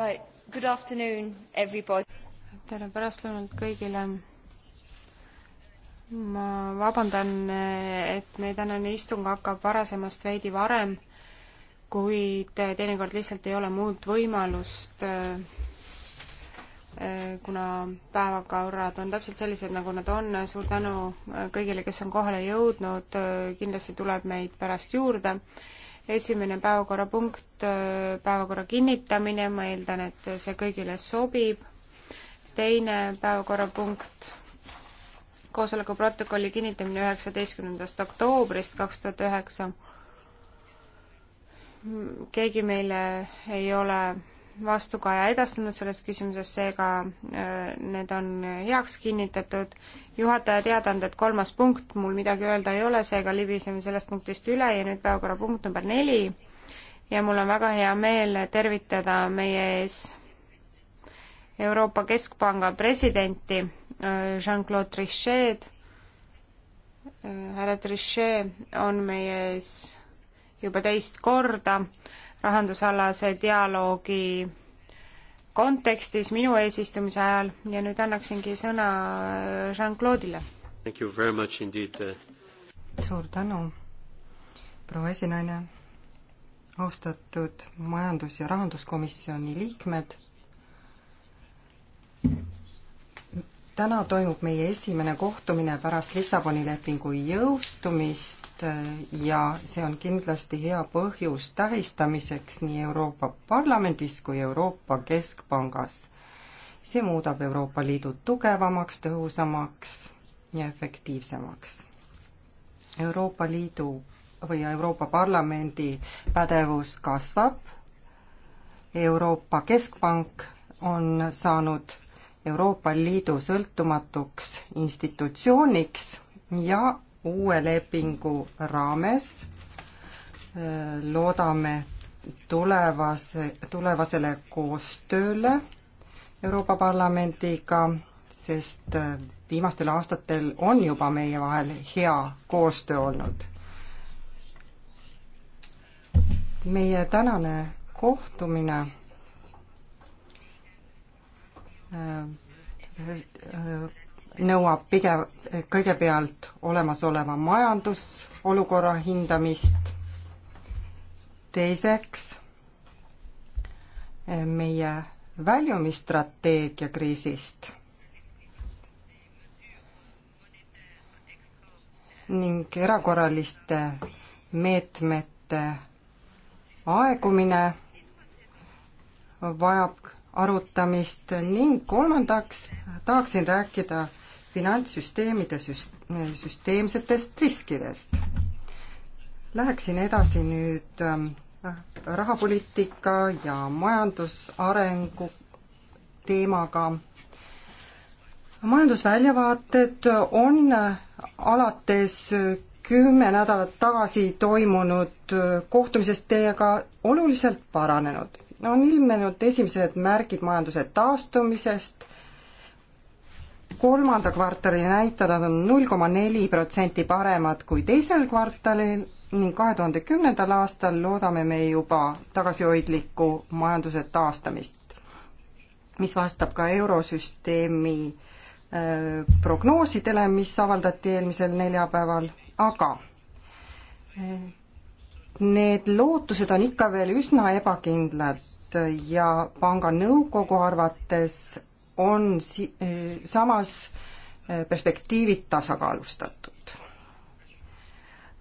Right, good afternoon everybody. tere pärastlõunat kõigile. ma vabandan, et meie tänane istung hakkab varasemast veidi varem, kuid teinekord lihtsalt ei ole muud võimalust, kuna päevakorrad on täpselt sellised, nagu nad on. suur tänu kõigile, kes on kohale jõudnud, kindlasti tuleb meid pärast juurde esimene päevakorrapunkt, päevakorra kinnitamine, ma eeldan, et see kõigile sobib. teine päevakorrapunkt, koosoleku protokolli kinnitamine üheksateistkümnendast oktoobrist kaks tuhat üheksa. keegi meile ei ole vastukaja edastanud selles küsimuses, seega äh, need on heaks kinnitatud. juhataja teadaanded, kolmas punkt, mul midagi öelda ei ole, seega libiseme sellest punktist üle ja nüüd päevakorrapunkt number neli. ja mul on väga hea meel tervitada meie ees Euroopa Keskpanga presidenti äh, Jean-Claude Trichet. Äh, härra Trichet on meie ees juba teist korda rahandusalase dialoogi kontekstis minu eesistumise ajal ja nüüd annaksingi sõna Jean-Claude'ile. Uh, suur tänu, proua esinaine, austatud majandus- ja rahanduskomisjoni liikmed, täna toimub meie esimene kohtumine pärast Lissaboni lepingu jõustumist äh, ja see on kindlasti hea põhjus tähistamiseks nii Euroopa Parlamendis kui Euroopa Keskpangas. see muudab Euroopa Liidu tugevamaks, tõhusamaks ja efektiivsemaks. Euroopa Liidu või Euroopa Parlamendi pädevus kasvab, Euroopa Keskpank on saanud Euroopa Liidu sõltumatuks institutsiooniks ja uue lepingu raames äh, loodame tulevase, tulevasele koostööle Euroopa Parlamendiga, sest äh, viimastel aastatel on juba meie vahel hea koostöö olnud. meie tänane kohtumine Äh, äh, nõuab pigem, kõigepealt olemasoleva majandusolukorra hindamist, teiseks äh, meie väljumisstrateegia kriisist ning erakorraliste meetmete aegumine vajab arutamist ning kolmandaks tahaksin rääkida finantssüsteemide süst-, süsteemsetest riskidest. Läheksin edasi nüüd ähm, rahapoliitika ja majandusarengu teemaga. majandusväljavaated on alates kümme nädalat tagasi toimunud kohtumisest teiega oluliselt paranenud on ilmnenud esimesed märgid majanduse taastumisest, kolmanda kvartali näitajad on null koma neli protsenti paremad kui teisel kvartalil ning kahe tuhande kümnendal aastal loodame me juba tagasihoidlikku majanduse taastamist, mis vastab ka eurosüsteemi äh, prognoosidele, mis avaldati eelmisel neljapäeval, aga äh, need lootused on ikka veel üsna ebakindlad ja panga nõukogu arvates on si-, samas eh, perspektiivid tasakaalustatud.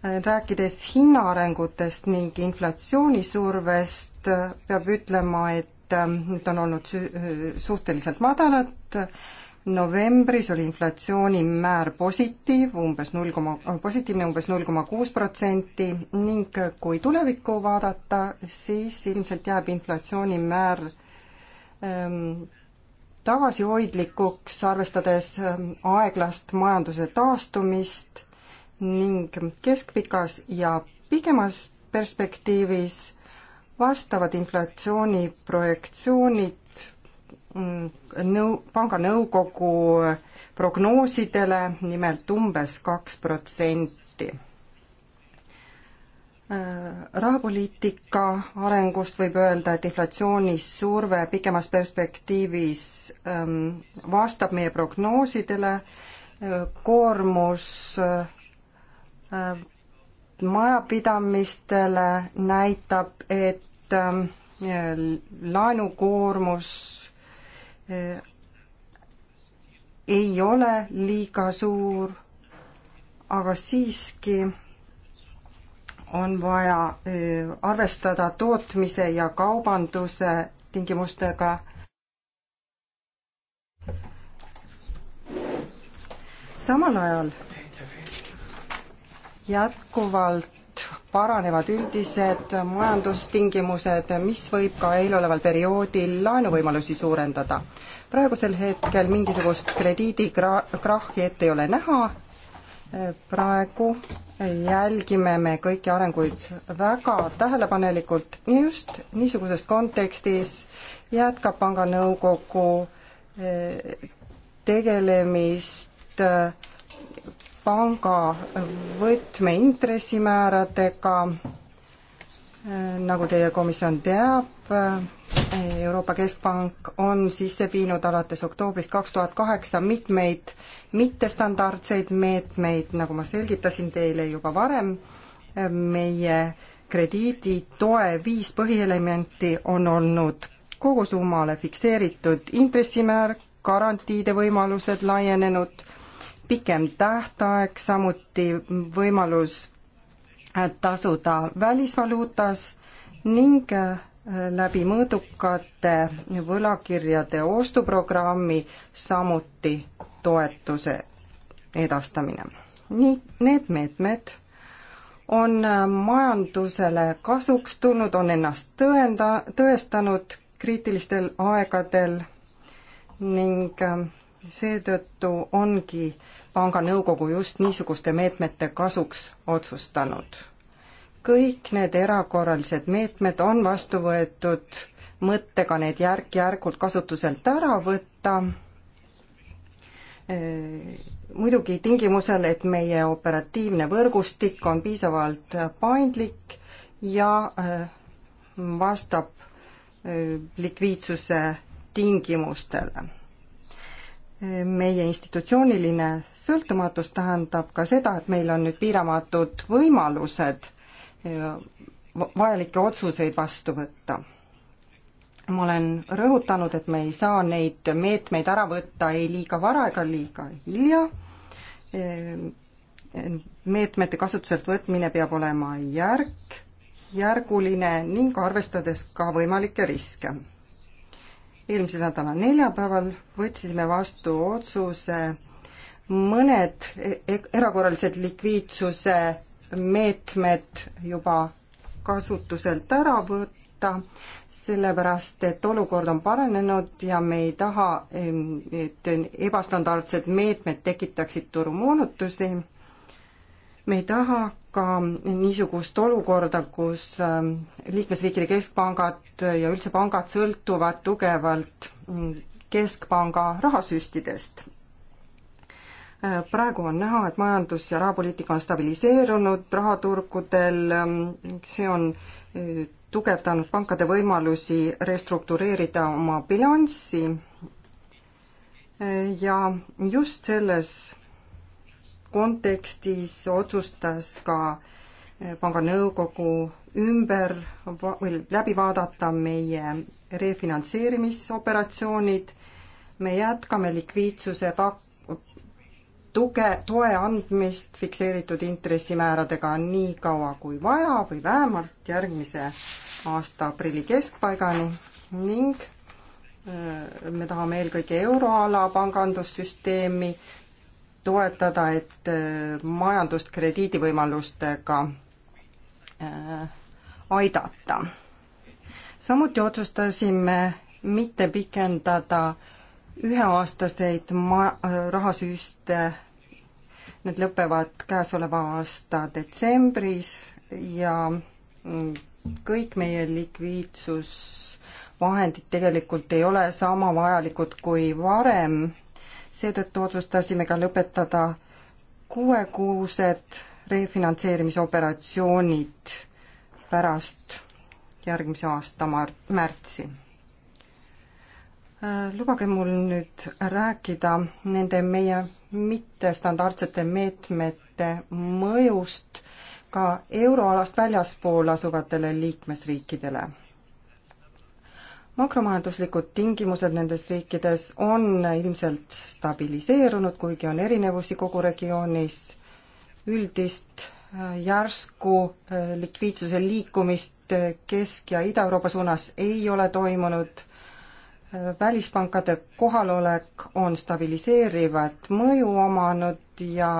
rääkides hinnaarengutest ning inflatsioonisurvest, peab ütlema, et eh, need on olnud suhteliselt madalad novembris oli inflatsioonimäär positiiv, umbes null koma, positiivne umbes null koma kuus protsenti ning kui tulevikku vaadata, siis ilmselt jääb inflatsioonimäär ähm, tagasihoidlikuks, arvestades ehm, aeglast majanduse taastumist ning keskpikas ja pikemas perspektiivis vastavad inflatsiooni projektsioonid Mm, nõu-, panga nõukogu prognoosidele, nimelt umbes kaks protsenti. Äh, rahapoliitika arengust võib öelda, et inflatsioonisurve pikemas perspektiivis ähm, vastab meie prognoosidele, äh, koormus äh, majapidamistele näitab, et ähm, laenukoormus Äh, ei ole liiga suur, aga siiski on vaja äh, arvestada tootmise ja kaubanduse tingimustega. samal ajal jätkuvalt et paranevad üldised majandustingimused, mis võib ka eeloleval perioodil laenuvõimalusi suurendada. praegusel hetkel mingisugust krediidikrahhi ette ei ole näha, praegu jälgime me kõiki arenguid väga tähelepanelikult ja just niisuguses kontekstis jätkab panga nõukogu eh, tegelemist äh, panga võtmeintressimääradega, nagu teie komisjon teab, Euroopa Keskpank on sisse viinud alates oktoobrist kaks tuhat kaheksa mitmeid mittestandardseid meetmeid, nagu ma selgitasin teile juba varem, meie krediiditoe viis põhielementi on olnud kogusummale fikseeritud intressimäär, garantiide võimalused laienenud, pikem tähtaeg, samuti võimalus äh, tasuda välisvaluutas ning äh, läbi mõõdukate võlakirjade ostuprogrammi samuti toetuse edastamine. nii, need meetmed on äh, majandusele kasuks tulnud, on ennast tõenda, tõestanud kriitilistel aegadel ning äh, seetõttu ongi panga nõukogu just niisuguste meetmete kasuks otsustanud. kõik need erakorralised meetmed on vastu võetud mõttega need järk-järgult kasutuselt ära võtta muidugi tingimusel, et meie operatiivne võrgustik on piisavalt paindlik ja eh, vastab eh, likviidsuse tingimustele meie institutsiooniline sõltumatus tähendab ka seda, et meil on nüüd piiramatud võimalused eh, vajalikke otsuseid vastu võtta. ma olen rõhutanud, et me ei saa neid meetmeid ära võtta ei liiga vara ega liiga hilja, eh, meetmete kasutuselt võtmine peab olema järk, järguline ning arvestades ka võimalikke riske eelmise nädala neljapäeval võtsime vastu otsuse mõned e-, e-, erakorralised likviidsuse meetmed juba kasutuselt ära võtta, sellepärast et olukord on paranenud ja me ei taha, et ebastandardsed meetmed tekitaksid turumoonutusi. me ei taha ka niisugust olukorda, kus ähm, liikmesriikide keskpangad ja üldse pangad sõltuvad tugevalt mm, keskpanga rahasüstidest. Äh, praegu on näha, et majandus- ja rahapoliitika on stabiliseerunud rahaturgudel, ähm, see on äh, tugevdanud pankade võimalusi restruktureerida oma bilanssi äh, ja just selles kontekstis otsustas ka eh, panga nõukogu ümber või läbi vaadata meie refinantseerimisoperatsioonid, me jätkame likviidsuse pak-, tuge, toe andmist fikseeritud intressimääradega nii kaua kui vaja või vähemalt järgmise aasta aprilli keskpaigani ning eh, me tahame eelkõige euroala pangandussüsteemi toetada, et äh, majandust krediidivõimalustega äh, aidata. samuti otsustasime mitte pikendada üheaastaseid ma-, äh, rahasüste, need lõpevad käesoleva aasta detsembris ja mm, kõik meie likviidsusvahendid tegelikult ei ole sama vajalikud kui varem seetõttu otsustasime ka lõpetada kuuekuused refinantseerimisoperatsioonid pärast järgmise aasta mar-, märtsi. Äh, lubage mul nüüd rääkida nende meie mittestandardsete meetmete mõjust ka euroalast väljaspool asuvatele liikmesriikidele makromajanduslikud tingimused nendes riikides on ilmselt stabiliseerunud, kuigi on erinevusi kogu regioonis, üldist äh, järsku äh, likviidsuse liikumist äh, Kesk- ja Ida-Euroopa suunas ei ole toimunud, välispankade kohalolek on stabiliseerivat mõju omanud ja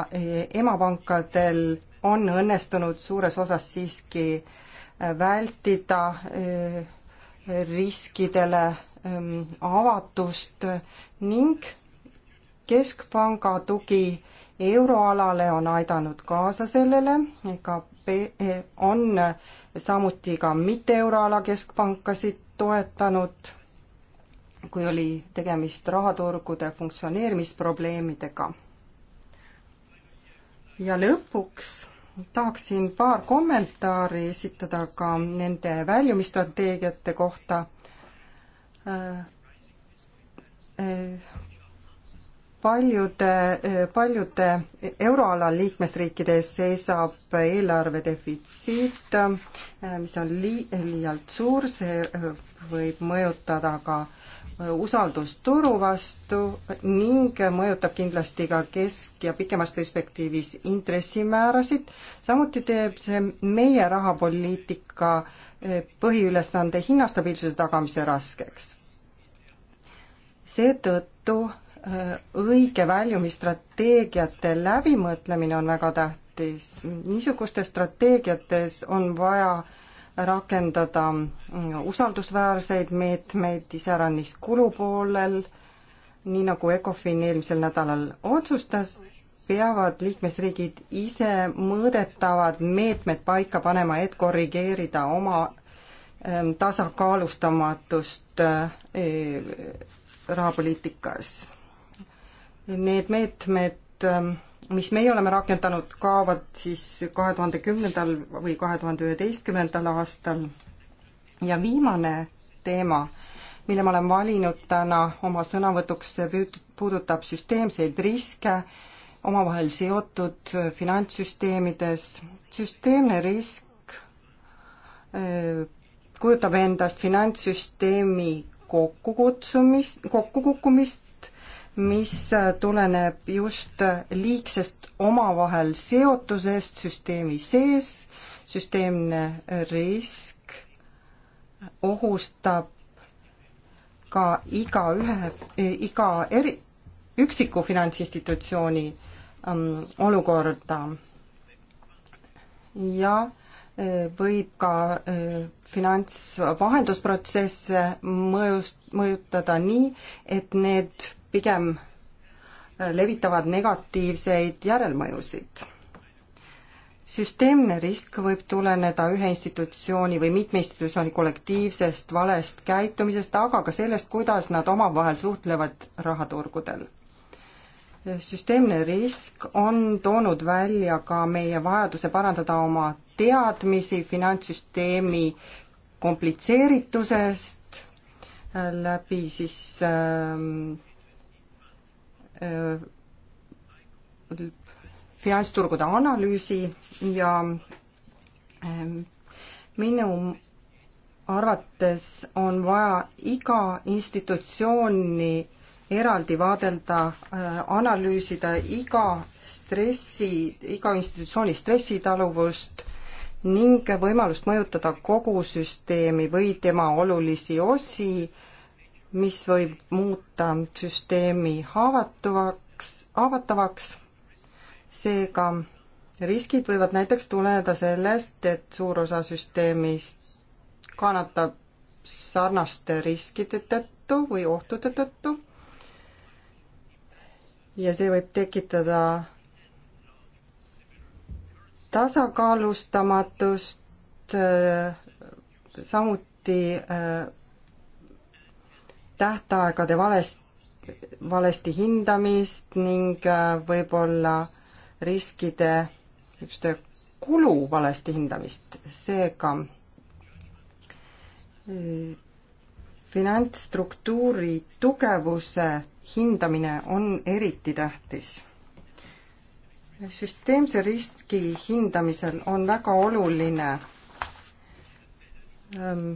emapankadel on õnnestunud suures osas siiski vältida riskidele ähm, avatust ning keskpanga tugi euroalale on aidanud kaasa sellele, EKP eh, on samuti ka mitte euroala keskpankasid toetanud, kui oli tegemist rahaturgude funktsioneerimisprobleemidega. ja lõpuks tahaksin paar kommentaari esitada ka nende väljumisstrateegiate kohta. Äh, äh, paljude, äh, paljude euroala liikmesriikide ees seisab eelarve defitsiit, mis on lii-, liialt suur, see võib mõjutada ka äh, usaldust turu vastu ning mõjutab kindlasti ka kesk- ja pikemas perspektiivis intressimäärasid. samuti teeb see meie rahapoliitika eh, põhiülesande hinnastabiilsuse tagamise raskeks. seetõttu eh, õige väljumisstrateegiate läbimõtlemine on väga tähtis. niisugustes strateegiates on vaja äh, rakendada usaldusväärseid meetmeid iseäranis kulupoolel, nii nagu ECOFIN eelmisel nädalal otsustas, peavad liikmesriigid ise mõõdetavad meetmed paika panema, et korrigeerida oma ähm, tasakaalustamatust äh, rahapoliitikas. Need meetmed ähm, mis meie oleme rakendanud, kaovad siis kahe tuhande kümnendal või kahe tuhande üheteistkümnendal aastal. ja viimane teema, mille ma olen valinud täna oma sõnavõtuks, puudutab süsteemseid riske, omavahel seotud finantssüsteemides. süsteemne risk kujutab endast finantssüsteemi kokkukutsumist, kokkukukkumist, mis tuleneb just liigsest omavahel seotusest süsteemi sees, süsteemne risk ohustab ka igaühe, iga eri, üksiku finantsinstitutsiooni ähm, olukorda. ja äh, võib ka äh, finantsvahendusprotsesse mõjus, mõjutada nii, et need pigem äh, levitavad negatiivseid järelmõjusid. süsteemne risk võib tuleneda ühe institutsiooni või mitme institutsiooni kollektiivsest valest käitumisest, aga ka sellest, kuidas nad omavahel suhtlevad rahaturgudel. süsteemne risk on toonud välja ka meie vajaduse parandada oma teadmisi finantssüsteemi komplitseeritusest äh, läbi siis äh, Äh, finantsturgude analüüsi ja ähm, minu arvates on vaja iga institutsiooni eraldi vaadelda, äh, analüüsida iga stressi, iga institutsiooni stressitaluvust ning võimalust mõjutada kogu süsteemi või tema olulisi osi mis võib muuta süsteemi haavatavaks, haavatavaks. seega riskid võivad näiteks tuleneda sellest, et suur osa süsteemist kannatab sarnaste riskide tõttu või ohtude tõttu. ja see võib tekitada tasakaalustamatust, samuti äh, tähtaegade valest, valesti hindamist ning äh, võib-olla riskide niisuguste kulu valesti hindamist, seega äh, finantsstruktuuri tugevuse hindamine on eriti tähtis süsteemse riski hindamisel on väga oluline ähm,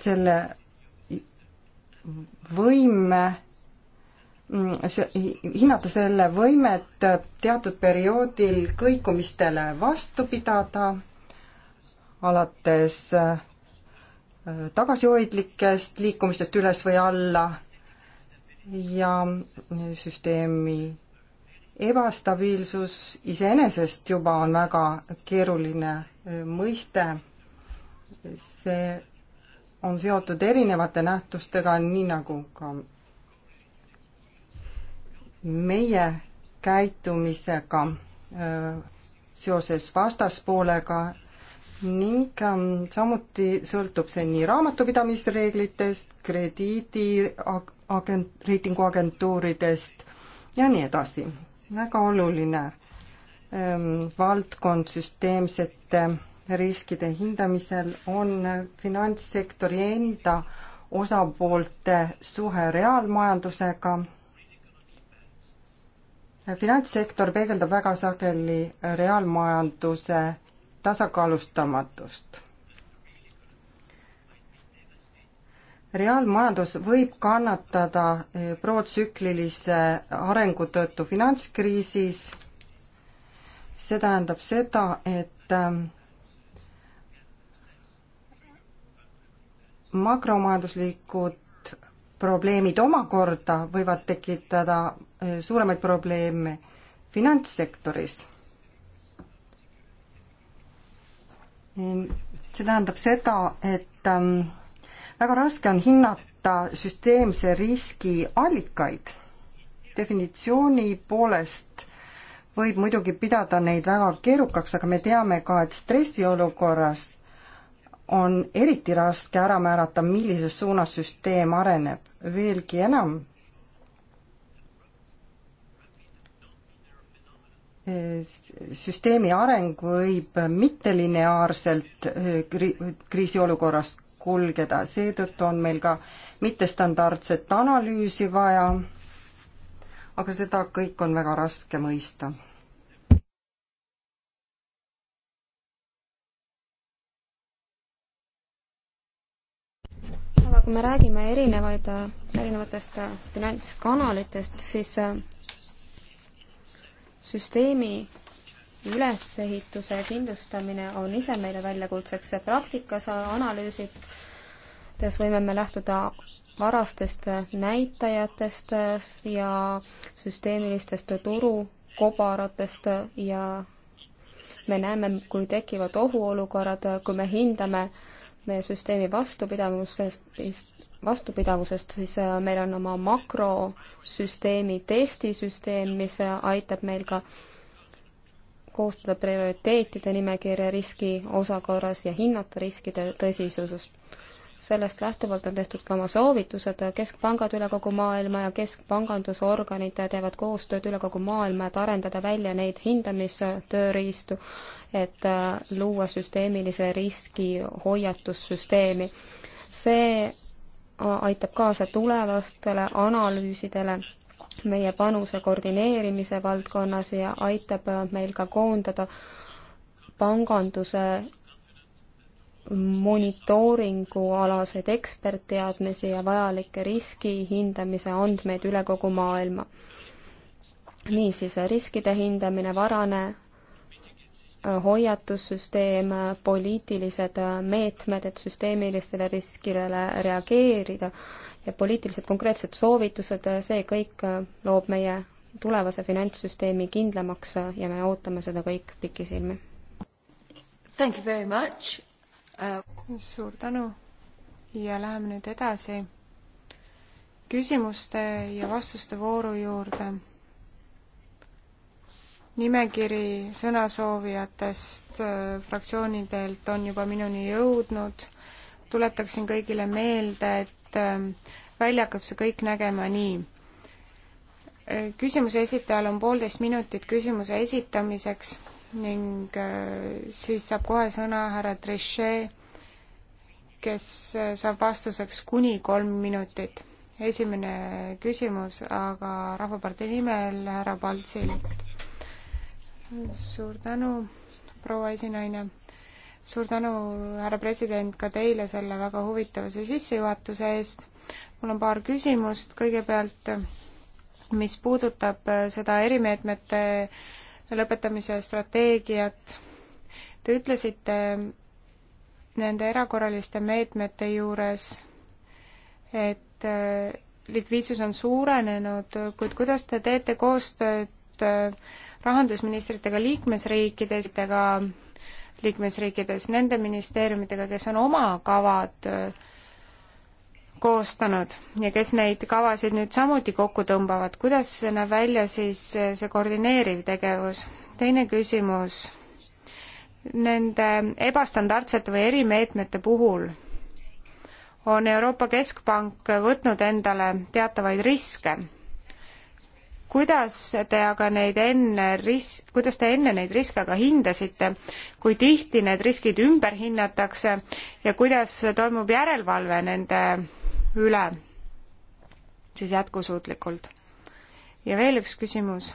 selle võime hinnata selle võimet teatud perioodil kõikumistele vastu pidada, alates äh, tagasihoidlikest liikumistest üles või alla ja süsteemi ebastabiilsus iseenesest juba on väga keeruline äh, mõiste, see on seotud erinevate nähtustega, nii nagu ka meie käitumisega seoses vastaspoolega ning ähm, samuti sõltub see nii raamatupidamisreeglitest, krediidi agent, reitinguagentuuridest ja nii edasi. väga oluline ähm, valdkond süsteemsete riskide hindamisel on finantssektori enda osapoolte suhe reaalmajandusega. finantssektor peegeldab väga sageli reaalmajanduse tasakaalustamatust reaalmajandus võib kannatada protsüklilise arengu tõttu finantskriisis. see tähendab seda, et ähm, makromajanduslikud probleemid omakorda võivad tekitada eh, suuremaid probleeme finantssektoris. see tähendab seda, et ähm, väga raske on hinnata süsteemse riski allikaid. definitsiooni poolest võib muidugi pidada neid väga keerukaks, aga me teame ka, et stressiolukorras on eriti raske ära määrata, millises suunas süsteem areneb. veelgi enam, eh, süsteemi areng võib mittelineaarselt eh, kriisiolukorras kulgeda, seetõttu on meil ka mittestandardset analüüsi vaja, aga seda kõik on väga raske mõista kui me räägime erinevaid, erinevatest finantskanalitest, siis äh, süsteemi ülesehituse kindlustamine on ise meile väljakutseks. praktikas analüüsides võime me lähtuda varastest näitajatest ja süsteemilistest turukobaratest ja me näeme, kui tekivad ohuolukorrad, kui me hindame äh, meie süsteemi vastupidavusest, vastupidavusest, siis äh, meil on oma makrosüsteemi testisüsteem, mis äh, aitab meil ka koostada prioriteetide nimekirja riski osakorras ja hinnata riskide tõsisust sellest lähtuvalt on tehtud ka oma soovitused, keskpangad üle kogu maailma ja keskpangandusorganid teevad koostööd üle kogu maailma, et arendada välja neid hindamistööriistu, et äh, luua süsteemilise riski hoiatussüsteemi. see aitab kaasa tulevastele analüüsidele meie panuse koordineerimise valdkonnas ja aitab äh, meil ka koondada panganduse monitooringualaseid ekspertteadmisi ja vajalikke riski hindamise andmeid üle kogu maailma. niisiis, riskide hindamine, varane äh, hoiatussüsteem, poliitilised äh, meetmed, et süsteemilistele riskidele reageerida ja poliitilised konkreetsed soovitused, äh, see kõik loob meie tulevase finantssüsteemi kindlamaks ja me ootame seda kõik pikisilmi. Thank you very much Äh, suur tänu ja läheme nüüd edasi küsimuste ja vastuste vooru juurde. nimekiri sõnasoovijatest äh, fraktsioonidelt on juba minuni jõudnud. tuletaksin kõigile meelde, et äh, välja hakkab see kõik nägema nii küsimuse esitajal on poolteist minutit küsimuse esitamiseks ning äh, siis saab kohe sõna härra Trichet, kes äh, saab vastuseks kuni kolm minutit. esimene küsimus aga Rahvapartei nimel härra Paltsilt. suur tänu, proua esinaine. suur tänu, härra president, ka teile selle väga huvitava sissejuhatuse eest. mul on paar küsimust, kõigepealt mis puudutab äh, seda erimeetmete lõpetamise strateegiat. Te ütlesite nende erakorraliste meetmete juures, et äh, likviidsus on suurenenud, kuid kuidas te teete koostööd äh, rahandusministritega liikmesriikides, liikmesriikides nende ministeeriumitega, kes on oma kavad äh, koostanud ja kes neid kavasid nüüd samuti kokku tõmbavad, kuidas näeb välja siis see koordineeriv tegevus? teine küsimus, nende ebastandardsete või erimeetmete puhul on Euroopa Keskpank võtnud endale teatavaid riske. kuidas te aga neid enne ris-, kuidas te enne neid riske aga hindasite, kui tihti need riskid ümber hinnatakse ja kuidas toimub järelevalve nende üle siis jätkusuutlikult. ja veel üks küsimus.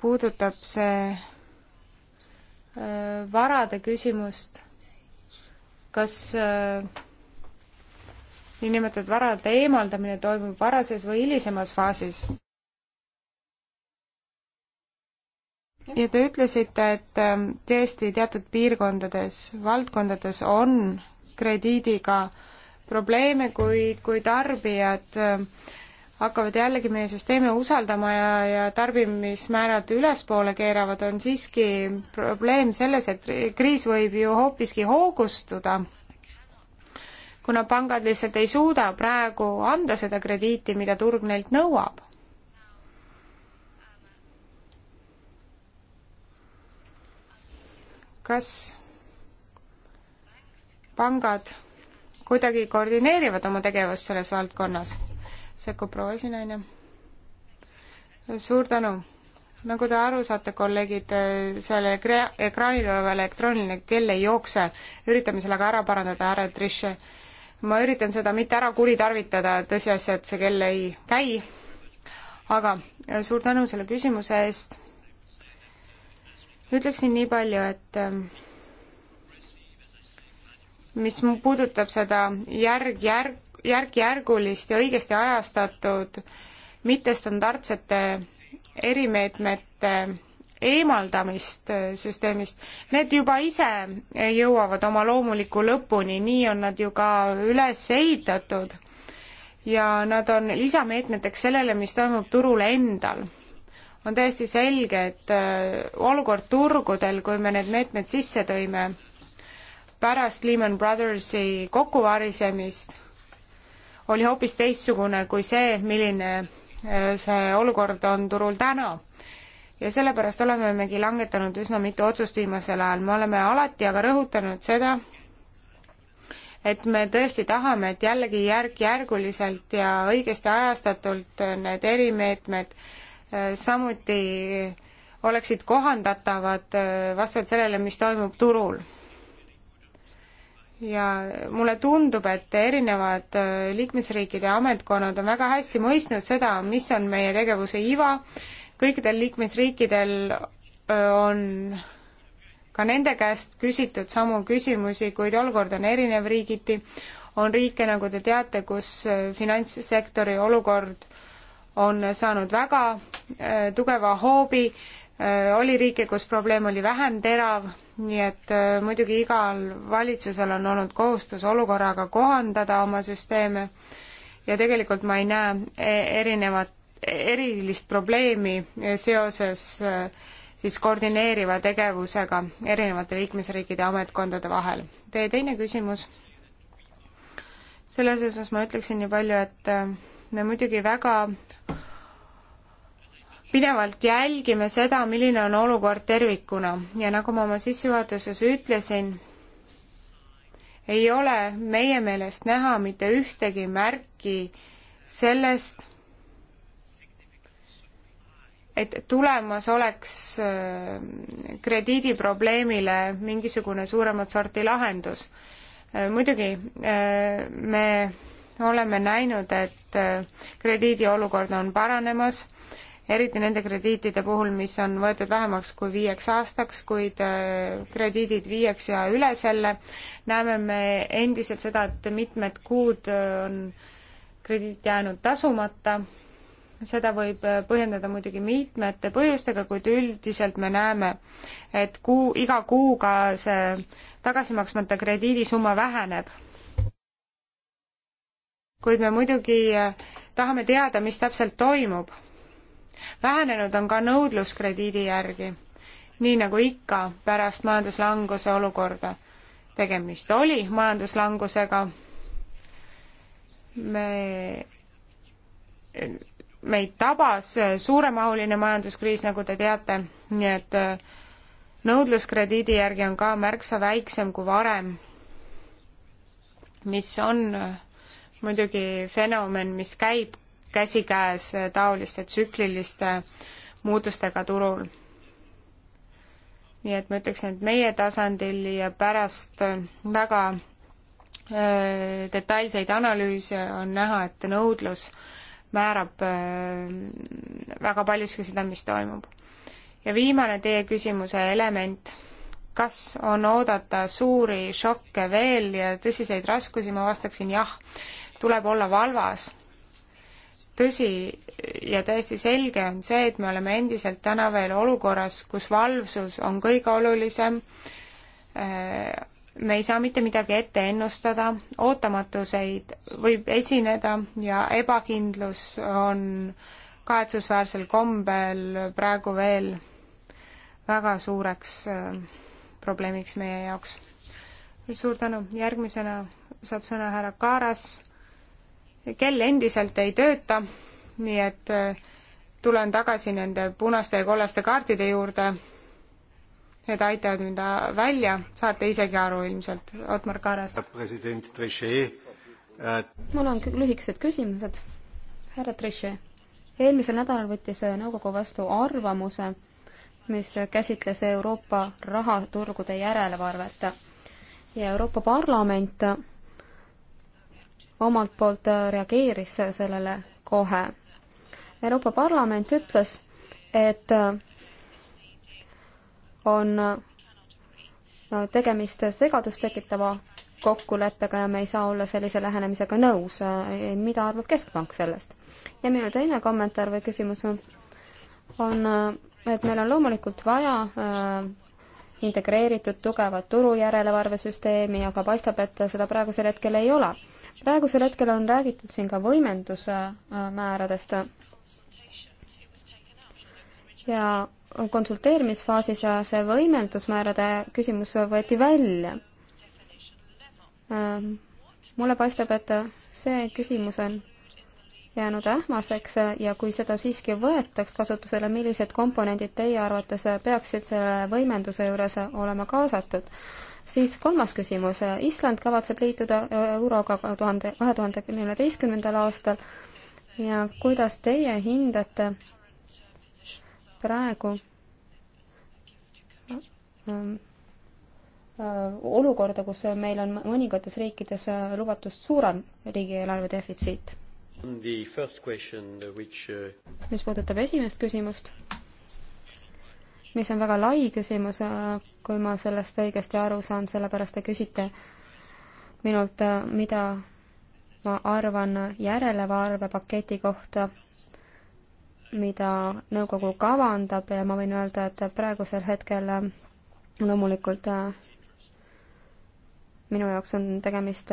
puudutab see äh, varade küsimust, kas äh, niinimetatud varade eemaldamine toimub varases või hilisemas faasis? ja te ütlesite, et äh, tõesti teatud piirkondades, valdkondades on krediidiga probleeme, kuid kui tarbijad äh, hakkavad jällegi meie süsteeme usaldama ja, ja tarbimismäärad ülespoole keeravad, on siiski probleem selles, et kriis võib ju hoopiski hoogustuda, kuna pangad lihtsalt ei suuda praegu anda seda krediiti, mida turg neilt nõuab. kas pangad kuidagi koordineerivad oma tegevust selles valdkonnas, sekkub proua esinaine. suur tänu! nagu te aru saate, kolleegid, seal ekraanil olev elektrooniline kell ei jookse, üritame selle aga ära parandada, härra Trishe. ma üritan seda mitte ära kuritarvitada, tõsiasja, et see kell ei käi, aga suur tänu selle küsimuse eest. ütleksin nii palju, et ähm, mis puudutab seda järg-järg, järk-järgulist ja õigesti ajastatud mittestandardsete erimeetmete eemaldamist süsteemist, need juba ise jõuavad oma loomuliku lõpuni, nii on nad ju ka üles ehitatud. ja nad on lisameetmeteks sellele, mis toimub turul endal. on täiesti selge, et äh, olukord turgudel, kui me need meetmed sisse tõime, pärast Lehman Brothersi kokkuvarisemist oli hoopis teistsugune kui see, milline äh, see olukord on turul täna. ja sellepärast olemegi langetanud üsna mitu otsust viimasel ajal, me oleme alati aga rõhutanud seda, et me tõesti tahame, et jällegi järk-järguliselt ja õigesti ajastatult need erimeetmed äh, samuti oleksid kohandatavad äh, vastavalt sellele, mis toimub turul ja mulle tundub, et erinevad äh, liikmesriikide ametkonnad on väga hästi mõistnud seda, mis on meie tegevuse iva, kõikidel liikmesriikidel äh, on ka nende käest küsitud samu küsimusi, kuid olukord on erinev riigiti. on riike, nagu te teate, kus äh, finantssektori olukord on saanud väga tugeva hoobi Äh, oli riike, kus probleem oli vähem terav, nii et äh, muidugi igal valitsusel on olnud kohustus olukorraga kohandada oma süsteeme ja tegelikult ma ei näe e, erinevat, e, erilist probleemi e, seoses siis koordineeriva tegevusega erinevate liikmesriikide ametkondade vahel. Teie teine küsimus? selles osas ma ütleksin nii palju, et me muidugi väga pidevalt jälgime seda, milline on olukord tervikuna ja nagu ma oma sissejuhatuses ütlesin, ei ole meie meelest näha mitte ühtegi märki sellest, et tulemas oleks äh, krediidiprobleemile mingisugune suuremat sorti lahendus. Äh, muidugi äh, me oleme näinud, et krediidiolukord on paranemas eriti nende krediitide puhul, mis on võetud vähemaks kui viieks aastaks, kuid äh, krediidid viieks ja üle selle, näeme me endiselt seda, et mitmed kuud äh, on krediit jäänud tasumata, seda võib äh, põhjendada muidugi mitmete põhjustega, kuid üldiselt me näeme, et kuu, iga kuuga see tagasimaksmata krediidisumma väheneb kuid me muidugi tahame teada, mis täpselt toimub vähenenud on ka nõudlus krediidi järgi, nii nagu ikka pärast majanduslanguse olukorda. tegemist oli majanduslangusega, me, meid tabas suuremahuline majanduskriis, nagu te teate, nii et nõudlus krediidi järgi on ka märksa väiksem kui varem, mis on muidugi fenomen, mis käib käsikäes taoliste tsükliliste muutustega turul. nii et ma ütleksin, et meie tasandil ja pärast väga öö, äh, detailseid analüüse on näha, et nõudlus määrab öö, äh, väga paljuski seda, mis toimub. ja viimane teie küsimuse element, kas on oodata suuri šokke veel ja tõsiseid raskusi, ma vastaksin jah, tuleb olla valvas tõsi ja täiesti selge on see, et me oleme endiselt täna veel olukorras, kus valvsus on kõige olulisem. me ei saa mitte midagi ette ennustada, ootamatuseid võib esineda ja ebakindlus on kahetsusväärsel kombel praegu veel väga suureks äh, probleemiks meie jaoks. suur tänu, järgmisena saab sõna härra Kaaras kell endiselt ei tööta, nii et äh, tulen tagasi nende punaste ja kollaste kaartide juurde. Need aitavad mind välja, saate isegi aru ilmselt, Otmar Karas. Äh, mul on lühikesed küsimused. härra Trichet, eelmisel nädalal võttis äh, nõukogu vastu arvamuse, mis käsitles Euroopa rahaturgude järelevalvet ja Euroopa Parlament omalt poolt äh, reageeris sellele kohe. Euroopa Parlament ütles, et äh, on äh, tegemist segadust tekitava kokkuleppega ja me ei saa olla sellise lähenemisega nõus. mida arvab Keskpank sellest? ja minu teine kommentaar või küsimus on, on, et meil on loomulikult vaja integreeritud tugevat turujärelevalvesüsteemi, aga paistab, et seda praegusel hetkel ei ole praegusel hetkel on räägitud siin ka võimenduse äh, määradest ja konsulteerimisfaasis äh, see võimendusmäärade küsimus võeti välja. Ähm, mulle paistab, et see küsimus on jäänud ähmaseks ja kui seda siiski võetaks kasutusele, millised komponendid teie arvates peaksid selle võimenduse juures olema kaasatud? siis kolmas küsimus, Island kavatseb liituda äh, euroga kahe tuhande, kahe tuhande neljateistkümnendal aastal ja kuidas teie hindate praegu ähm, äh, olukorda, kus meil on mõningates riikides äh, lubatust suurem riigieelarve defitsiit? Uh, mis puudutab esimest küsimust, mis on väga lai küsimus, äh, kui ma sellest õigesti aru saan, sellepärast te küsite minult, äh, mida ma arvan järelevalvepaketi kohta, mida nõukogu kavandab ja ma võin öelda, et praegusel hetkel äh, loomulikult minu jaoks on tegemist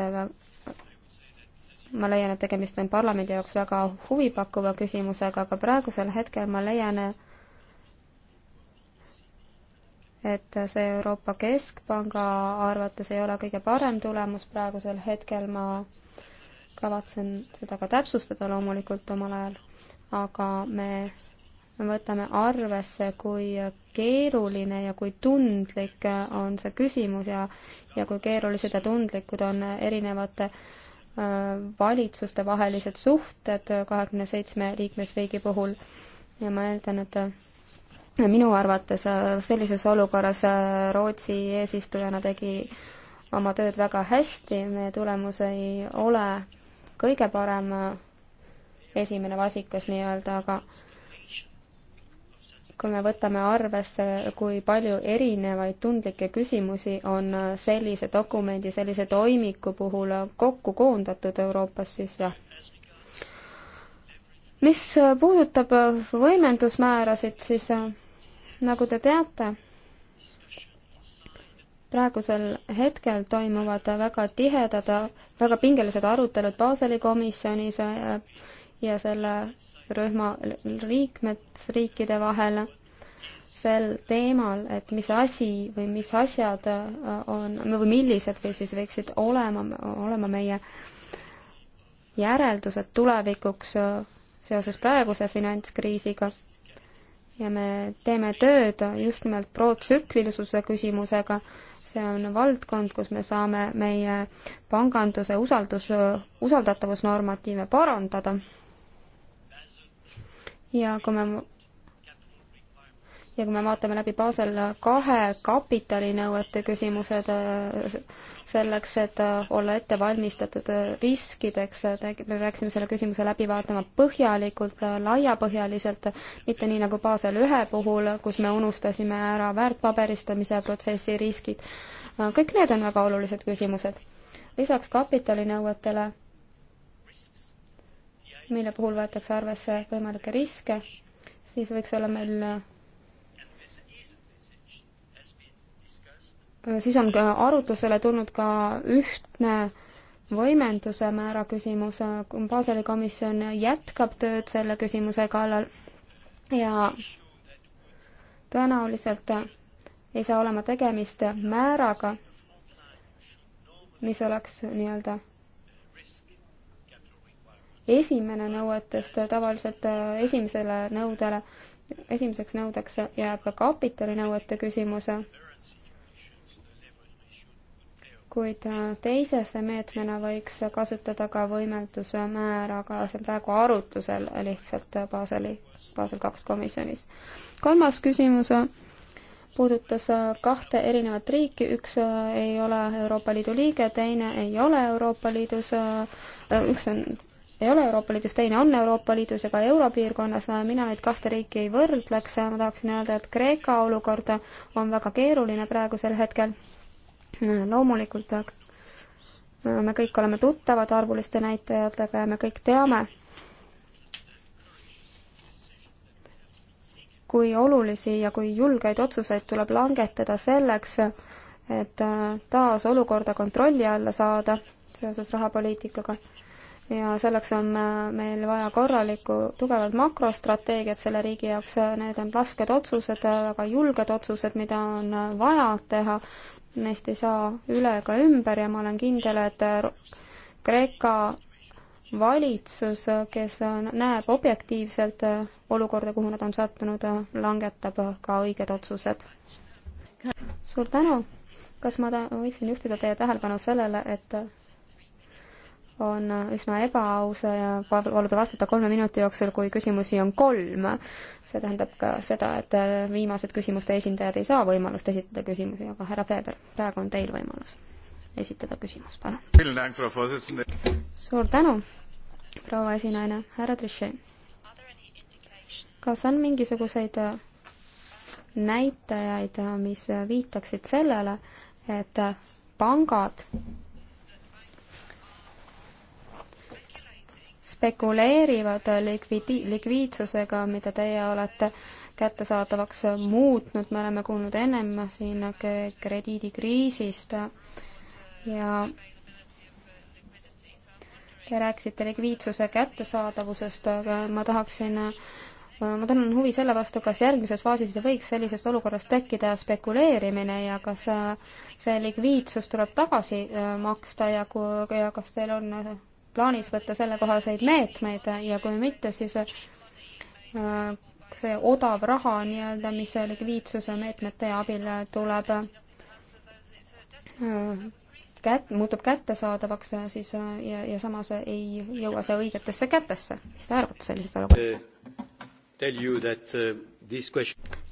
ma leian, et tegemist on parlamendi jaoks väga huvipakkuva küsimusega, aga praegusel hetkel ma leian, et et see Euroopa Keskpanga arvates ei ole kõige parem tulemus praegusel hetkel, ma kavatsen seda ka täpsustada loomulikult omal ajal, aga me võtame arvesse, kui keeruline ja kui tundlik on see küsimus ja, ja kui keerulised ja tundlikud on erinevate valitsuste vahelised suhted kahekümne seitsme liikmesriigi puhul ja ma eeldan, et minu arvates äh, sellises olukorras äh, Rootsi eesistujana tegi oma tööd väga hästi, meie tulemus ei ole kõige parem äh, esimene vasikas nii-öelda, aga kui me võtame arvesse, kui palju erinevaid tundlikke küsimusi on sellise dokumendi, sellise toimiku puhul kokku koondatud Euroopas, siis jah. mis puudutab võimendusmäärasid, siis nagu te teate, praegusel hetkel toimuvad väga tihedad, väga pingelised arutelud Baseli komisjonis äh, ja selle rühma liikmesriikide vahel sel teemal, et mis asi või mis asjad äh, on või millised või siis võiksid olema, olema meie järeldused tulevikuks äh, seoses praeguse finantskriisiga ja me teeme tööd just nimelt protsüklilisuse küsimusega. see on valdkond, kus me saame meie panganduse usaldus, usaldatavusnormatiive parandada. ja kui me ja kui me vaatame läbi Basel kahe kapitalinõuete küsimused äh, selleks, et äh, olla ette valmistatud äh, riskideks, me peaksime selle küsimuse läbi vaatama põhjalikult, laiapõhjaliselt, mitte nii nagu Basel ühe puhul, kus me unustasime ära väärtpaberistamise protsessi riskid. kõik need on väga olulised küsimused. lisaks kapitalinõuetele, mille puhul võetakse arvesse võimalikke riske, siis võiks olla meil Äh, siis on arutlusele tulnud ka ühtne võimenduse määra küsimus. Äh, Baseli komisjon jätkab tööd selle küsimuse kallal ja tõenäoliselt äh, ei saa olema tegemist määraga, mis oleks nii-öelda esimene nõuetest, tavaliselt esimesele nõudele, esimeseks nõudeks jääb ka kapitalinõuete küsimus kuid äh, teisese meetmena võiks kasutada ka võimenduse määra, aga see on praegu arutlusel lihtsalt Baseli, Basel kaks komisjonis. kolmas küsimus äh, puudutas äh, kahte erinevat riiki, üks ei ole Euroopa Liidu liige, teine ei ole Euroopa Liidus, üks on, ei ole Euroopa Liidus, teine on Euroopa Liidus ja ka Europiirkonnas, mina neid kahte riiki ei võrdleks, ma tahaksin öelda, et Kreeka olukord on väga keeruline praegusel hetkel loomulikult me kõik oleme tuttavad arvuliste näitajatega ja me kõik teame, kui olulisi ja kui julgeid otsuseid tuleb langetada selleks, et taas olukorda kontrolli alla saada seoses rahapoliitikaga. ja selleks on meil vaja korralikku tugevat makrostrateegiat selle riigi jaoks, need on rasked otsused, väga julged otsused, mida on vaja teha neist ei saa üle ega ümber ja ma olen kindel, et Kreeka valitsus, kes näeb objektiivselt äh, olukorda, kuhu nad on sattunud, äh, langetab äh, ka õiged otsused. suur tänu! kas ma võiksin juhtida teie tähelepanu sellele, et on üsna ebaaus ja paluda vastata kolme minuti jooksul, kui küsimusi on kolm. see tähendab ka seda, et äh, viimased küsimuste esindajad ei saa võimalust esitada küsimusi, aga härra Peeter, praegu on teil võimalus esitada küsimus, palun. suur tänu, proua esinaine, härra Trichet. kas on mingisuguseid äh, näitajaid, äh, mis viitaksid sellele, et pangad spekuleerivad likviidi-, likviidsusega, mida teie olete kättesaadavaks muutnud, me oleme kuulnud ennem siin krediidikriisist ja te rääkisite likviidsuse kättesaadavusest, aga ma tahaksin ma tunnen huvi selle vastu, kas järgmises faasis ei võiks sellises olukorras tekkida spekuleerimine ja kas see likviidsus tuleb tagasi maksta ja kui, ja kas teil on plaanis võtta sellekohaseid meetmeid ja kui mitte, siis äh, see odav raha nii-öelda, mis likviidsuse meetmete abil tuleb äh, kät-, muutub kättesaadavaks ja äh, siis ja, ja samas ei jõua see õigetesse kätesse. mis te arvate sellisest olukorrast? Uh,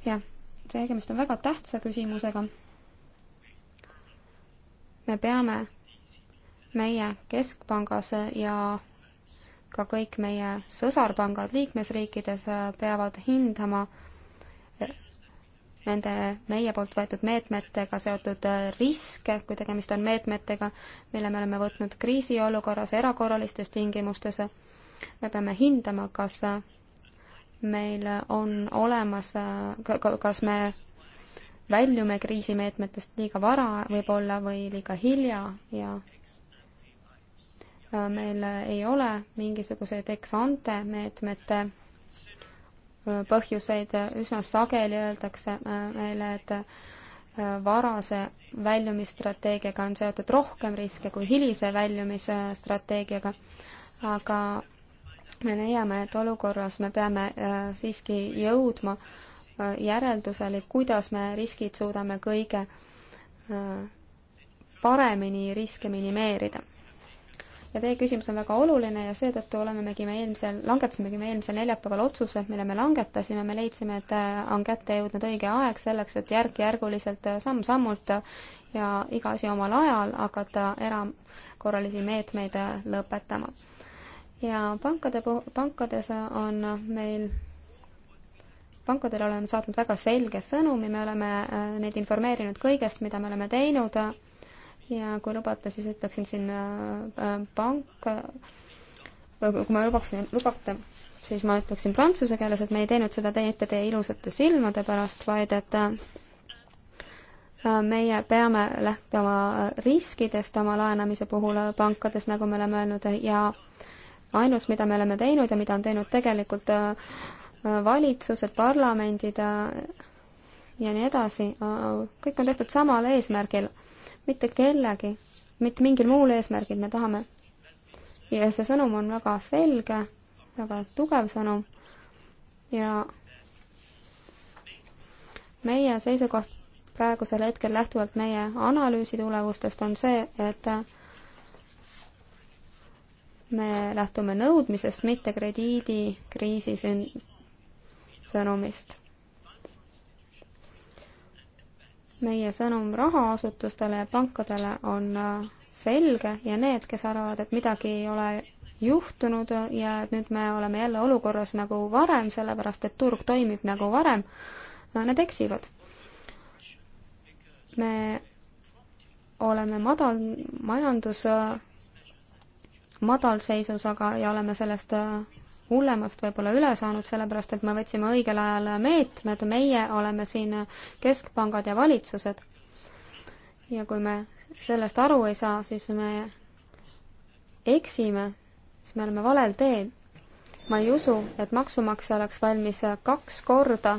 jah, tegemist on väga tähtsa küsimusega. me peame meie keskpangas ja ka kõik meie sõsarpangad liikmesriikides peavad hindama nende meie poolt võetud meetmetega seotud riske, kui tegemist on meetmetega, mille me oleme võtnud kriisiolukorras, erakorralistes tingimustes. me peame hindama, kas meil on olemas, kas me väljume kriisimeetmetest liiga vara võib-olla või liiga hilja ja meil ei ole mingisuguseid ex-ante meetmete äh, põhjuseid, üsna sageli öeldakse äh, meile, et äh, varase väljumisstrateegiaga on seotud rohkem riske kui hilise väljumisstrateegiaga, aga me leiame, et olukorras me peame siiski jõudma järeldusele, kuidas me riskid suudame kõige paremini riske minimeerida ja teie küsimus on väga oluline ja seetõttu olemegi me eelmisel, langetasimegi me eelmisel neljapäeval otsuse, mille me langetasime, me leidsime, et äh, on kätte jõudnud õige aeg selleks, et järk-järguliselt, äh, samm-sammult äh, ja iga asi omal ajal hakata erakorralisi meetmeid lõpetama. ja pankade, pankades on meil pankadele oleme saatnud väga selge sõnumi, me oleme neid informeerinud kõigest, mida me oleme teinud ja kui lubate, siis ütleksin siin äh, äh pank äh, äh,, kui ma lubaksin, lubate, siis ma ütleksin prantsuse keeles, et me ei teinud seda teie ette teie ilusate silmade pärast, vaid et äh, äh meie peame lähtuma riskidest oma laenamise puhul pankades, nagu me oleme öelnud, ja ainus, mida me oleme teinud ja mida on teinud tegelikult valitsused, parlamendid ja nii edasi, kõik on tehtud samal eesmärgil mitte kellegi, mitte mingil muul eesmärgil, me tahame. ja see sõnum on väga selge, väga tugev sõnum ja meie seisukoht praegusel hetkel lähtuvalt meie analüüsi tulemustest on see, et me lähtume nõudmisest, mitte krediidikriisi sõnumist. meie sõnum rahaasutustele ja pankadele on äh, selge ja need, kes arvavad, et midagi ei ole juhtunud ja et nüüd me oleme jälle olukorras nagu varem, sellepärast et turg toimib nagu varem, need eksivad. me oleme madal, majandus äh, madalseisus, aga, ja oleme sellest äh, hullemast võib-olla üle saanud, sellepärast et me võtsime õigel ajal meetmed, meie oleme siin keskpangad ja valitsused. ja kui me sellest aru ei saa, siis me eksime, siis me oleme valel teel. ma ei usu, et maksumaksja oleks valmis kaks korda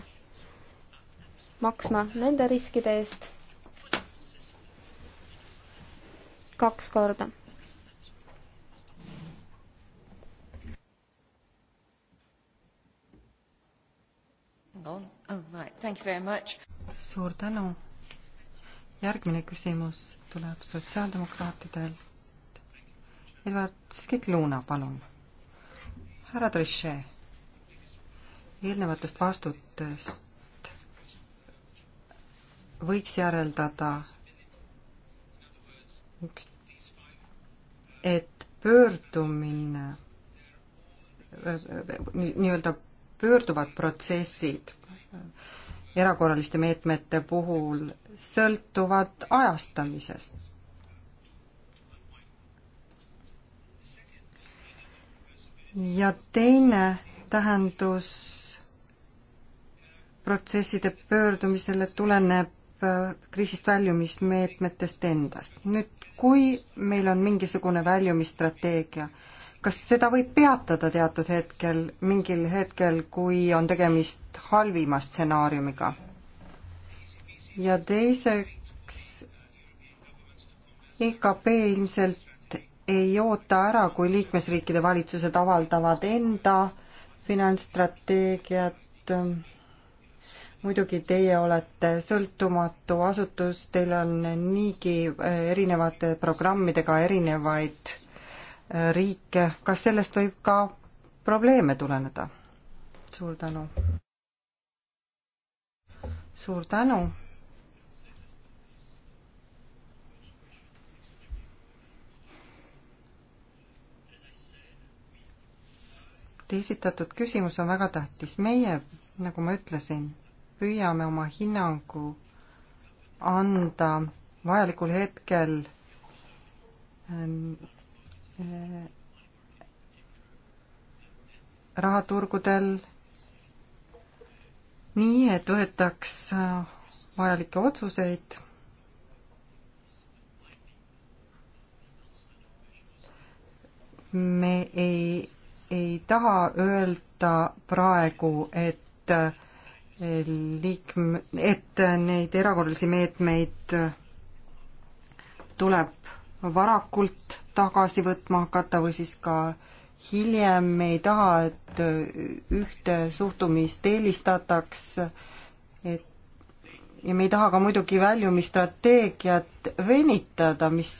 maksma nende riskide eest kaks korda hang on, oh right, thank you very much. suur tänu. järgmine küsimus tuleb sotsiaaldemokraatidelt. Edward Skikluna, palun. härra Trichet, eelnevatest vastutest võiks järeldada üks, et pöördumine nii-öelda nii pöörduvad protsessid erakorraliste meetmete puhul sõltuvad ajastamisest. ja teine tähendus protsesside pöördumisele tuleneb äh, kriisist väljumismeetmetest endast. nüüd, kui meil on mingisugune väljumisstrateegia, kas seda võib peatada teatud hetkel, mingil hetkel, kui on tegemist halvima stsenaariumiga? ja teiseks, EKP ilmselt ei oota ära, kui liikmesriikide valitsused avaldavad enda finantsstrateegiat. muidugi teie olete sõltumatu asutus, teil on niigi erinevate programmidega erinevaid riike, kas sellest võib ka probleeme tuleneda? suur tänu. suur tänu. Te esitatud küsimus on väga tähtis. meie, nagu ma ütlesin, püüame oma hinnangu anda vajalikul hetkel rahaturgudel, nii et võetaks vajalikke otsuseid. me ei, ei taha öelda praegu, et liikm-, et neid erakorralisi meetmeid tuleb varakult tagasi võtma hakata või siis ka hiljem me ei taha, et ühte suhtumist eelistataks, et ja me ei taha ka muidugi väljumisstrateegiat venitada, mis,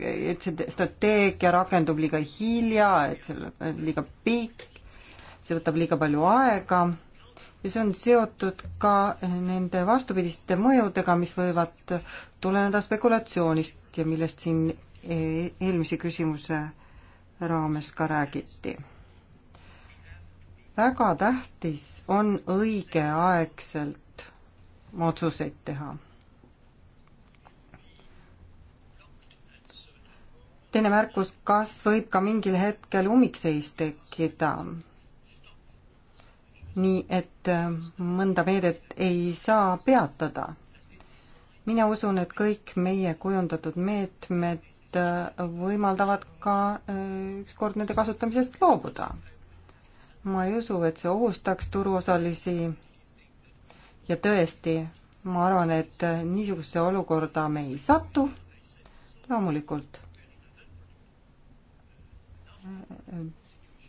et see strateegia rakendub liiga hilja, et see on liiga pikk, see võtab liiga palju aega ja see on seotud ka nende vastupidiste mõjudega, mis võivad tuleneda spekulatsioonist ja millest siin eelmise küsimuse raames ka räägiti. väga tähtis on õigeaegselt otsuseid teha. teine märkus, kas võib ka mingil hetkel ummikseis tekkida? nii et äh, mõnda meedet ei saa peatada. mina usun, et kõik meie kujundatud meetmed Äh, võimaldavad ka äh, ükskord nende kasutamisest loobuda. ma ei usu, et see ohustaks turuosalisi ja tõesti, ma arvan, et äh, niisugusesse olukorda me ei satu, loomulikult.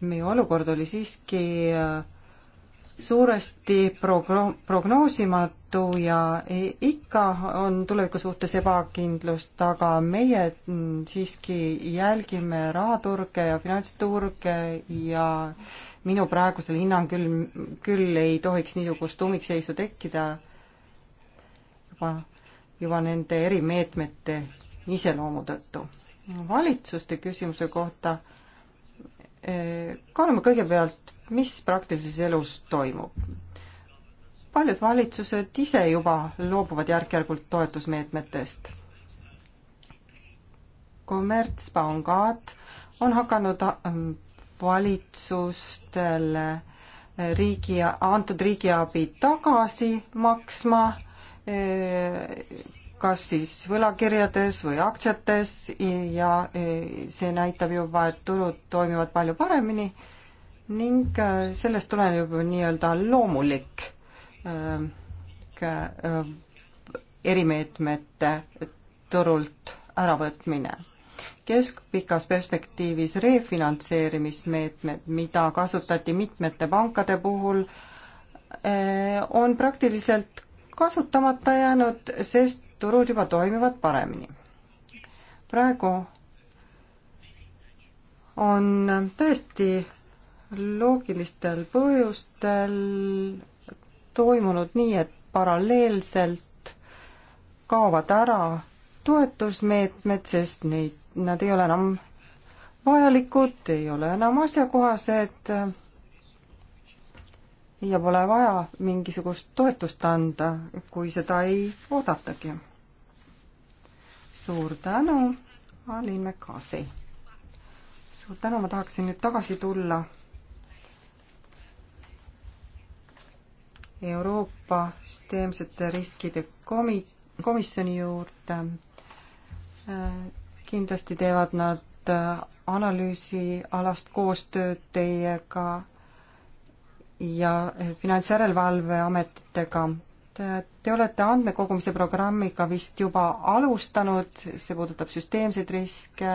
meie olukord oli siiski äh, suuresti progno-, prognoosimatu ja ikka on tuleviku suhtes ebakindlust, aga meie mm, siiski jälgime rahaturge ja finantsturge ja minu praegusel hinnang küll, küll ei tohiks niisugust ummikseisu tekkida juba, juba nende erimeetmete iseloomu tõttu. valitsuste küsimuse kohta eh, kaalume kõigepealt mis praktilises elus toimub? paljud valitsused ise juba loobuvad järk-järgult toetusmeetmetest. kommertspangad on hakanud ähm, valitsustele äh, riigi, antud riigiabi tagasi maksma äh, kas siis võlakirjades või aktsiates ja äh, see näitab juba, et turud toimivad palju paremini ning äh, sellest tuleneb nii-öelda loomulik äh, äh, erimeetmete turult äravõtmine. keskpikas perspektiivis refinantseerimismeetmed, mida kasutati mitmete pankade puhul, on praktiliselt kasutamata jäänud, sest turud juba toimivad paremini. praegu on täiesti loogilistel põhjustel toimunud nii, et paralleelselt kaovad ära toetusmeetmed, sest neid, nad ei ole enam vajalikud, ei ole enam asjakohased ja pole vaja mingisugust toetust anda, kui seda ei oodatagi. suur tänu, Alin Mekasi. suur tänu, ma tahaksin nüüd tagasi tulla Euroopa süsteemsete riskide komi-, komisjoni juurde. kindlasti teevad nad äh, analüüsialast koostööd teiega ja äh, Finantsjärelevalveametitega. Te olete andmekogumise programmiga vist juba alustanud, see puudutab süsteemseid riske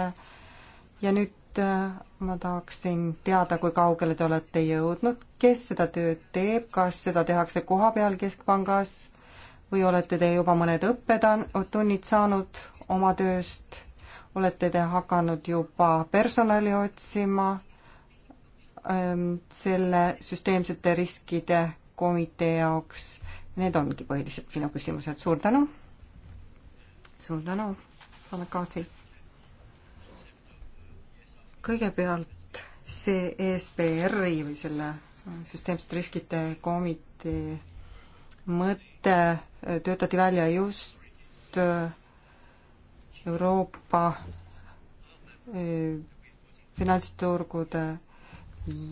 ja nüüd Äh, ma tahaksin teada, kui kaugele te olete jõudnud, kes seda tööd teeb, kas seda tehakse kohapeal Keskpangas või olete te juba mõned õppetunnid saanud oma tööst, olete te hakanud juba personali otsima ähm, selle süsteemsete riskide komitee jaoks, need ongi põhiliselt minu küsimused, suur tänu! suur tänu, Anna Kaasi! kõigepealt see ESPR-i või selle äh, süsteemsete riskide komitee mõte äh, töötati välja just äh, Euroopa finantsturgude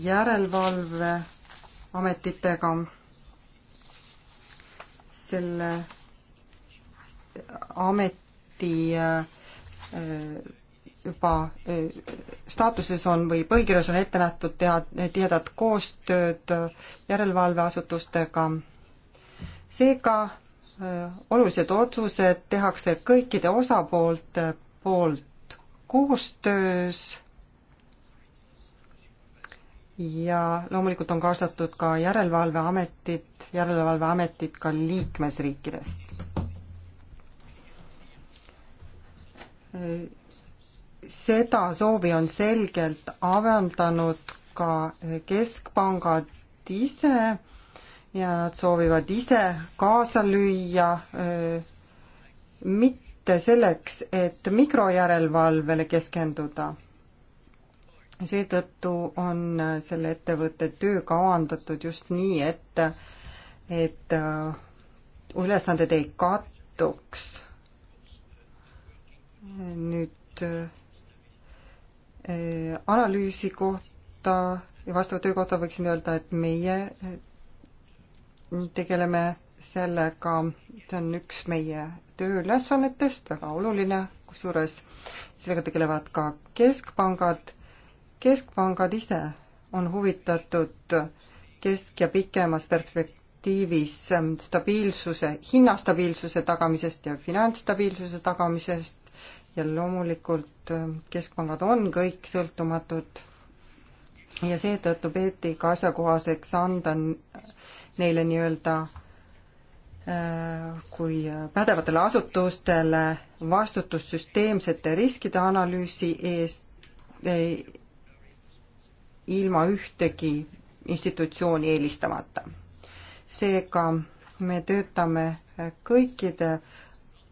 järelevalveametitega selle ameti juba eh, staatuses on või põhikirjas on ette nähtud teha tihedat koostööd järelevalveasutustega. seega eh, olulised otsused tehakse kõikide osapoolte poolt koostöös ja loomulikult on kaasatud ka järelevalveametid, järelevalveametid ka liikmesriikidest eh, seda soovi on selgelt avaldanud ka keskpangad ise ja nad soovivad ise kaasa lüüa, mitte selleks, et mikrojärelevalvele keskenduda. seetõttu on selle ettevõtte töö kavandatud just nii, et, et ülesanded ei kattuks. nüüd Äh, analüüsi kohta ja vastava töö kohta võiksin öelda, et meie äh, tegeleme sellega, see on üks meie tööülesannetest, väga oluline, kusjuures sellega tegelevad ka keskpangad. keskpangad ise on huvitatud kesk- ja pikemas perspektiivis ähm, stabiilsuse, hinnastabiilsuse tagamisest ja finantsstabiilsuse tagamisest ja loomulikult äh, keskpangad on kõik sõltumatud ja seetõttu peeti ka asjakohaseks anda neile nii-öelda äh, kui äh, pädevatele asutustele vastutus süsteemsete riskide analüüsi eest ilma ühtegi institutsiooni eelistamata. seega me töötame kõikide äh,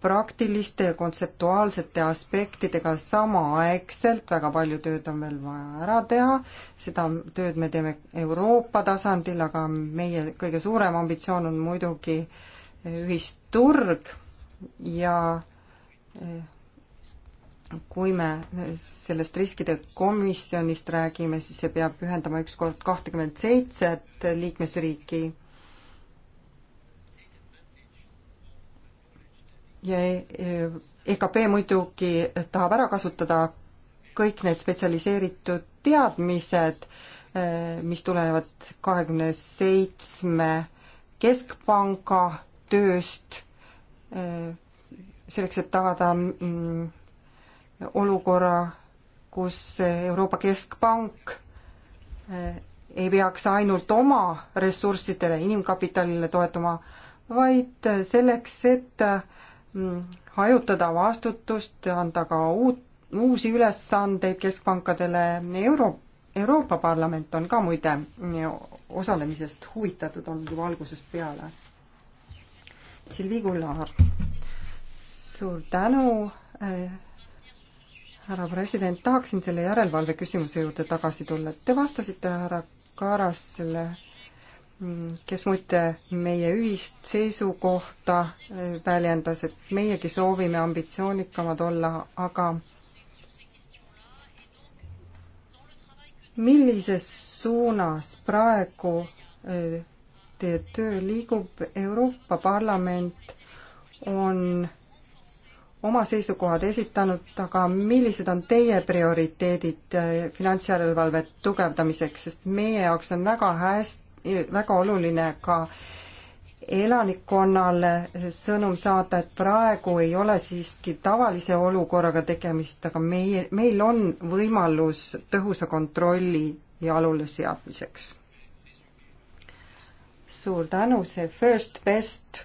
praktiliste ja kontseptuaalsete aspektidega samaaegselt, väga palju tööd on veel vaja ära teha, seda tööd me teeme Euroopa tasandil, aga meie kõige suurem ambitsioon on muidugi ühisturg ja eh, kui me sellest riskide komisjonist räägime, siis see peab ühendama üks kord kahtekümmend seitset liikmesriiki ja EKP e, e muidugi tahab ära kasutada kõik need spetsialiseeritud teadmised, e, mis tulenevad kahekümne seitsme keskpanga tööst, selleks, et tagada mm, olukorra, kus Euroopa Keskpank ei peaks ainult oma ressurssidele, inimkapitalile toetuma, vaid selleks, et hajutada vastutust, anda ka uut, uusi ülesandeid keskpankadele, euro, Euroopa Parlament on ka muide osalemisest huvitatud olnud juba algusest peale. Silvi Kullar, suur tänu eh, härra president, tahaksin selle järelevalve küsimuse juurde tagasi tulla. Te vastasite härra Kaarasele kes muide meie ühist seisukohta äh, väljendas, et meiegi soovime ambitsioonikamad olla, aga millises suunas praegu äh, teie töö liigub, Euroopa Parlament on oma seisukohad esitanud, aga millised on teie prioriteedid äh, finantsjärelevalve tugevdamiseks, sest meie jaoks on väga hästi väga oluline ka elanikkonnale sõnum saata, et praegu ei ole siiski tavalise olukorraga tegemist, aga meie, meil on võimalus tõhusa kontrolli jalule seadmiseks. suur tänu, see first best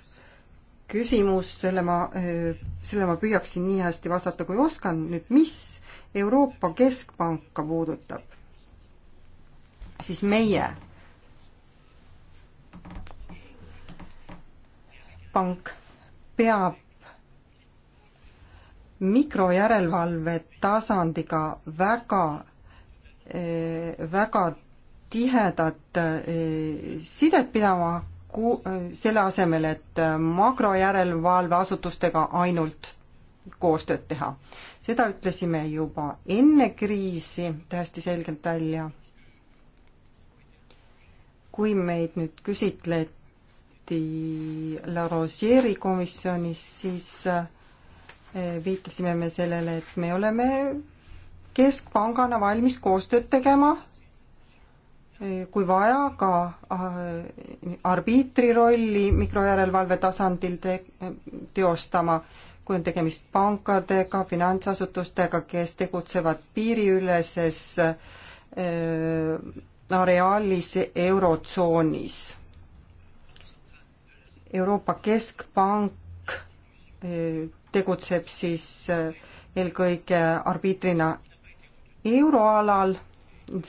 küsimus, selle ma, selle ma püüaksin nii hästi vastata, kui oskan. nüüd, mis Euroopa Keskpanka puudutab, siis meie keskpank peab mikrojärelevalve tasandiga väga, eh, väga tihedat eh, sidet pidama, ku-, eh, selle asemel, et makrojärelevalveasutustega ainult koostööd teha. seda ütlesime juba enne kriisi täiesti selgelt välja. kui meid nüüd küsitleti arutati La Rosieri komisjonis, siis eh, viitasime me sellele, et me oleme keskpangana valmis koostööd tegema, eh, kui vaja, ka eh, arbiitri rolli mikrojärelevalve tasandil te teostama, kui on tegemist pankadega, finantsasutustega, kes tegutsevad piiriüleses äh, areaalis Eurotsoonis Euroopa Keskpank eh, tegutseb siis eh, eelkõige arbiitrina euroalal,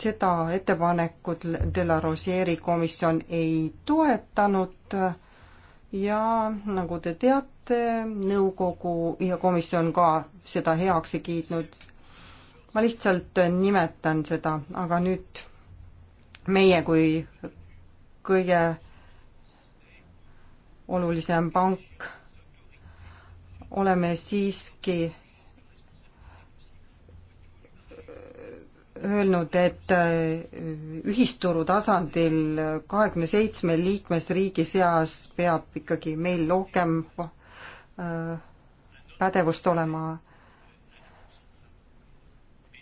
seda ettepanekut de la Rosieri komisjon ei toetanud ja nagu te teate, nõukogu ja komisjon ka seda heaks ei kiitnud. ma lihtsalt nimetan seda, aga nüüd meie kui kõige olulisem pank, oleme siiski öelnud, et äh, ühisturu tasandil kahekümne seitsme liikmesriigi seas peab ikkagi meil rohkem äh, pädevust olema.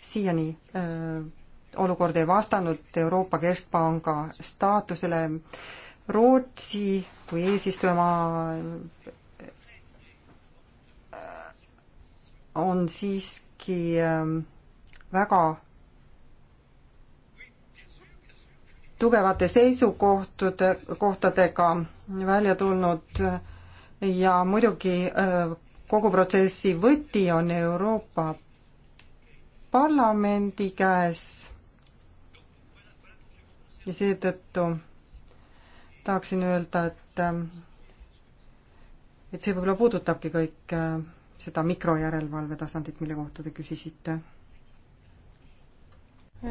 siiani äh, olukord ei vastanud Euroopa Keskpanga staatusele äh, Rootsi kui eesistujamaa äh, on siiski ähm, väga tugevate seisukohtade, kohtadega välja tulnud ja muidugi äh, kogu protsessi võti on Euroopa Parlamendi käes ja seetõttu tahaksin öelda, et et see võib-olla puudutabki kõik äh, seda mikrojärelevalve tasandit, mille kohta te küsisite.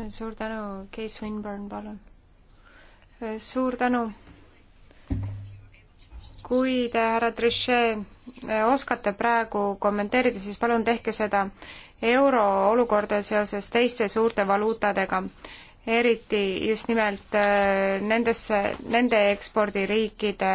suur tänu, Keis Winburn, palun. suur tänu. kui te, härra Trichet, oskate praegu kommenteerida, siis palun tehke seda euro olukorda seoses teiste suurte valuutadega eriti just nimelt äh, nendesse, nende ekspordiriikide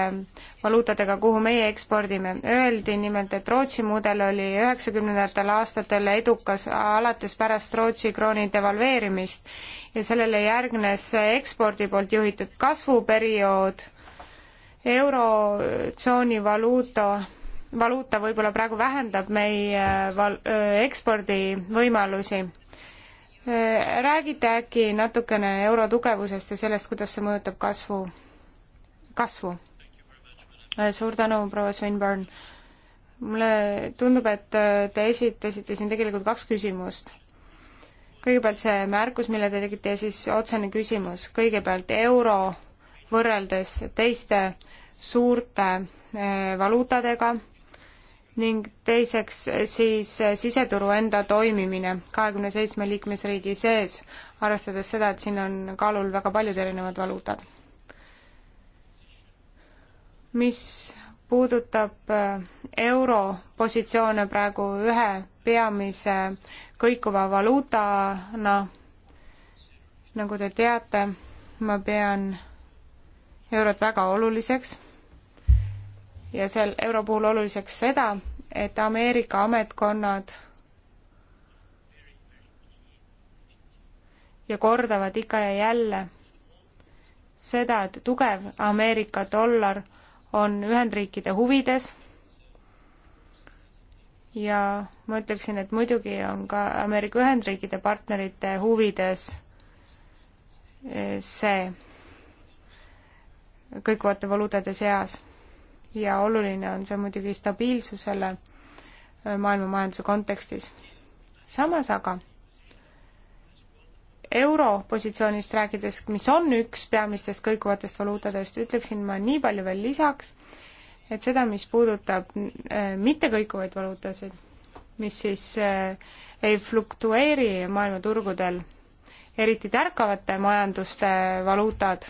valuutadega, kuhu meie ekspordime. Öeldi nimelt, et Rootsi mudel oli üheksakümnendatel aastatel edukas alates pärast Rootsi krooni devalveerimist ja sellele järgnes ekspordi poolt juhitud kasvuperiood, eurotsooni valuuta valuuta võib-olla praegu vähendab meie val-, ekspordivõimalusi räägite äkki natukene euro tugevusest ja sellest, kuidas see mõjutab kasvu, kasvu? suur tänu, proua Swinburne. mulle tundub, et te esitasite siin tegelikult kaks küsimust. kõigepealt see märkus, mille te tegite ja siis otsene küsimus. kõigepealt euro võrreldes teiste suurte eh, valuutadega ning teiseks siis siseturu enda toimimine kahekümne seitsme liikmesriigi sees, arvestades seda, et siin on kaalul väga paljud erinevad valuutad. mis puudutab äh, euro positsioone praegu ühe peamise kõikuva valuutana, nagu te teate, ma pean eurot väga oluliseks ja seal euro puhul oluliseks seda, et Ameerika ametkonnad ja kordavad ikka ja jälle seda, et tugev Ameerika dollar on Ühendriikide huvides. ja ma ütleksin, et muidugi on ka Ameerika Ühendriikide partnerite huvides eh, see kõikuvate valuutade seas ja oluline on see muidugi stabiilsusele äh, maailma majanduse kontekstis. samas aga europositsioonist rääkides, mis on üks peamistest kõikuvatest valuutadest, ütleksin ma nii palju veel lisaks, et seda, mis puudutab äh, mittekõikuvaid valuutasid, mis siis äh, ei fluktueeri maailmaturgudel, eriti tärkavate majanduste valuutad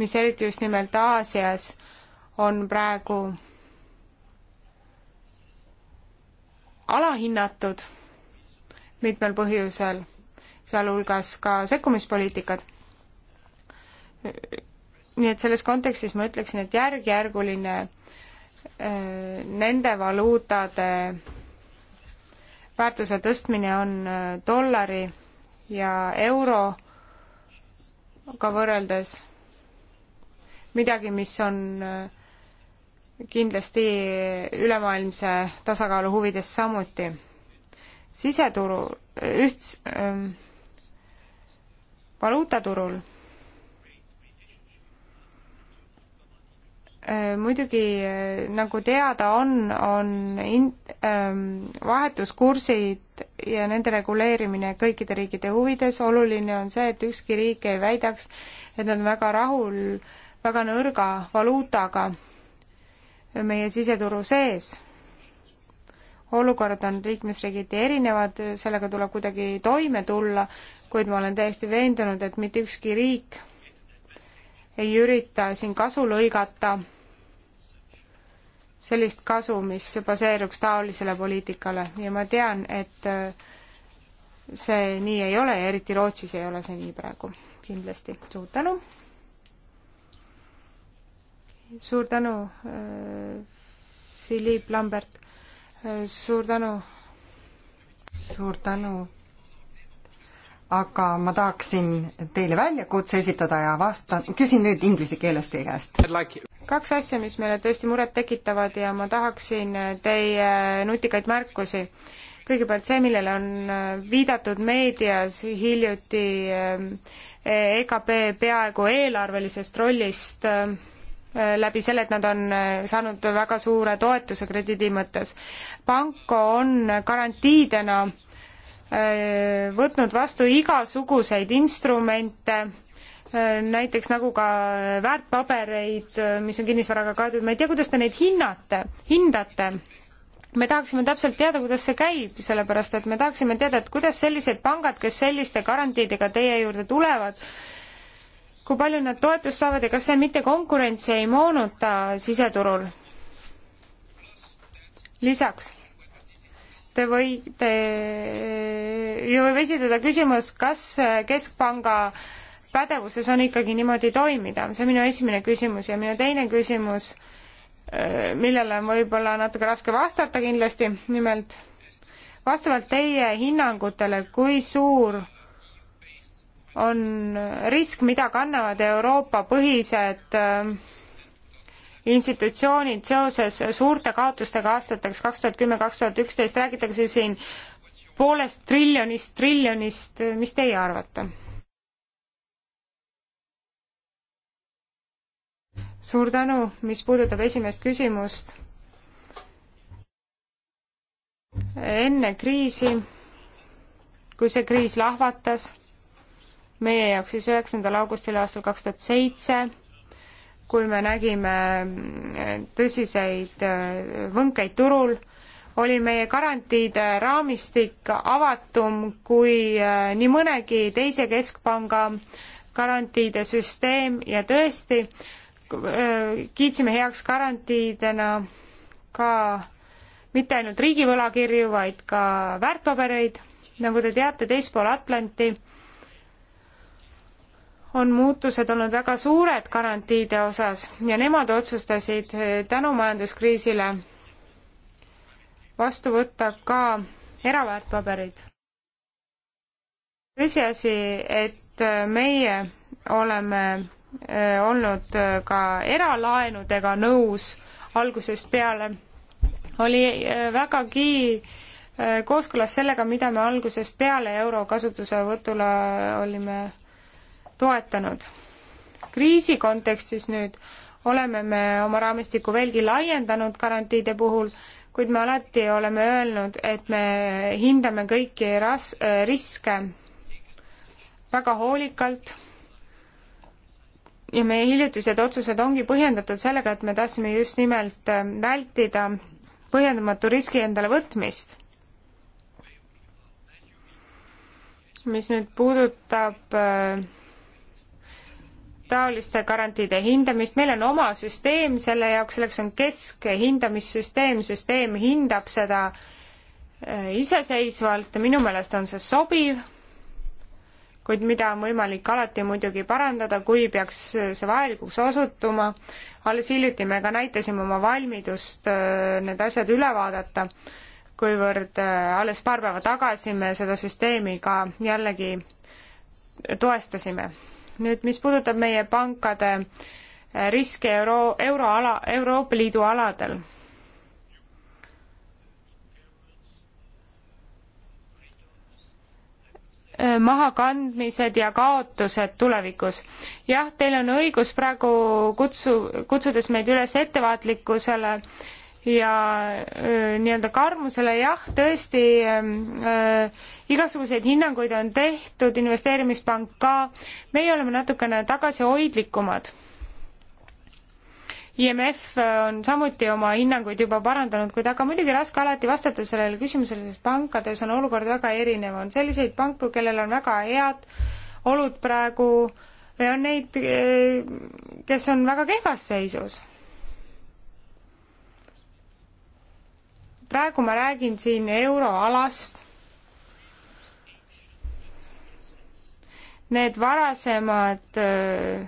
mis eriti just nimelt Aasias on praegu alahinnatud mitmel põhjusel, sealhulgas ka sekkumispoliitikad. nii et selles kontekstis ma ütleksin, et järk-järguline äh, nende valuutade väärtuse tõstmine on äh, dollari ja euroga võrreldes midagi, mis on äh, kindlasti ülemaailmse tasakaalu huvides samuti. siseturu, äh, ühts- ähm,, valuutaturul äh, muidugi nagu teada on, on in-, ähm, vahetuskursid ja nende reguleerimine kõikide riikide huvides, oluline on see, et ükski riik ei väidaks, et nad on väga rahul väga nõrga valuutaga meie siseturu sees. olukorrad on liikmesriigiti erinevad, sellega tuleb kuidagi toime tulla, kuid ma olen täiesti veendunud, et mitte ükski riik ei ürita siin kasu lõigata, sellist kasu, mis baseeruks taolisele poliitikale ja ma tean, et äh, see nii ei ole ja eriti Rootsis ei ole see nii praegu kindlasti. suur tänu! suur tänu, äh, Philipp Lambert, äh, suur tänu. suur tänu. aga ma tahaksin teile väljakutse esitada ja vastan, küsin nüüd inglise keeles teie käest kaks asja, mis meile tõesti muret tekitavad ja ma tahaksin äh, teie nutikaid märkusi. kõigepealt see, millele on viidatud meedias hiljuti EKP peaaegu eelarvelisest rollist äh, läbi selle, et nad on äh, saanud väga suure toetuse krediidi mõttes. Panko on garantiidena äh, võtnud vastu igasuguseid instrumente, äh, näiteks nagu ka väärtpabereid, mis on kinnisvaraga kaetud, ma ei tea, kuidas te neid hinnate, hindate? me tahaksime täpselt teada, kuidas see käib, sellepärast et me tahaksime teada, et kuidas sellised pangad, kes selliste garantiidega teie juurde tulevad, kui palju nad toetust saavad ja kas see mitte konkurentsi ei moonuta siseturul? lisaks, te võite ju võib esitada küsimus, kas Keskpanga pädevuses on ikkagi niimoodi toimida, see on minu esimene küsimus ja minu teine küsimus, äh, millele on võib-olla natuke raske vastata kindlasti, nimelt vastavalt teie hinnangutele, kui suur on risk, mida kannavad Euroopa põhised äh, institutsioonid seoses suurte kaotustega aastateks kaks tuhat kümme, kaks tuhat üksteist, räägitakse siin poolest triljonist, triljonist, mis teie arvate? suur tänu, mis puudutab esimest küsimust. enne kriisi, kui see kriis lahvatas meie jaoks siis üheksandal augustil aastal kaks tuhat seitse, kui me nägime äh, tõsiseid äh, võnkeid turul, oli meie garantiide raamistik avatum kui äh, nii mõnegi teise keskpanga garantiide süsteem ja tõesti kiitsime heaks garantiidena ka mitte ainult riigivõlakirju, vaid ka väärtpabereid. nagu te teate, teispool Atlanti on muutused olnud väga suured garantiide osas ja nemad otsustasid eh, tänu majanduskriisile vastu võtta ka eraväärtpaberid. tõsiasi, et eh, meie oleme eh, olnud ka eralaenudega nõus algusest peale, oli vägagi kooskõlas sellega, mida me algusest peale euro kasutuselevõtule olime toetanud. kriisi kontekstis nüüd oleme me oma raamistikku veelgi laiendanud garantiide puhul, kuid me alati oleme öelnud, et me hindame kõiki ras-, äh, riske väga hoolikalt ja meie hiljutised otsused ongi põhjendatud sellega, et me tahtsime just nimelt äh, vältida põhjendamatu riski endale võtmist. mis nüüd puudutab äh, taoliste garantiide hindamist, meil on oma süsteem selle jaoks, selleks on keskhindamissüsteem, süsteem hindab seda äh, iseseisvalt ja minu meelest on see sobiv, kuid mida on võimalik alati muidugi parandada, kui peaks äh, see vajalikuks osutuma. alles hiljuti me ka näitasime oma valmidust äh, need asjad üle vaadata, kuivõrd alles paar päeva tagasi me seda süsteemi ka jällegi toestasime nüüd, mis puudutab meie pankade äh, riske euro, euroala, Euroopa Liidu aladel. Äh, mahakandmised ja kaotused tulevikus. jah, teil on õigus praegu kutsu, kutsudes meid üles ettevaatlikkusele äh, ja nii-öelda karmusele jah, tõesti äh, igasuguseid hinnanguid on tehtud, investeerimispank ka, meie oleme natukene tagasihoidlikumad. IMF on samuti oma hinnanguid juba parandanud, kuid aga muidugi raske alati vastata sellele küsimusele, sest pankades on olukord väga erinev, on selliseid panku, kellel on väga head olud praegu ja on neid, kes on väga kehvas seisus praegu ma räägin siin euroalast. Need varasemad öö, äh,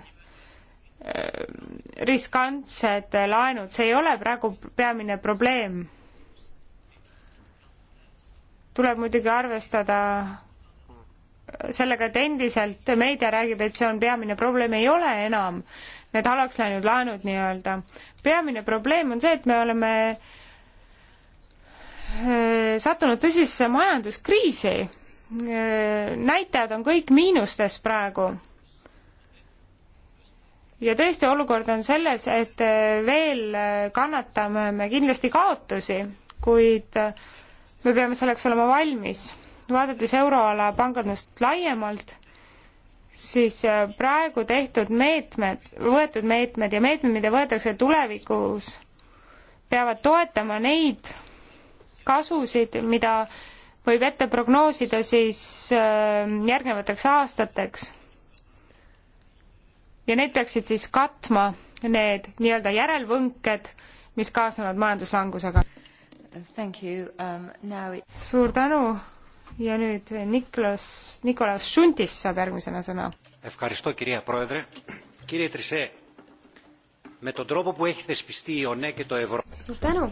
äh, riskantsed laenud, see ei ole praegu peamine probleem. tuleb muidugi arvestada sellega, et endiselt meedia räägib, et see on peamine probleem, ei ole enam need halvaks läinud laenud nii-öelda. peamine probleem on see, et me oleme äh, Eh, sattunud tõsisse majanduskriisi. Eh, näitajad on kõik miinustes praegu. ja tõesti, olukord on selles, et eh, veel kannatame me kindlasti kaotusi, kuid me peame selleks olema valmis. vaadates euroala pangandust laiemalt, siis praegu tehtud meetmed, võetud meetmed ja meetmed, mida võetakse tulevikus, peavad toetama neid kasusid, mida võib ette prognoosida siis äh, järgnevateks aastateks. ja need peaksid siis katma need nii-öelda järelvõnked, mis kaasnevad majanduslangusega. Um, it... suur tänu ja nüüd Niklas, Nikolas Šuntis saab järgmisena sõna. suur tänu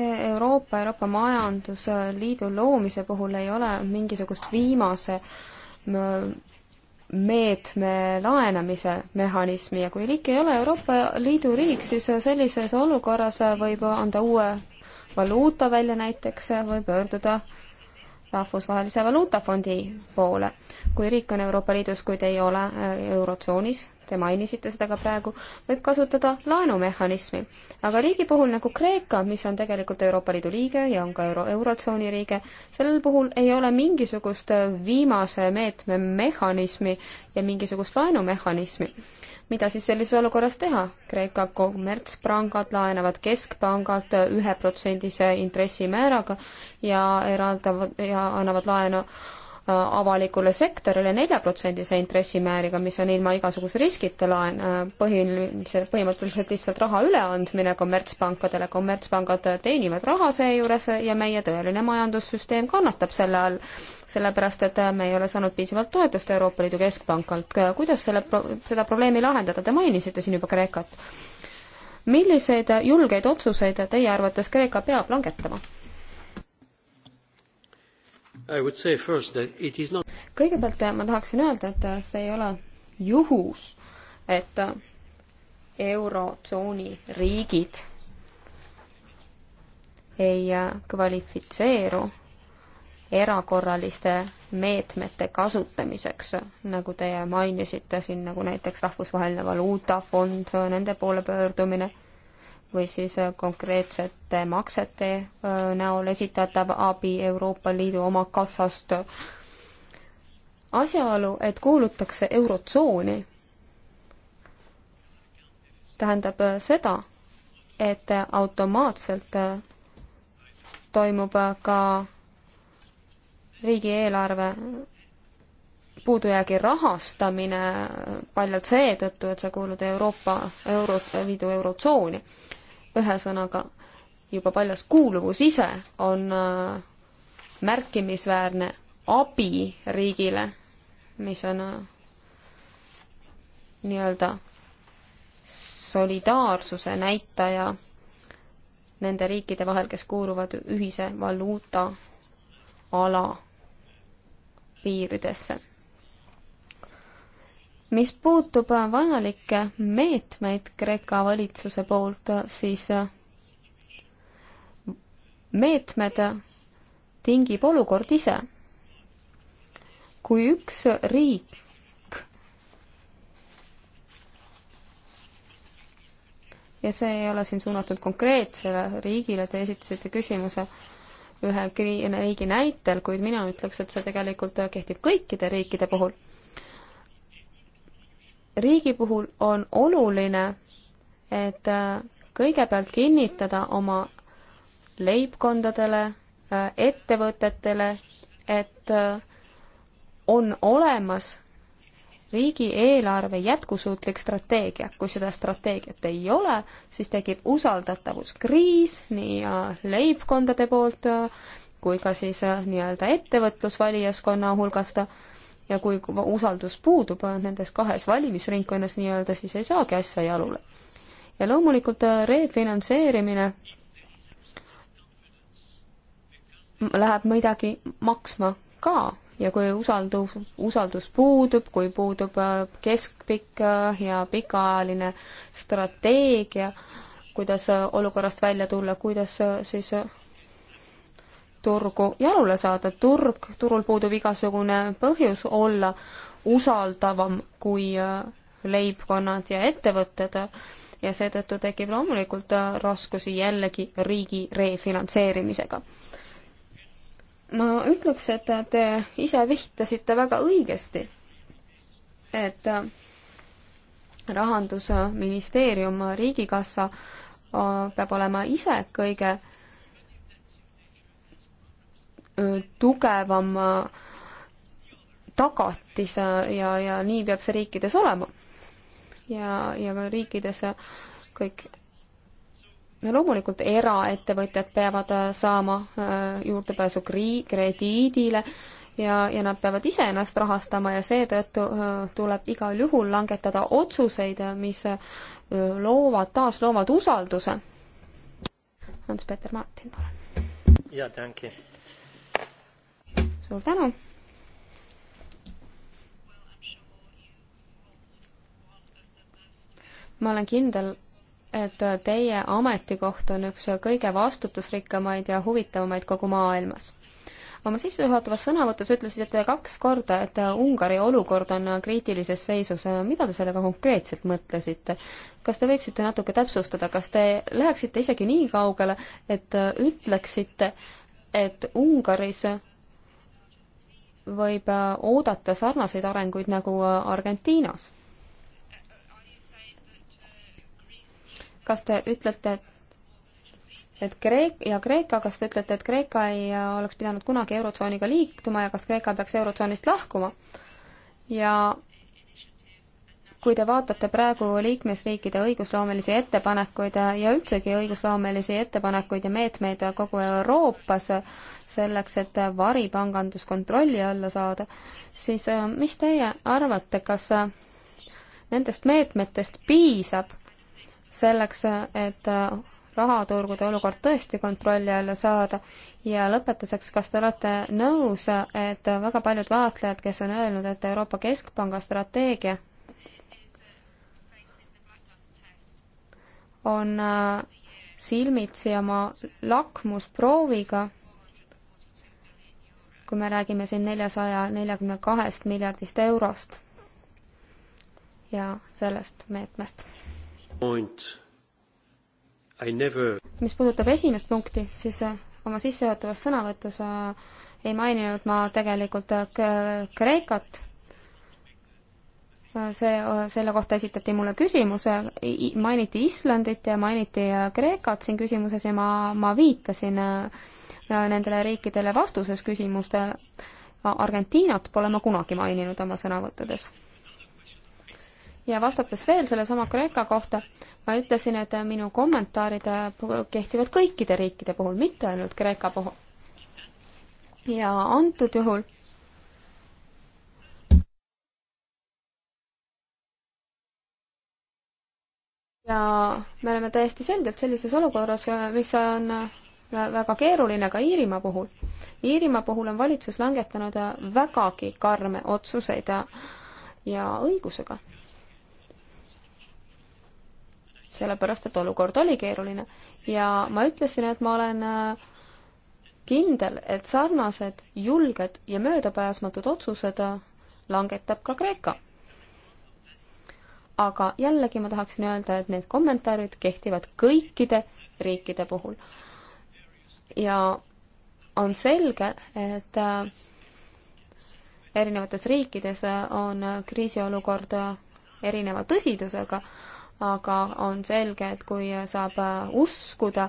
Euroopa, Euroopa Majandusliidu loomise puhul ei ole mingisugust viimase meetme laenamise mehhanismi ja kui riik ei ole Euroopa Liidu riik, siis sellises olukorras võib anda uue valuuta välja näiteks, või pöörduda Rahvusvahelise Valuutafondi poole. kui riik on Euroopa Liidus, kuid ei ole äh, Eurotsoonis, te mainisite seda ka praegu, võib kasutada laenumehhanismi. aga riigi puhul nagu Kreeka, mis on tegelikult Euroopa Liidu liige ja on ka euro, Eurotsooni liige, sellel puhul ei ole mingisugust äh, viimase meetme mehhanismi ja mingisugust laenumehhanismi mida siis sellises olukorras teha? Kreeka kommertspangad laenavad keskpangad üheprotsendise intressimääraga ja eraldavad ja annavad laenu Äh, avalikule sektorile neljaprotsendise intressimääriga, mis on ilma igasuguse riskita laen, äh, põhiliselt, põhimõtteliselt lihtsalt raha üleandmine kommertspankadele, kommertspangad teenivad raha seejuures ja meie tõeline majandussüsteem kannatab selle all, sellepärast et me ei ole saanud piisavalt toetust Euroopa Liidu Keskpankalt. kuidas selle, seda probleemi lahendada, te mainisite siin juba Kreekat. milliseid julgeid otsuseid teie arvates Kreeka peab langetama? Not... kõigepealt eh, ma tahaksin öelda, et eh, see ei ole juhus, et eh, eurotsooni riigid ei kvalifitseeru erakorraliste meetmete kasutamiseks, nagu teie mainisite siin, nagu näiteks Rahvusvaheline Valuutafond, nende poole pöördumine või siis äh, konkreetsete maksete äh, näol esitatav abi Euroopa Liidu oma kassast. asjaolu, et kuulutakse Eurotsooni, tähendab äh, seda, et automaatselt toimub ka riigieelarve puudujäägi rahastamine paljalt seetõttu, et sa kuulud Euroopa Euro, Liidu Eurotsooni ühesõnaga juba paljas kuuluvus ise on äh, märkimisväärne abi riigile, mis on äh, nii-öelda solidaarsuse näitaja nende riikide vahel, kes kuuluvad ühise valuuta ala piiridesse mis puutub äh, vajalikke meetmeid Kreeka valitsuse poolt, äh, siis äh, meetmed tingib olukord ise. kui üks riik ja see ei ole siin suunatud konkreetsele riigile, te esitasite küsimuse ühe riigi näitel, kuid mina ütleks, et see tegelikult kehtib kõikide riikide puhul riigi puhul on oluline, et äh, kõigepealt kinnitada oma leibkondadele, äh, ettevõtetele, et äh, on olemas riigieelarve jätkusuutlik strateegia. kui seda strateegiat ei ole, siis tekib usaldatavaskriis nii leibkondade poolt kui ka siis nii-öelda ettevõtlusvalijaskonna hulgast ja kui usaldus puudub nendes kahes valimisringkonnas nii-öelda, siis ei saagi asja jalule. ja loomulikult äh, refinantseerimine läheb midagi maksma ka ja kui usaldus, usaldus puudub, kui puudub äh, keskpikk äh, ja pikaajaline strateegia, kuidas olukorrast välja tulla, kuidas siis turgu jalule saada, turg, turul puudub igasugune põhjus olla usaldavam kui äh, leibkonnad ja ettevõtted ja seetõttu tekib loomulikult äh, raskusi jällegi riigi refinantseerimisega. ma ütleks, et te ise vihtasite väga õigesti, et äh, rahandusministeerium, Riigikassa peab olema ise kõige tugevam tagatis ja, ja nii peab see riikides olema. ja, ja ka riikides kõik no loomulikult eraettevõtjad peavad saama juurdepääsu kri-, krediidile ja, ja nad peavad iseennast rahastama ja seetõttu tuleb igal juhul langetada otsuseid, mis loovad, taasloovad usalduse. Hans-Peter Martin, palun. jaa, tänki suur tänu! ma olen kindel, et teie ametikoht on üks kõige vastutusrikkamaid ja huvitavamaid kogu maailmas. oma sissejuhatavas sõnavõtus ütlesite kaks korda, et Ungari olukord on kriitilises seisus. mida te sellega konkreetselt mõtlesite? kas te võiksite natuke täpsustada, kas te läheksite isegi nii kaugele, et ütleksite, et Ungaris võib äh, oodata sarnaseid arenguid nagu äh, Argentiinas. kas te ütlete, et Kreek- ja Kreeka, kas te ütlete, et Kreeka ei äh, oleks pidanud kunagi Eurotsooniga liituma ja kas Kreeka peaks Eurotsoonist lahkuma? ja kui te vaatate praegu liikmesriikide õigusloomelisi ettepanekuid ja üldsegi õigusloomelisi ettepanekuid ja meetmeid kogu Euroopas selleks, et varipangandus kontrolli alla saada, siis äh, mis teie arvate, kas äh, nendest meetmetest piisab selleks, et äh, rahaturgude olukord tõesti kontrolli alla saada. ja lõpetuseks, kas te olete nõus, et väga paljud vaatlejad, kes on öelnud, et Euroopa Keskpanga strateegia on äh, silmitsi oma lakmusprooviga, kui me räägime siin neljasaja neljakümne kahest miljardist eurost ja sellest meetmest. Never... mis puudutab esimest punkti, siis äh, oma sissejuhatavas sõnavõtus äh, ei maininud ma tegelikult Kreekat see, selle kohta esitati mulle küsimus, mainiti Islandit ja mainiti äh, Kreekat siin küsimuses ja ma, ma viitasin äh, nendele riikidele vastuses küsimustele. Äh, Argentiinat pole ma kunagi maininud oma sõnavõttudes. ja vastates veel sellesama Kreeka kohta, ma ütlesin, et minu kommentaarid kehtivad kõikide riikide puhul, mitte ainult Kreeka puhul. ja antud juhul ja me oleme täiesti selgelt sellises olukorras, mis on väga keeruline ka Iirimaa puhul. Iirimaa puhul on valitsus langetanud vägagi karme otsuseid ja, ja õigusega. sellepärast, et olukord oli keeruline ja ma ütlesin, et ma olen kindel, et sarnased julged ja möödapääsmatud otsused langetab ka Kreeka aga jällegi ma tahaksin öelda, et need kommentaarid kehtivad kõikide riikide puhul. ja on selge, et äh, erinevates riikides on kriisiolukord erineva tõsidusega, aga on selge, et kui saab äh, uskuda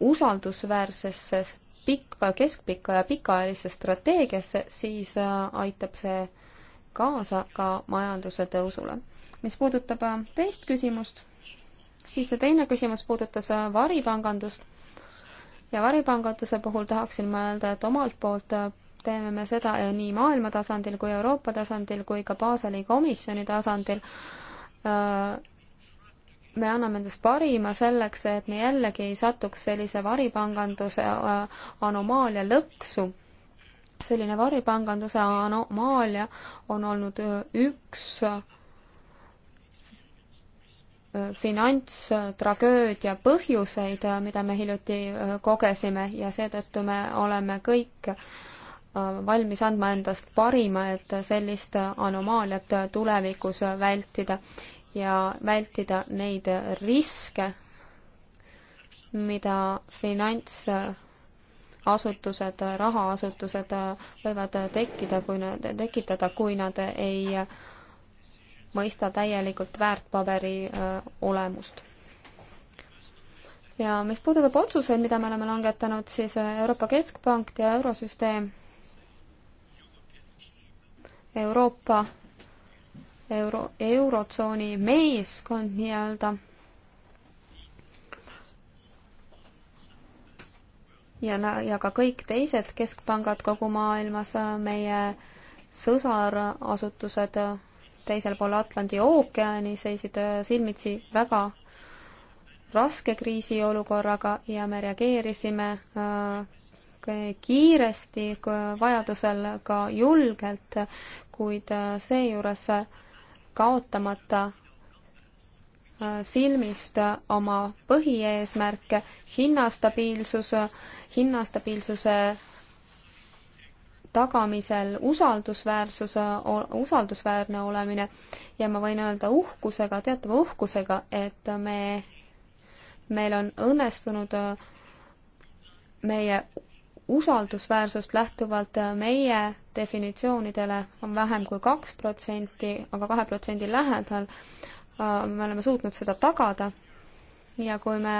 usaldusväärsesse pikka, keskpikka ja pikaajalisse strateegiasse, siis äh, aitab see kaasa ka majanduse tõusule mis puudutab äh, teist küsimust, siis see teine küsimus puudutas äh, varipangandust ja varipanganduse puhul tahaksin ma öelda, et omalt poolt äh, teeme me seda nii maailma tasandil kui Euroopa tasandil kui ka Baseli komisjoni tasandil. me anname endast parima selleks, et me jällegi ei satuks sellise varipanganduse anomaalia lõksu. selline varipanganduse anomaalia on olnud üks finantstragöödia põhjuseid, mida me hiljuti äh, kogesime ja seetõttu me oleme kõik äh, valmis andma endast parima, et sellist anomaaliat tulevikus vältida ja vältida neid riske, mida finantsasutused, rahaasutused võivad tekkida, kui nad, tekitada, kui nad ei mõista täielikult väärtpaberi äh, olemust. ja mis puudutab otsuseid, mida me oleme langetanud, siis äh, Euroopa Keskpank ja Eurosüsteem, Euroopa, euro, eurotsooni meeskond nii-öelda ja, ja ka kõik teised keskpangad kogu maailmas, äh, meie sõsarasutused teisel pool Atlandi ookeani, seisid äh, silmitsi väga raske kriisiolukorraga ja me reageerisime äh, kiiresti, vajadusel ka julgelt, kuid äh, seejuures kaotamata silmist oma põhieesmärke, hinnastabiilsus, hinnastabiilsuse tagamisel usaldusväärsus, usaldusväärne olemine ja ma võin öelda uhkusega, teatava uhkusega, et me, meil on õnnestunud äh, meie usaldusväärsust lähtuvalt äh, meie definitsioonidele on vähem kui kaks protsenti, aga kahe protsendi lähedal äh, me oleme suutnud seda tagada ja kui me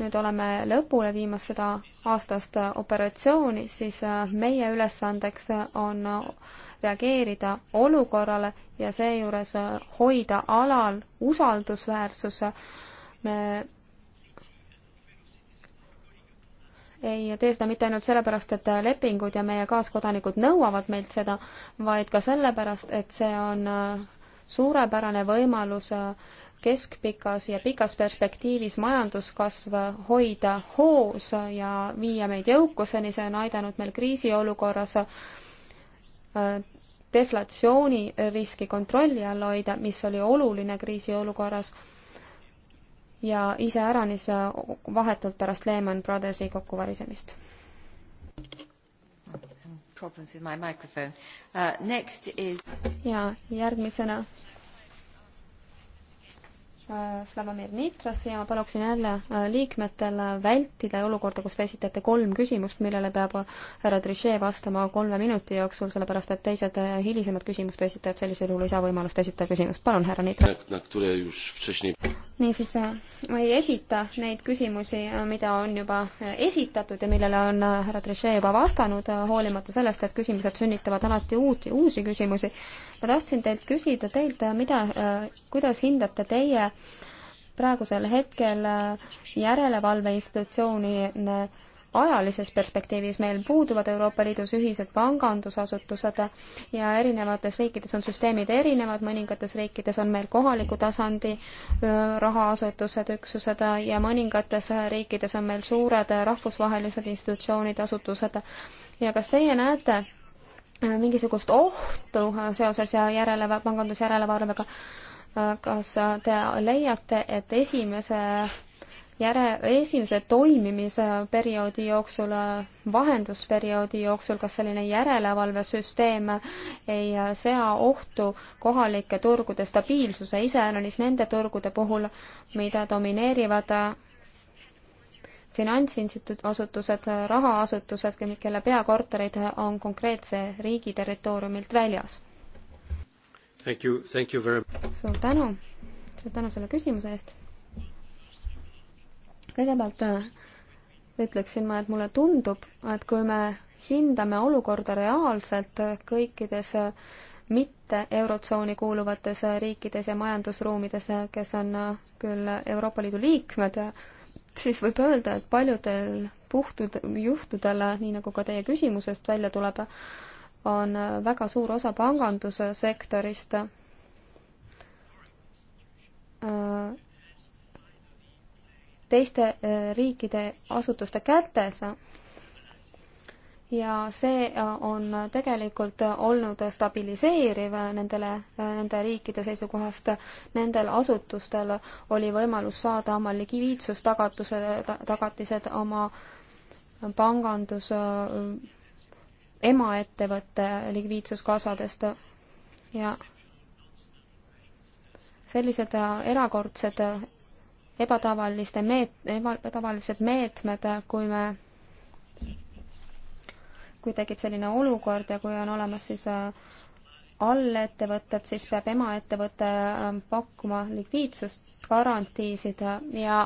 nüüd oleme lõpule viimas seda aastast operatsiooni, siis äh, meie ülesandeks on reageerida olukorrale ja seejuures äh, hoida alal usaldusväärsus. me ei tee seda mitte ainult sellepärast, et lepingud ja meie kaaskodanikud nõuavad meilt seda, vaid ka sellepärast, et see on äh, suurepärane võimalus keskpikas ja pikas perspektiivis majanduskasv hoida hoos ja viia meid jõukuseni, see on aidanud meil kriisiolukorras äh, deflatsiooniriski kontrolli all hoida, mis oli oluline kriisiolukorras ja iseäranis äh, vahetult pärast Lehman Brothersi kokkuvarisemist. Uh, ja järgmisena Äh, Slavomir Nitras ja ma paluksin jälle äh, liikmetel äh, vältida olukorda, kus te esitate kolm küsimust, millele peab härra Trichet vastama kolme minuti jooksul, sellepärast et teised hilisemad küsimuste esitajad sellisel juhul ei saa võimalust esitada küsimust. palun, härra Nitras. niisiis, ma ei esita neid küsimusi, mida on juba esitatud ja millele on härra Trichet juba vastanud, hoolimata sellest, et küsimused sünnitavad alati uut, uusi küsimusi. ma tahtsin teilt küsida, teilt, mida, kuidas hindate teie praegusel hetkel äh, järelevalve institutsiooni äh, ajalises perspektiivis meil puuduvad Euroopa Liidus ühised pangandusasutused ja erinevates riikides on süsteemid erinevad, mõningates riikides on meil kohaliku tasandi äh, rahaasutused, üksused ja mõningates riikides on meil suured rahvusvahelised institutsioonid, asutused. ja kas teie näete mingisugust ohtu seoses järelevalve, pangandusjärelevalvega? kas te leiate, et esimese järe, esimese toimimise perioodi jooksul, vahendusperioodi jooksul, kas selline järelevalvesüsteem ei sea ohtu kohalike turgude stabiilsuse, iseäranis nende turgude puhul, mida domineerivad finantsinstituut, asutused, rahaasutused, kelle peakorterid on konkreetse riigi territooriumilt väljas Thank you, thank you very suur tänu, suur tänu selle küsimuse eest. kõigepealt äh, ütleksin ma, et mulle tundub, et kui me hindame olukorda reaalselt kõikides äh, mitte Eurotsooni kuuluvates äh, riikides ja majandusruumides, kes on küll Euroopa Liidu liikmed, siis võib öelda, et paljudel puhtud juhtudel, nii nagu ka teie küsimusest välja tuleb, on väga suur osa pangandussektorist teiste eh, riikide asutuste kätes ja see eh, on tegelikult olnud stabiliseeriv nendele, eh, nende riikide seisukohast. Nendel asutustel oli võimalus saada oma likviidsustagatused, tagatised oma pangandus emaettevõtte likviidsuskasadest ja sellised erakordsed ebatavaliste meet-, ebatavalised meetmed, kui me, kui tekib selline olukord ja kui on olemas siis äh, allettevõtted, siis peab emaettevõte äh, pakkuma likviidsust, garantiisid ja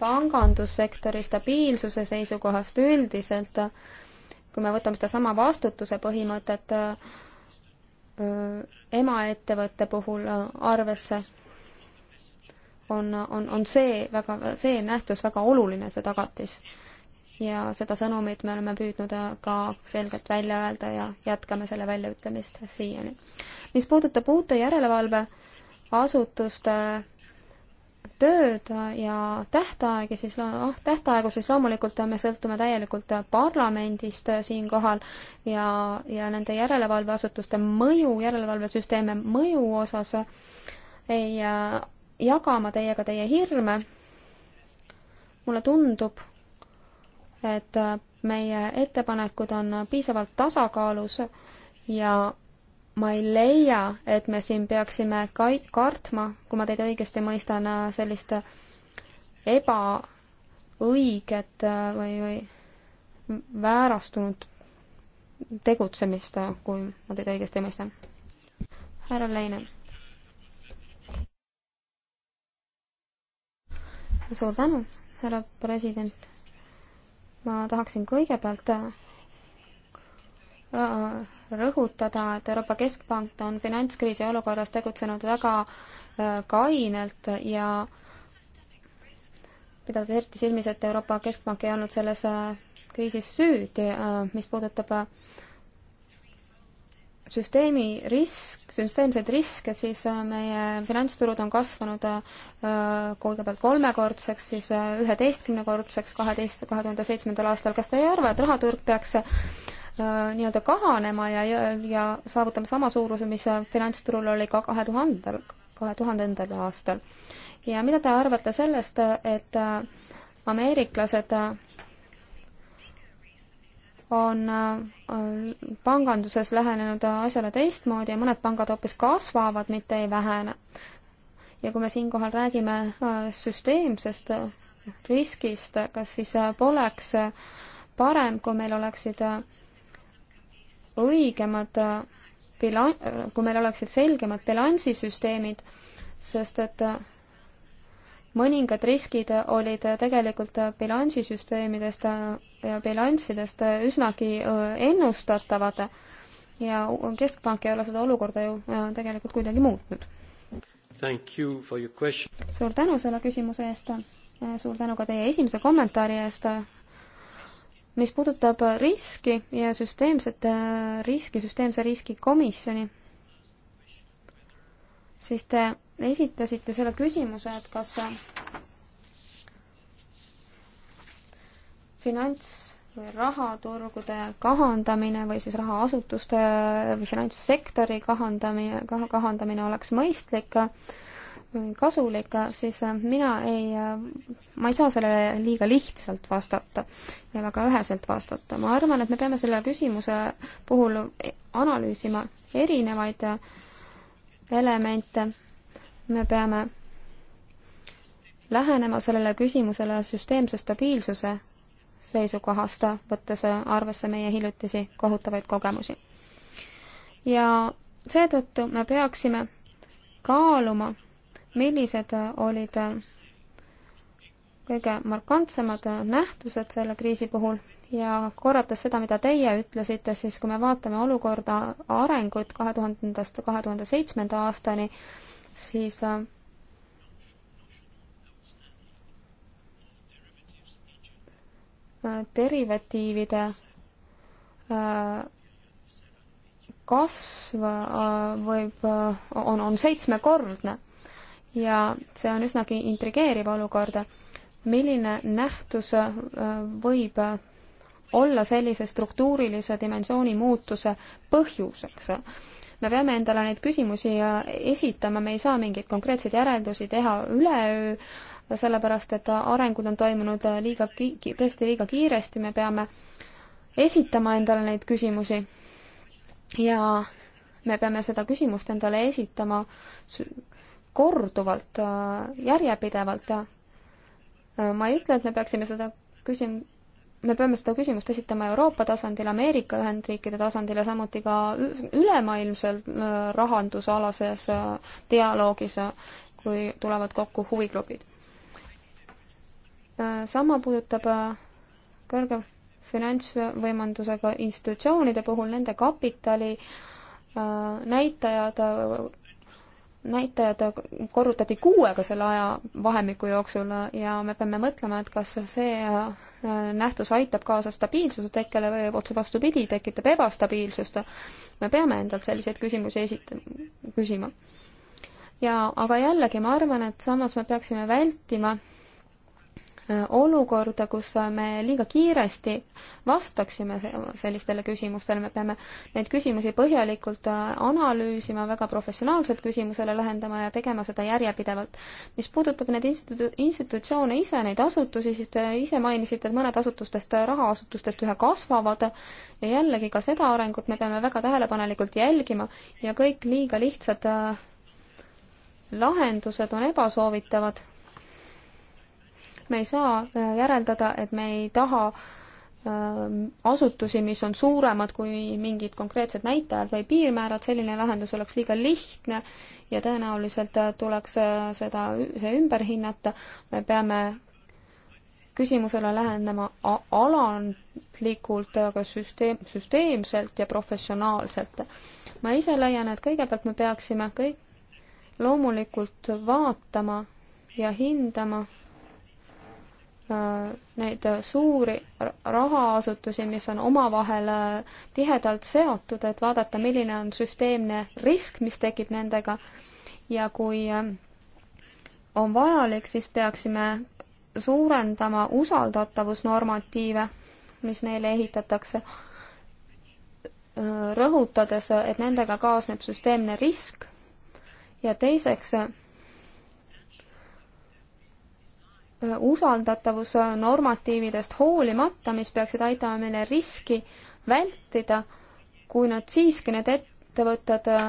pangandussektori stabiilsuse seisukohast üldiselt kui me võtame sedasama vastutuse põhimõtet äh, emaettevõtte puhul äh, arvesse, on, on, on see väga, see nähtus väga oluline, see tagatis. ja seda sõnumit me oleme püüdnud äh, ka selgelt välja öelda ja jätkame selle väljaütlemist siiani. mis puudutab uute järelevalveasutuste tööd ja tähtaegi, siis noh, tähtaegu siis loomulikult me sõltume täielikult parlamendist äh, siinkohal ja, ja nende järelevalveasutuste mõju, järelevalvesüsteemi mõju osas ei äh, jaga ma teiega teie hirme. mulle tundub, et äh, meie ettepanekud on piisavalt tasakaalus ja ma ei leia, et me siin peaksime kai-, kartma, kui ma teid õigesti mõistan, äh, sellist äh, ebaõiget äh, või, või väärastunud tegutsemist, kui ma teid õigesti mõistan. härra Leine. suur tänu, härra president. ma tahaksin kõigepealt Äh, rõhutada, et Euroopa Keskpank on finantskriisi olukorras tegutsenud väga äh, kainelt ja pidades eriti silmis, et Euroopa Keskpank ei olnud selles äh, kriisis süüdi, mis puudutab süsteemi risk, süsteemseid riske, siis meie finantsturud on kasvanud kõigepealt kolmekordseks, siis üheteistkümnekordseks kaheteist, kahe tuhande seitsmendal aastal. kas te ei arva, et rahaturg peaks Äh, nii-öelda kahanema ja, ja, ja saavutama sama suuruse, mis finantsturul oli ka kahe tuhandel, kahe tuhandendal aastal. ja mida te arvate sellest, et äh, ameeriklased äh, on panganduses lähenenud asjale teistmoodi ja mõned pangad hoopis kasvavad, mitte ei vähene. ja kui me siinkohal räägime süsteemsest riskist, kas siis poleks parem, kui meil oleksid õigemad äh, bilan-, äh, kui meil oleksid selgemad bilansisüsteemid, sest et äh, mõningad riskid olid tegelikult bilansisüsteemidest ja bilanssidest üsnagi ennustatavad ja Keskpank ei ole seda olukorda ju tegelikult kuidagi muutnud. You suur tänu selle küsimuse eest, suur tänu ka teie esimese kommentaari eest, mis puudutab riski ja süsteemset äh, riski, süsteemse riski komisjoni, siis te esitasite selle küsimuse, et kas äh, finants- või rahaturgude kahandamine või siis rahaasutuste või finantssektori kahandamine, kahandamine oleks mõistlik kasulik, siis äh, mina ei, äh, ma ei saa sellele liiga lihtsalt vastata ja väga üheselt vastata. ma arvan, et me peame selle küsimuse puhul analüüsima erinevaid äh, elemente, me peame lähenema sellele küsimusele süsteemse stabiilsuse seisukohast, võttes arvesse meie hiljutisi kohutavaid kogemusi. ja seetõttu me peaksime kaaluma millised olid kõige markantsemad nähtused selle kriisi puhul ja korrates seda, mida teie ütlesite, siis kui me vaatame olukorda arengut kahe tuhandendast kahe tuhande seitsmenda aastani, siis äh, derivatiivide äh, kasv äh, võib, on, on seitsmekordne ja see on üsnagi intrigeeriv olukord. milline nähtus äh, võib äh, olla sellise struktuurilise dimensiooni muutuse põhjuseks? me peame endale neid küsimusi äh, esitama, me ei saa mingeid konkreetseid järeldusi teha üleöö, sellepärast et arengud on toimunud liiga, tõesti liiga kiiresti, me peame esitama endale neid küsimusi ja me peame seda küsimust endale esitama korduvalt, äh, järjepidevalt ja äh, ma ei ütle, et me peaksime seda küsim-, me peame seda küsimust esitama Euroopa tasandil, Ameerika Ühendriikide tasandil ja samuti ka ülemaailmsel äh, rahandusalases dialoogis, kui tulevad kokku huvigrupid. sama puudutab kõrge finantsvõimendusega institutsioonide puhul nende kapitali näitajad näitajad korrutati kuuega selle ajavahemiku jooksul ja me peame mõtlema, et kas see äh, nähtus aitab kaasa stabiilsuse tekkele või otse vastupidi, tekitab ebastabiilsust. me peame endalt selliseid küsimusi esitama, küsima. ja aga jällegi, ma arvan, et samas me peaksime vältima olukorda, kus me liiga kiiresti vastaksime sellistele küsimustele, me peame neid küsimusi põhjalikult äh, analüüsima, väga professionaalselt küsimusele lähendama ja tegema seda järjepidevalt. mis puudutab neid institu-, institutsioone ise, neid asutusi, siis te ise mainisite, et mõned asutustest, äh, rahaasutustest üha kasvavad ja jällegi ka seda arengut me peame väga tähelepanelikult jälgima ja kõik liiga lihtsad äh, lahendused on ebasoovitavad me ei saa äh, järeldada, et me ei taha ähm, asutusi, mis on suuremad kui mingid konkreetsed näitajad või piirmäärad, selline lahendus oleks liiga lihtne ja tõenäoliselt äh, tuleks äh, seda, see ümber hinnata. me peame küsimusele lähenema alandlikult, aga süsteem, süsteemselt ja professionaalselt. ma ise leian, et kõigepealt me peaksime kõik loomulikult vaatama ja hindama Äh, neid suuri rahaasutusi, mis on omavahel äh, tihedalt seotud, et vaadata, milline on süsteemne risk, mis tekib nendega ja kui äh, on vajalik, siis peaksime suurendama usaldatavusnormatiive, mis neile ehitatakse, rõhutades, et nendega kaasneb süsteemne risk ja teiseks Äh, usaldatavus äh, normatiividest hoolimata, mis peaksid aitama meile riski vältida, kui nad siiski, need ettevõtted äh,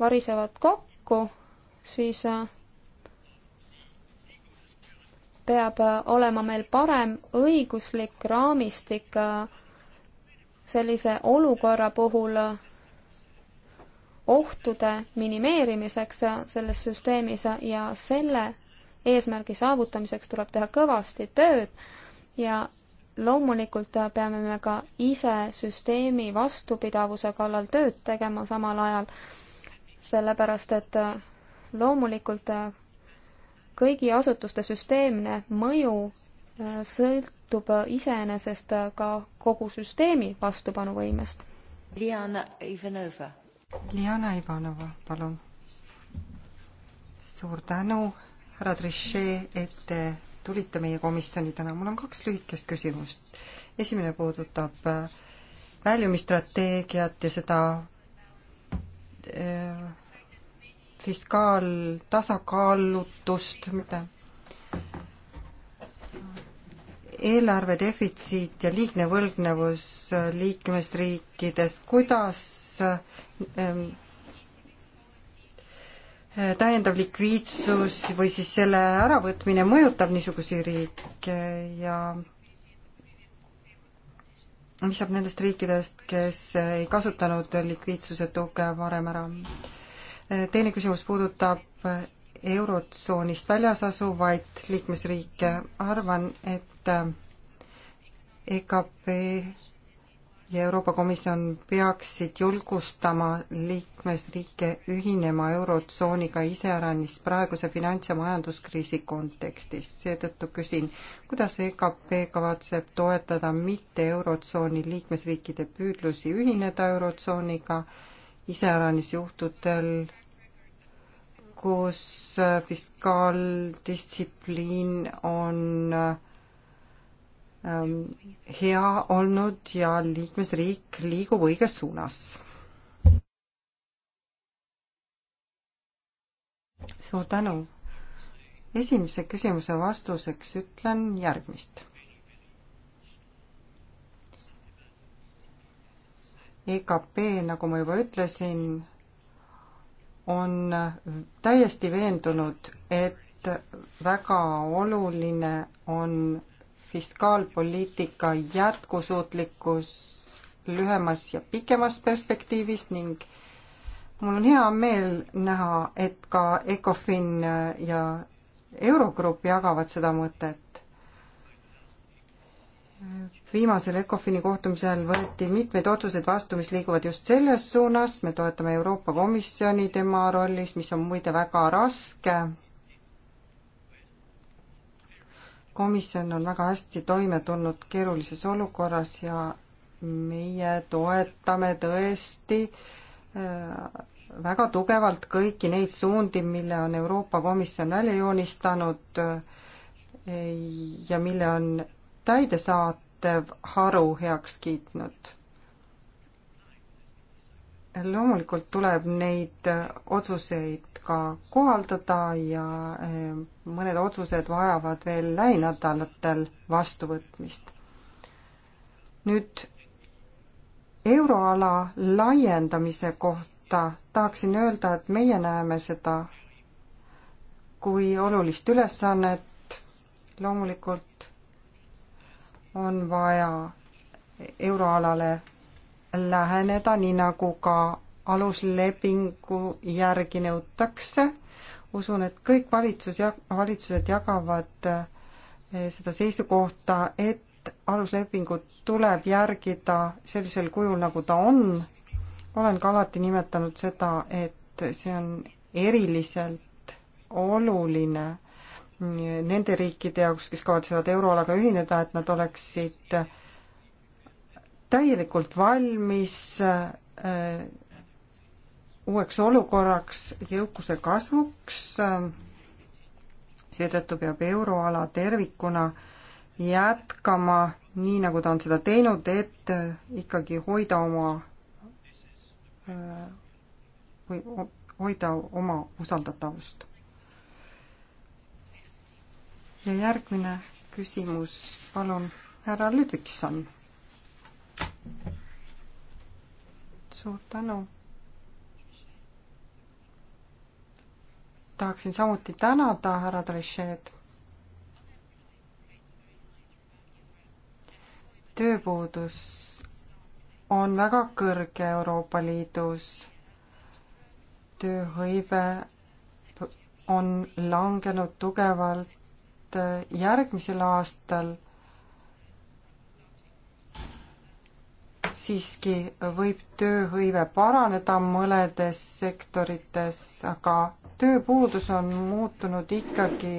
varisevad kokku, siis peab olema meil parem õiguslik raamistik sellise olukorra puhul ohtude minimeerimiseks selles süsteemis ja selle eesmärgi saavutamiseks tuleb teha kõvasti tööd ja loomulikult peame me ka ise süsteemi vastupidavuse kallal tööd tegema samal ajal, sellepärast et loomulikult kõigi asutuste süsteemne mõju äh, sõltub iseenesest ka kogu süsteemi vastupanuvõimest. Liana Ivanova. Liana Ivanova, palun. suur tänu härra Trichet, et te tulite meie komisjoni täna. mul on kaks lühikest küsimust. esimene puudutab äh, väljumisstrateegiat ja seda äh, fiskaaltasakaalutust, mida eelarve defitsiit ja liigne võlgnevus äh, liikmesriikides, kuidas täiendav likviidsus või siis selle äravõtmine mõjutab niisuguseid riike ja mis saab nendest riikidest, kes ei kasutanud likviidsuse tuge varem ära? teine küsimus puudutab eurotsoonist väljas asuvaid liikmesriike. arvan, et EKP ja Euroopa Komisjon peaksid julgustama liikmesriike ühinema Eurotsooniga iseäranis praeguse finants- ja majanduskriisi kontekstis. seetõttu küsin, kuidas EKP kavatseb toetada mitte Eurotsooni liikmesriikide püüdlusi ühineda Eurotsooniga iseäranis juhtudel, kus äh, fiskaaldistsipliin on äh, Ähm, hea olnud ja liikmesriik liigub õiges suunas. suur tänu. esimese küsimuse vastuseks ütlen järgmist. EKP, nagu ma juba ütlesin, on täiesti veendunud, et väga oluline on fiskaalpoliitika jätkusuutlikkus lühemas ja pikemas perspektiivis ning mul on hea meel näha, et ka Ecofin ja Eurogrupp jagavad seda mõtet. viimasel Ecofini kohtumisel võeti mitmeid otsuseid vastu, mis liiguvad just selles suunas, me toetame Euroopa Komisjoni tema rollis, mis on muide väga raske komisjon on väga hästi toime tulnud keerulises olukorras ja meie toetame tõesti äh, väga tugevalt kõiki neid suundi, mille on Euroopa Komisjon välja joonistanud äh, ja mille on täidesaatev haru heaks kiitnud loomulikult tuleb neid otsuseid ka kohaldada ja eh, mõned otsused vajavad veel lähinädalatel vastuvõtmist. nüüd euroala laiendamise kohta tahaksin öelda, et meie näeme seda kui olulist ülesannet. loomulikult on vaja euroalale läheneda, nii nagu ka aluslepingu järgi nõutakse. usun, et kõik valitsus ja valitsused jagavad eh, seda seisukohta, et aluslepingut tuleb järgida sellisel kujul, nagu ta on. olen ka alati nimetanud seda, et see on eriliselt oluline eh, nende riikide jaoks, kes kavatsevad euroalaga ühineda, et nad oleksid äh, täielikult valmis äh, uueks olukorraks, jõukuse kasvuks, äh, seetõttu peab euroala tervikuna jätkama nii, nagu ta on seda teinud, et äh, ikkagi hoida oma või hoida oma usaldatavust. ja järgmine küsimus, palun, härra Ludvikson suur tänu. tahaksin samuti tänada härra Trichet. tööpuudus on väga kõrge Euroopa Liidus. tööhõive on langenud tugevalt järgmisel aastal siiski võib tööhõive paraneda mõnedes sektorites, aga tööpuudus on muutunud ikkagi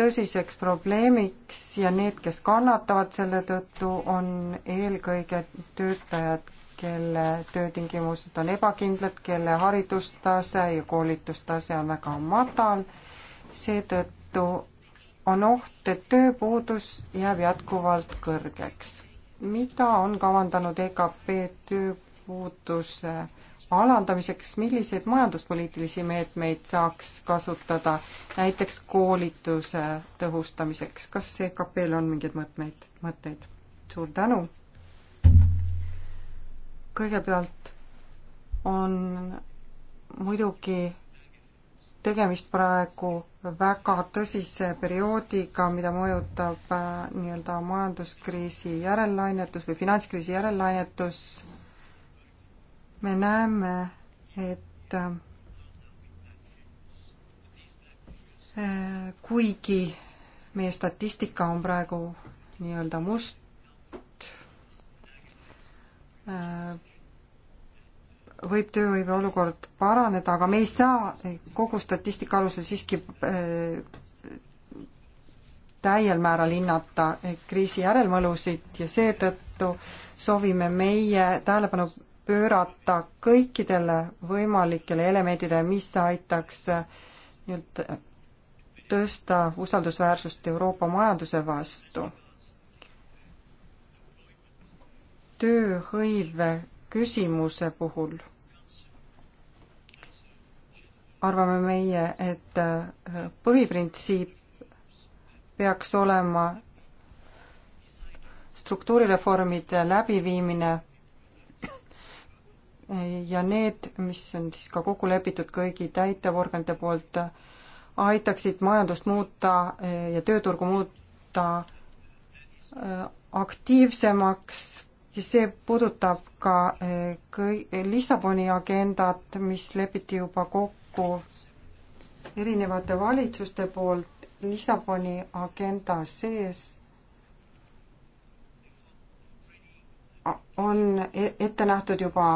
tõsiseks probleemiks ja need, kes kannatavad selle tõttu, on eelkõige töötajad, kelle töötingimused on ebakindlad, kelle haridustase ja koolitustase on väga madal. seetõttu on oht, et tööpuudus jääb jätkuvalt kõrgeks mida on kavandanud EKP tööpuuduse alandamiseks, milliseid majanduspoliitilisi meetmeid saaks kasutada näiteks koolituse tõhustamiseks, kas EKP-l on mingeid mõtmeid, mõtteid? suur tänu! kõigepealt on muidugi tegemist praegu väga tõsise perioodiga, mida mõjutab äh, nii-öelda majanduskriisi järellainetus või finantskriisi järellainetus. me näeme, et äh, kuigi meie statistika on praegu nii-öelda must, äh, võib tööhõive olukord paraneda, aga me ei saa kogu statistika alusel siiski eh, täiel määral hinnata eh, kriisi järelmõlusid ja seetõttu soovime meie tähelepanu pöörata kõikidele võimalikele elementidele, mis aitaks eh, nii-öelda tõsta usaldusväärsust Euroopa majanduse vastu. tööhõive küsimuse puhul arvame meie, et äh, põhiprintsiip peaks olema struktuurireformide läbiviimine ja need, mis on siis ka kokku lepitud kõigi täitevorganite poolt, aitaksid majandust muuta äh, ja tööturgu muuta äh, aktiivsemaks ja see puudutab ka eh, kõi-, Lissaboni agendat, mis lepiti juba kokku erinevate valitsuste poolt Lissaboni agenda sees on e-, ette nähtud juba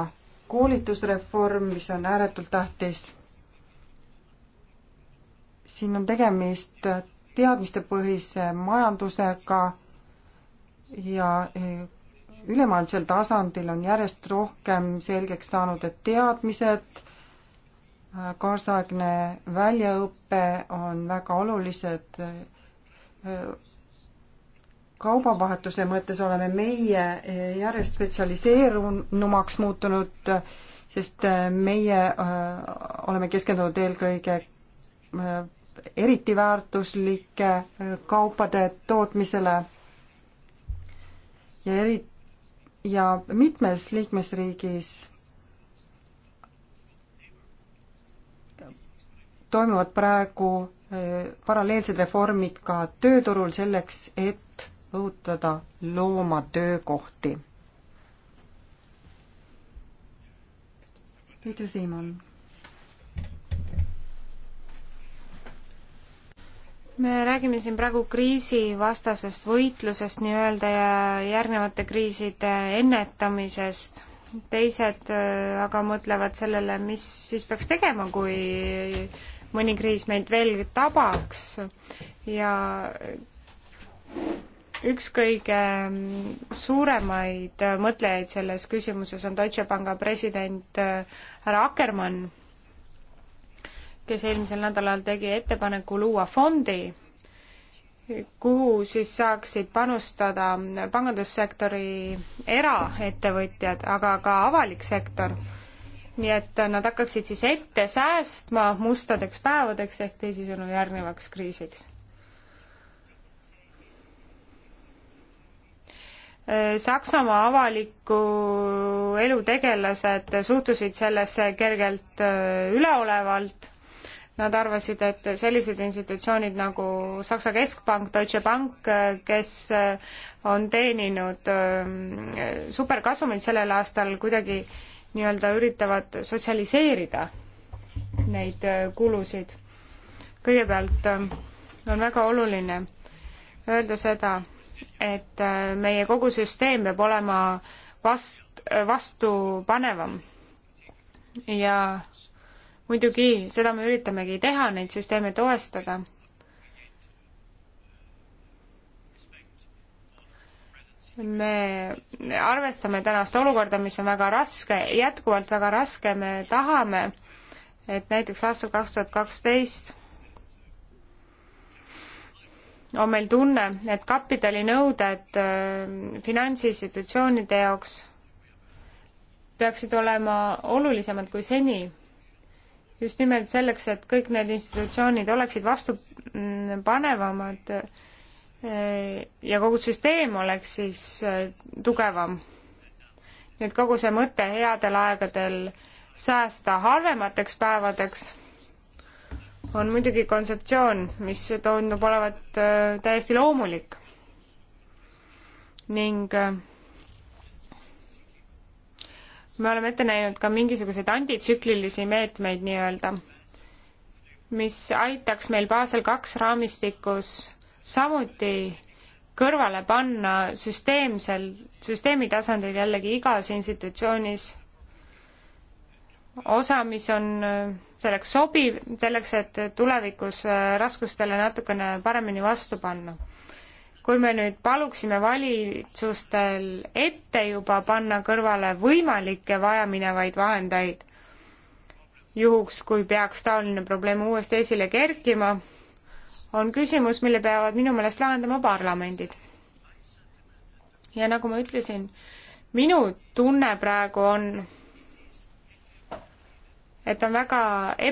koolitusreform, mis on ääretult tähtis. siin on tegemist teadmistepõhise majandusega ja eh, ülemaailmsel tasandil on järjest rohkem selgeks saanud, et teadmised, äh, kaasaegne väljaõpe on väga olulised. Äh, kaubavahetuse mõttes oleme meie äh, järjest spetsialiseerunumaks muutunud, sest meie oleme keskendunud eelkõige eriti väärtuslike kaupade tootmisele ja eriti ja mitmes liikmesriigis toimuvad praegu eh, paralleelsed reformid ka tööturul selleks, et õhutada loomatöökohti. Peeter Siimann me räägime siin praegu kriisivastasest võitlusest nii-öelda ja järgnevate kriiside ennetamisest, teised äh, aga mõtlevad sellele, mis siis peaks tegema, kui mõni kriis meid veel tabaks ja üks kõige mm, suuremaid äh, mõtlejaid selles küsimuses on Deutsche Panga president äh, härra Akkermann kes eelmisel nädalal tegi ettepaneku luua fondi, kuhu siis saaksid panustada pangandussektori eraettevõtjad, aga ka avalik sektor. nii et nad hakkaksid siis ette säästma mustadeks päevadeks ehk teisisõnu järgnevaks kriisiks. Saksamaa avaliku elu tegelased suhtusid sellesse kergelt üleolevalt Nad arvasid, et sellised institutsioonid nagu Saksa Keskpank, Deutsche Bank, kes äh, on teeninud ähm, superkasumeid sellel aastal, kuidagi nii-öelda üritavad sotsialiseerida neid äh, kulusid. kõigepealt äh, on väga oluline öelda seda, et meie kogu süsteem peab olema vast-, vastupanevam ja muidugi, seda me üritamegi teha, neid süsteeme toestada. me arvestame tänast olukorda, mis on väga raske, jätkuvalt väga raske, me tahame, et näiteks aastal kaks tuhat kaksteist on meil tunne, et kapitalinõuded äh, finantsinstitutsioonide jaoks peaksid olema olulisemad kui seni just nimelt selleks, et kõik need institutsioonid oleksid vastupanevamad mm, eh, ja kogu süsteem oleks siis eh, tugevam. nii et kogu see mõte headel aegadel säästa halvemateks päevadeks on muidugi kontseptsioon, mis tundub olevat eh, täiesti loomulik. ning äh, me oleme ette näinud ka mingisuguseid antitsüklilisi meetmeid nii-öelda, mis aitaks meil Basel kaks raamistikus samuti kõrvale panna süsteemsel, süsteemi tasandil jällegi igas institutsioonis osa, mis on selleks sobiv, selleks et tulevikus äh, raskustele natukene paremini vastu panna kui me nüüd paluksime valitsustel ette juba panna kõrvale võimalikke vajaminevaid vahendeid, juhuks kui peaks taoline probleem uuesti esile kerkima, on küsimus, mille peavad minu meelest lahendama parlamendid. ja nagu ma ütlesin, minu tunne praegu on, et on väga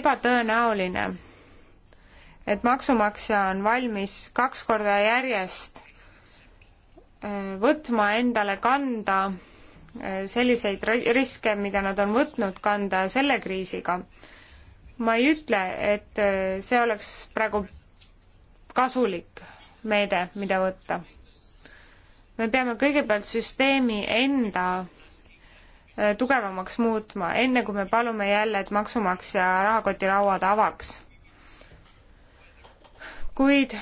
ebatõenäoline et maksumaksja on valmis kaks korda järjest äh, võtma endale kanda äh, selliseid riske, mida nad on võtnud kanda selle kriisiga. ma ei ütle, et äh, see oleks praegu kasulik meede, mida võtta. me peame kõigepealt süsteemi enda tugevamaks muutma, enne kui me palume jälle, et maksumaksja rahakoti lauad avaks kuid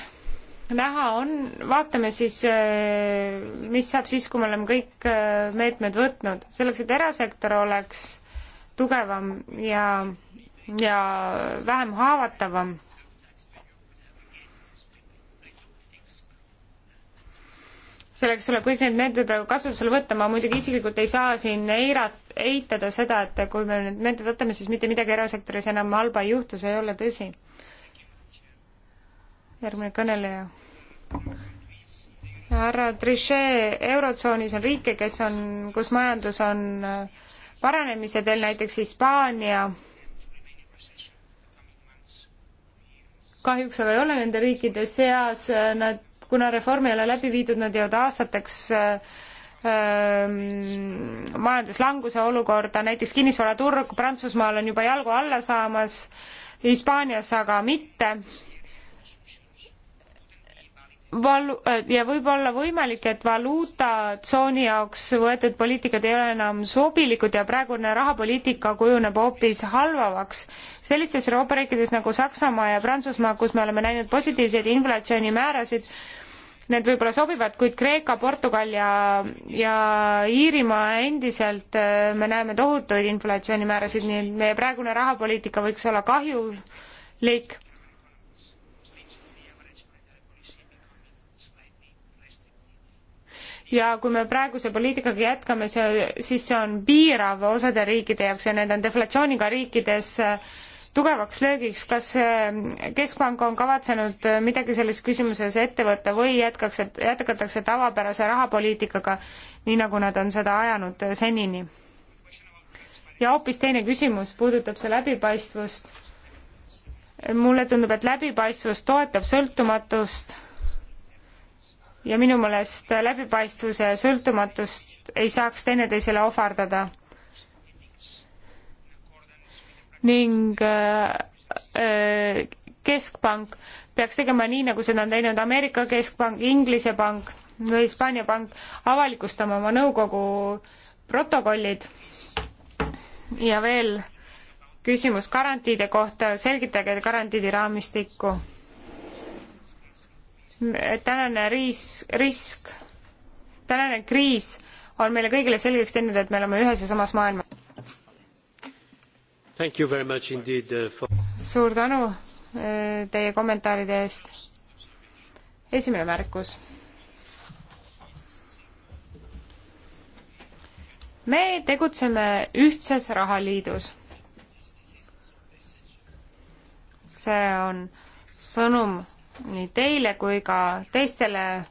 näha on, vaatame siis, äh, mis saab siis, kui me oleme kõik äh, meetmed võtnud, selleks, et erasektor oleks tugevam ja, ja vähem haavatavam. selleks tuleb kõik need meetmed praegu kasutusele võtta, ma muidugi isiklikult ei saa siin eirat-, eitada seda, et kui me need meetmed võtame, siis mitte midagi erasektoris enam halba ei juhtu, see ei ole tõsi järgmine kõneleja. härra Trichet, Eurotsoonis on riike, kes on, kus majandus on äh, paranemise teel, näiteks Hispaania. kahjuks aga ei ole nende riikide seas, äh, nad, kuna reform ei ole läbi viidud, nad jäävad aastateks äh, ähm, majanduslanguse olukorda, näiteks kinnisvaraturg Prantsusmaal on juba jalgu alla saamas, Hispaanias aga mitte valu- äh, ja võib olla võimalik, et valuutatsooni jaoks võetud poliitikad ei ole enam sobilikud ja praegune rahapoliitika kujuneb hoopis halvavaks. sellistes Euroopa riikides nagu Saksamaa ja Prantsusmaa, kus me oleme näinud positiivseid inflatsioonimäärasid, need võib-olla sobivad, kuid Kreeka, Portugal ja, ja Iirimaa endiselt äh, me näeme tohutuid inflatsioonimäärasid, nii et meie praegune rahapoliitika võiks olla kahjulik ja kui me praeguse poliitikaga jätkame, see, siis see on piirav osade riikide jaoks ja need on deflatsiooniga riikides äh, tugevaks löögiks, kas äh, Keskpank on kavatsenud äh, midagi selles küsimuses ette võtta või jätkaks, et jätkatakse tavapärase rahapoliitikaga, nii nagu nad on seda ajanud senini? ja hoopis teine küsimus puudutab see läbipaistvust. mulle tundub, et läbipaistvus toetab sõltumatust ja minu meelest läbipaistvuse ja sõltumatust ei saaks teineteisele ohverdada. ning öö, äh, äh, keskpank peaks tegema nii, nagu seda on teinud Ameerika keskpank, Inglise pank või Hispaania pank, avalikustama oma nõukogu protokollid ja veel küsimus garantiide kohta, selgitage garantiidi raamistikku tänane riis, risk, tänane kriis on meile kõigile selgeks teinud, et me oleme ühes ja samas maailmas. Uh, for... suur tänu uh, teie kommentaaride eest. esimene märkus. me tegutseme ühtses rahaliidus. see on sõnum nii teile kui ka teistele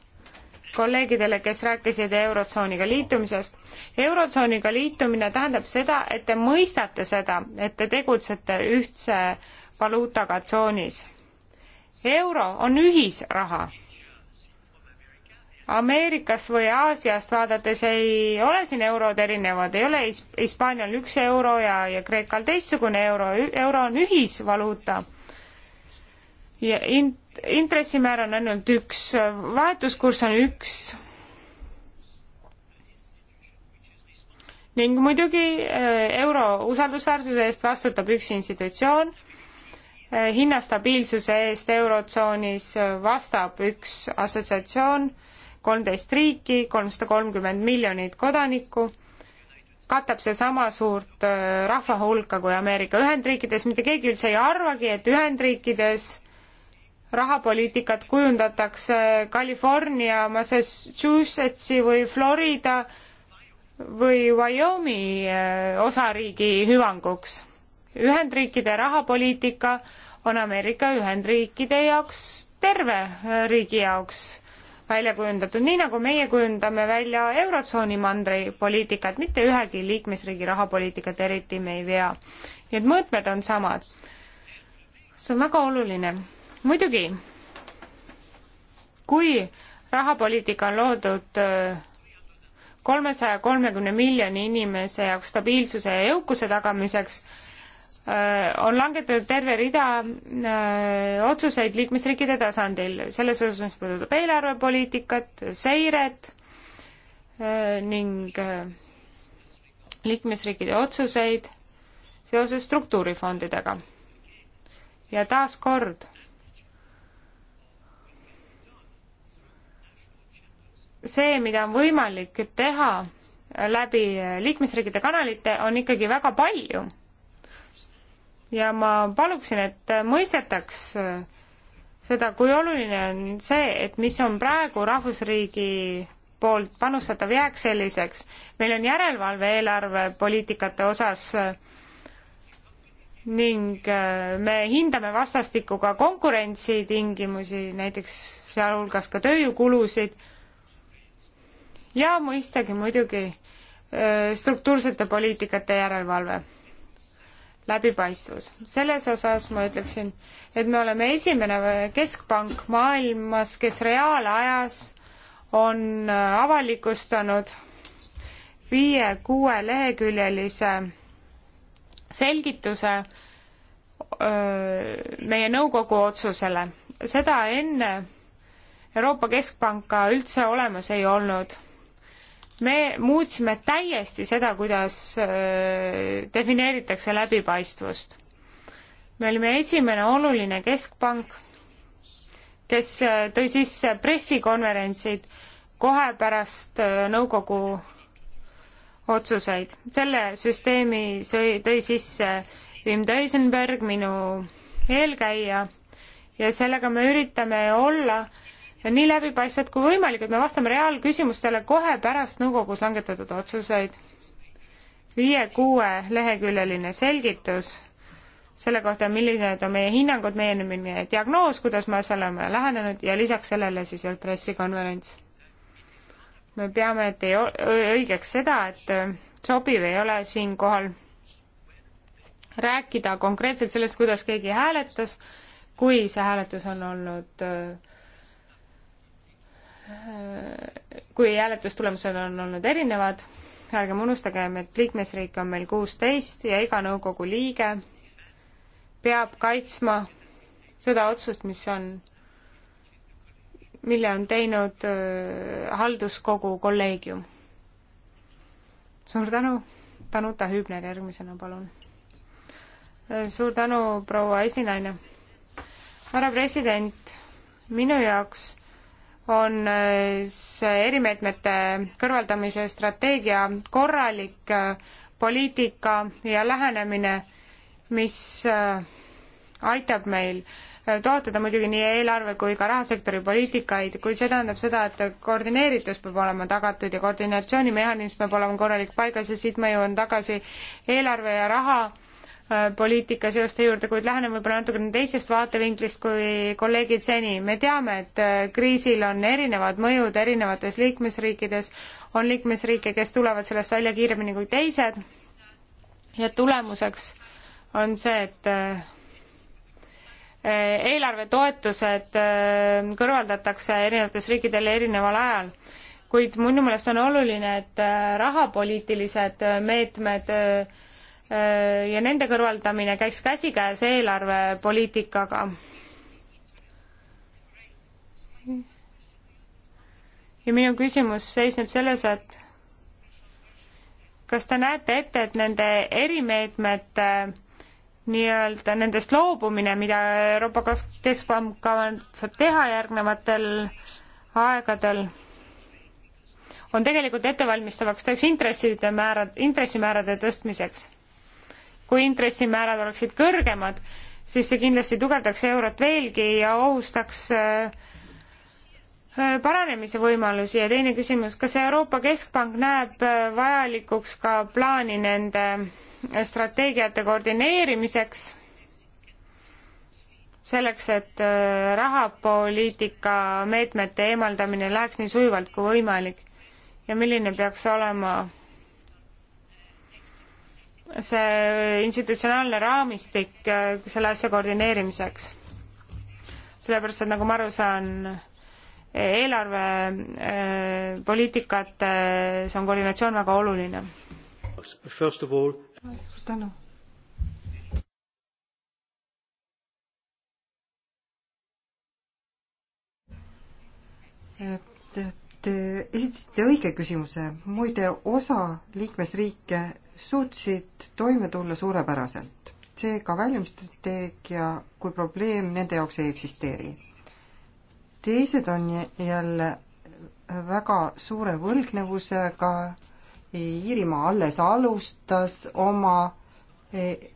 kolleegidele, kes rääkisid Eurotsooniga liitumisest. Eurotsooniga liitumine tähendab seda, et te mõistate seda, et te tegutsete ühtse valuutaga tsoonis. euro on ühisraha. Ameerikast või Aasiast vaadates ei ole siin eurod erinevad, ei ole Hispaanial üks euro ja, ja Kreekal teistsugune euro, euro on ühisvaluuta ja in-, intressimäär on ainult üks, vahetuskurss on üks ning muidugi äh, euro usaldusväärsuse eest vastutab üks institutsioon, äh, hinnastabiilsuse eest Eurotsoonis äh, vastab üks assotsiatsioon, kolmteist riiki, kolmsada kolmkümmend miljonit kodanikku, katab seesama suurt rahva hulka kui Ameerika Ühendriikides, mitte keegi üldse ei arvagi, et Ühendriikides rahapoliitikat kujundatakse California, Massachusettsi või Florida või Wyomingi eh, osariigi hüvanguks. Ühendriikide rahapoliitika on Ameerika Ühendriikide jaoks terve riigi jaoks välja kujundatud, nii nagu meie kujundame välja Eurotsooni mandripoliitikat, mitte ühegi liikmesriigi rahapoliitikat eriti me ei vea. nii et mõõtmed on samad. see on väga oluline muidugi, kui rahapoliitika on loodud äh, kolmesaja kolmekümne miljoni inimese jaoks stabiilsuse ja jõukuse tagamiseks, äh, on langetatud terve rida öö, äh, otsuseid liikmesriikide tasandil, selles osas, mis puudutab eelarvepoliitikat, seiret öö, ning öö, liikmesriikide otsuseid seoses struktuurifondidega. ja taaskord see, mida on võimalik teha läbi liikmesriikide kanalite, on ikkagi väga palju. ja ma paluksin, et mõistetaks seda, kui oluline on see, et mis on praegu rahvusriigi poolt panustatav, jääks selliseks. meil on järelevalve eelarvepoliitikate osas ning me hindame vastastikku ka konkurentsitingimusi, näiteks sealhulgas ka tööjõukulusid ja mõistagi muidugi äh, struktuursete poliitikate järelevalve läbipaistvus. selles osas ma ütleksin, et me oleme esimene keskpank maailmas, kes reaalajas on äh, avalikustanud viie-kuue leheküljelise selgituse meie nõukogu otsusele. seda enne Euroopa Keskpanka üldse olemas ei olnud me muutsime täiesti seda, kuidas äh, defineeritakse läbipaistvust. me olime esimene oluline keskpank, kes äh, tõi sisse pressikonverentsid kohe pärast äh, nõukogu otsuseid. selle süsteemi sõi, tõi sisse Wim Duisenberg, minu eelkäija, ja sellega me üritame olla äh, nii läbipaistvad kui võimalik, et me vastame reaalküsimustele kohe pärast nõukogus langetatud otsuseid. viie-kuue leheküljeline selgitus selle kohta, millised on meie hinnangud, meie diagnoos, kuidas me asjale oleme lähenenud ja lisaks sellele siis veel pressikonverents. me peame teie õigeks seda, et äh, sobiv ei ole siinkohal rääkida konkreetselt sellest, kuidas keegi hääletas, kui see hääletus on olnud äh, kui hääletustulemused on olnud erinevad, ärgem unustagem, et liikmesriike on meil kuusteist ja iga nõukogu liige peab kaitsma seda otsust, mis on, mille on teinud äh, halduskogu kolleegium. suur tänu, Tanuta Hübner järgmisena, palun. Äh, suur tänu, proua esinaine. härra president, minu jaoks on äh, see erimeetmete kõrvaldamise strateegia korralik äh, poliitika ja lähenemine, mis äh, aitab meil toetada muidugi nii eelarve kui ka rahasektori poliitikaid, kuid see tähendab seda, et koordineeritus peab olema tagatud ja koordinatsioonimehhanism peab olema korralik paigas ja siit ma jõuan tagasi eelarve ja raha Äh, poliitikaseoste juurde, kuid lähenen võib-olla natukene teisest vaatevinklist kui kolleegid seni. me teame, et äh, kriisil on erinevad mõjud erinevates liikmesriikides, on liikmesriike, kes tulevad sellest välja kiiremini kui teised ja tulemuseks on see, et äh, eelarvetoetused kõrvaldatakse erinevates riikidel erineval ajal kuid minu meelest on oluline, et rahapoliitilised meetmed Äh, ja nende kõrvaldamine käiks käsikäes eelarvepoliitikaga. ja minu küsimus seisneb selles, et kas te näete ette, et nende erimeetmete nii-öelda nendest loobumine, mida Euroopa Keskpank kavatseb teha järgnevatel aegadel, on tegelikult ettevalmistavaks tööks intresside määrad, intressimäärade tõstmiseks kui intressimäärad oleksid kõrgemad, siis see kindlasti tugevdaks eurot veelgi ja ohustaks äh, paranemise võimalusi ja teine küsimus, kas Euroopa Keskpank näeb äh, vajalikuks ka plaani nende strateegiate koordineerimiseks, selleks, et äh, rahapoliitika meetmete eemaldamine läheks nii sujuvalt kui võimalik ja milline peaks olema see institutsionaalne raamistik äh, selle asja koordineerimiseks. sellepärast, et nagu ma aru saan, eelarvepoliitikates äh, on koordinatsioon väga oluline. suur tänu. Te esitasite õige küsimuse, muide osa liikmesriike suutsid toime tulla suurepäraselt. seega väljumisstrateegia kui probleem nende jaoks ei eksisteeri. teised on jälle väga suure võlgnevusega, Iirimaa alles alustas oma e,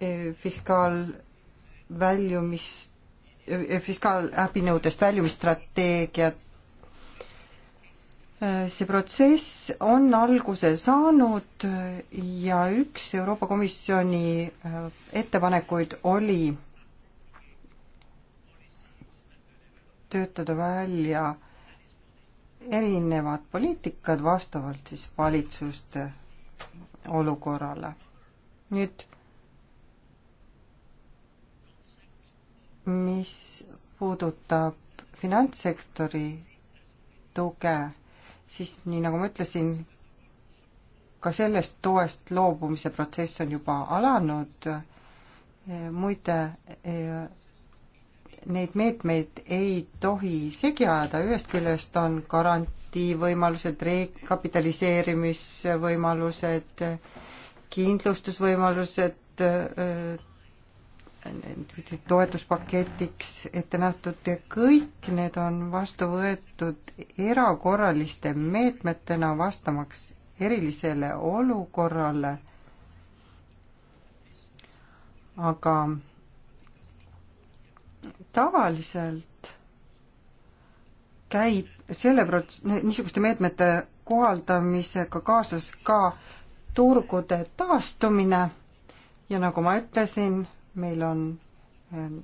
e, fiskaalväljumist, e, fiskaalhäbinõudest väljumisstrateegiat see protsess on alguse saanud ja üks Euroopa Komisjoni äh, ettepanekuid oli töötada välja erinevad poliitikad vastavalt siis valitsuste olukorrale. nüüd mis puudutab finantssektori tuge siis nii nagu ma ütlesin, ka sellest toest loobumise protsess on juba alanud. muide, neid meetmeid ei tohi segi ajada, ühest küljest on garantiivõimalused, rekapitaliseerimisvõimalused, kindlustusvõimalused, toetuspaketiks ette nähtud ja kõik need on vastu võetud erakorraliste meetmetena vastamaks erilisele olukorrale. aga tavaliselt käib selle prots-, niisuguste meetmete kohaldamisega kaasas ka turgude taastumine ja nagu ma ütlesin, meil on ähm,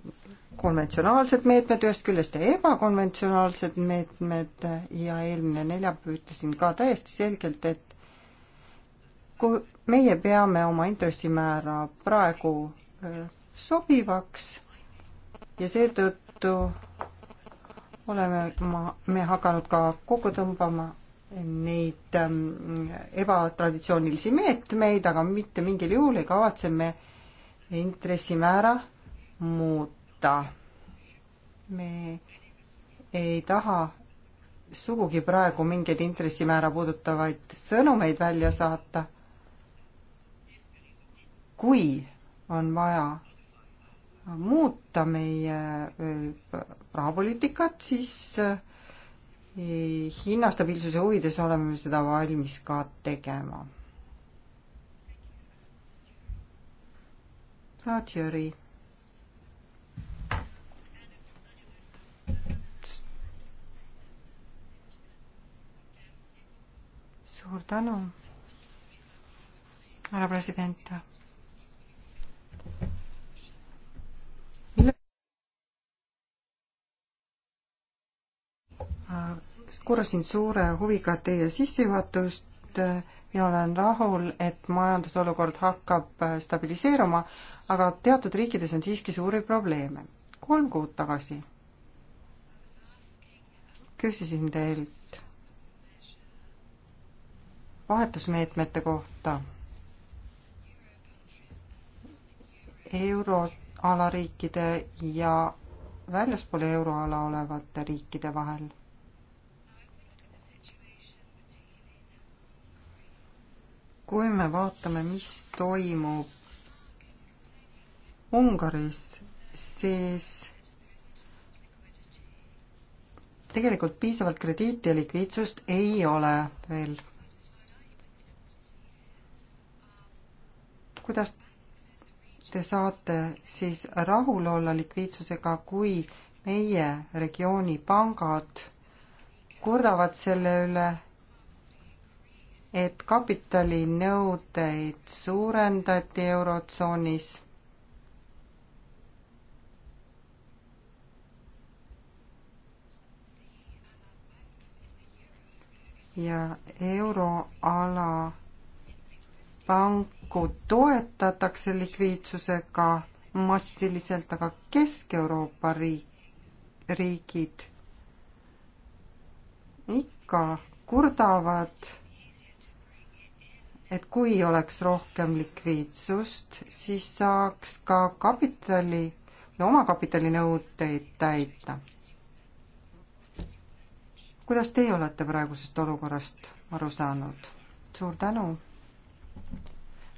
konventsionaalsed meetmed ühest küljest ja ebakonventsionaalsed meetmed äh, ja eelmine neljapäev ütlesin ka täiesti selgelt, et kui meie peame oma intressimäära praegu äh, sobivaks ja seetõttu oleme ma, me hakanud ka kokku tõmbama neid ähm, ebatraditsioonilisi meetmeid, aga mitte mingil juhul ei kavatse me äh, intressimäära muuta. me ei taha sugugi praegu mingeid intressimäära puudutavaid sõnumeid välja saata. kui on vaja muuta meie äh, rahapoliitikat, siis äh, hinnastabiilsuse huvides oleme seda valmis ka tegema Raad Jüri. suur tänu, härra president. kuulasin suure huviga teie sissejuhatust ja olen rahul, et majandusolukord hakkab äh, stabiliseeruma, aga teatud riikides on siiski suuri probleeme. kolm kuud tagasi küsisin teilt vahetusmeetmete kohta euroala riikide ja väljaspool euroala olevate riikide vahel kui me vaatame, mis toimub Ungaris, siis tegelikult piisavalt krediiti ja likviidsust ei ole veel. kuidas te saate siis rahul olla likviidsusega, kui meie regiooni pangad kurdavad selle üle et kapitalinõudeid suurendati Eurotsoonis ja euroala panku toetatakse likviidsusega massiliselt, aga Kesk-Euroopa riik, riigid ikka kurdavad et kui oleks rohkem likviidsust, siis saaks ka kapitali või omakapitali nõudeid täita. kuidas teie olete praegusest olukorrast aru saanud? suur tänu!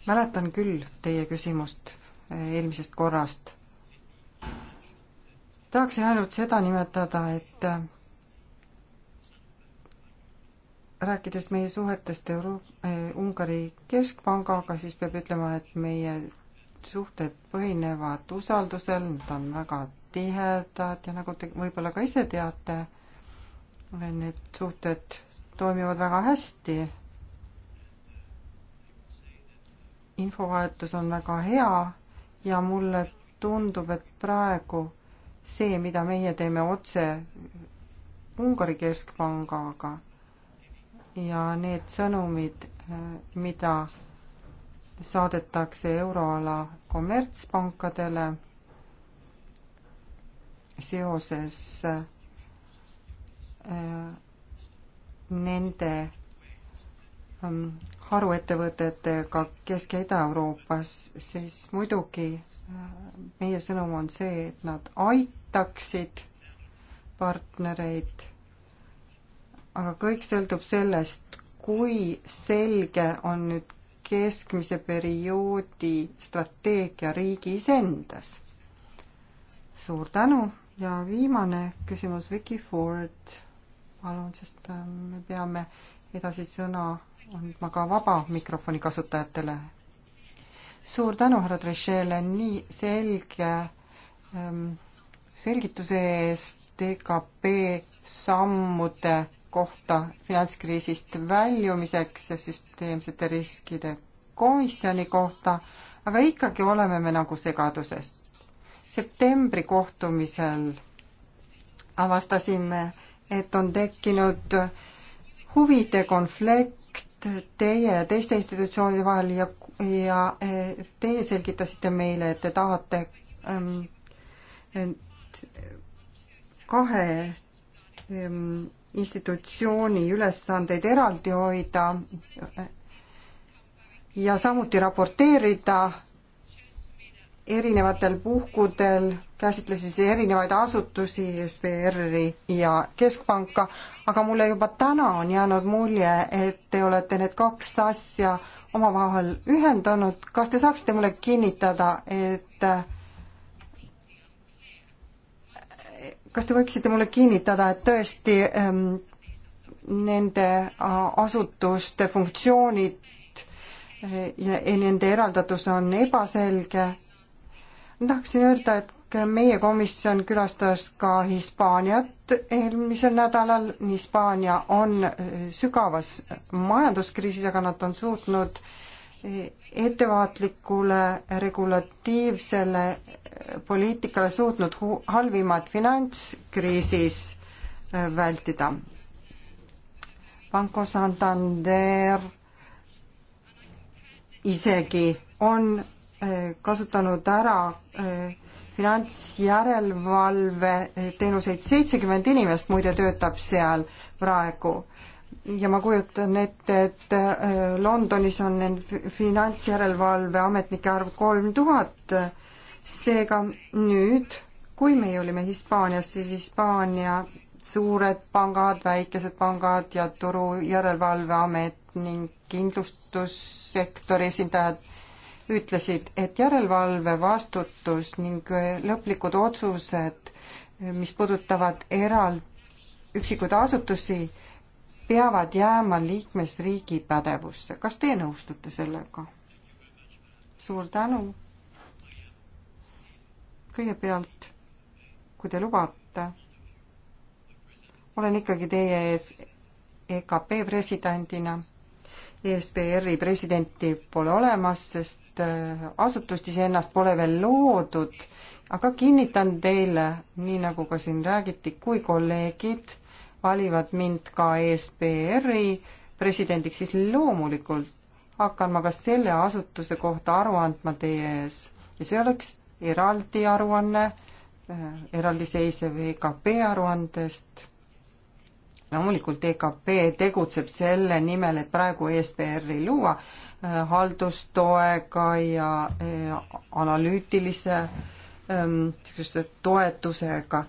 mäletan küll teie küsimust eh, eelmisest korrast. tahaksin ainult seda nimetada, et rääkides meie suhetest Euro-, eh, Ungari keskpangaga, siis peab ütlema, et meie suhted põhinevad usaldusel, nad on väga tihedad ja nagu te võib-olla ka ise teate, need suhted toimivad väga hästi. infovahetus on väga hea ja mulle tundub, et praegu see, mida meie teeme otse Ungari keskpangaga ja need sõnumid, äh, mida saadetakse euroala kommertspankadele seoses äh, nende ähm, haruettevõtetega Kesk- ja Ida-Euroopas, siis muidugi äh, meie sõnum on see, et nad aitaksid partnereid aga kõik sõltub sellest, kui selge on nüüd keskmise perioodi strateegia riigis endas. suur tänu ja viimane küsimus, Vicky Ford, palun, sest äh, me peame edasi sõna andma ka vaba mikrofoni kasutajatele. suur tänu, härra Trichet'le, nii selge ähm, selgituse eest EKP sammude kohta finantskriisist väljumiseks ja süsteemsete riskide komisjoni kohta, aga ikkagi oleme me nagu segaduses. septembri kohtumisel avastasime, et on tekkinud huvide konflikt teie ja teiste institutsioonide vahel ja, ja eh, teie selgitasite meile, et te tahate ähm, et kahe Ehm, institutsiooni ülesandeid eraldi hoida ja samuti raporteerida erinevatel puhkudel käsitlesin siis erinevaid asutusi, SBR-i ja Keskpanka, aga mulle juba täna on jäänud mulje, et te olete need kaks asja omavahel ühendanud. kas te saaksite mulle kinnitada, et kas te võiksite mulle kinnitada, et tõesti ähm, nende äh, asutuste funktsioonid äh, ja nende eraldatus on ebaselge? ma tahaksin öelda, et meie komisjon külastas ka Hispaaniat eelmisel nädalal. Hispaania on äh, sügavas majanduskriisis, aga nad on suutnud ettevaatlikule regulatiivsele poliitikale suutnud halvimat finantskriisis äh, vältida. Banco Santander isegi on äh, kasutanud ära äh, finantsjärelevalve teenuseid, seitsekümmend inimest muide töötab seal praegu ja ma kujutan ette, et Londonis on finantjärelevalve ametnike arv kolm tuhat seega nüüd, kui meie olime Hispaanias, siis Hispaania suured pangad, väikesed pangad ja turu järelevalveamet ning kindlustussektori esindajad ütlesid, et järelevalve vastutus ning lõplikud otsused, mis puudutavad eraldi üksikuid asutusi, peavad jääma liikmesriigi pädevusse. kas teie nõustute sellega? suur tänu kõigepealt, kui te lubate, olen ikkagi teie ees EKP presidendina. ESPR-i presidenti pole olemas, sest äh, asutust iseennast pole veel loodud, aga kinnitan teile, nii nagu ka siin räägiti, kui kolleegid valivad mind ka ESPR-i presidendiks, siis loomulikult hakkan ma ka selle asutuse kohta aru andma teie ees ja see oleks eraldi aruanne, äh, eraldiseisev EKP aruandest. loomulikult EKP tegutseb selle nimel, et praegu ESPR-i luua äh, haldustoega ja äh, analüütilise ähm, toetusega.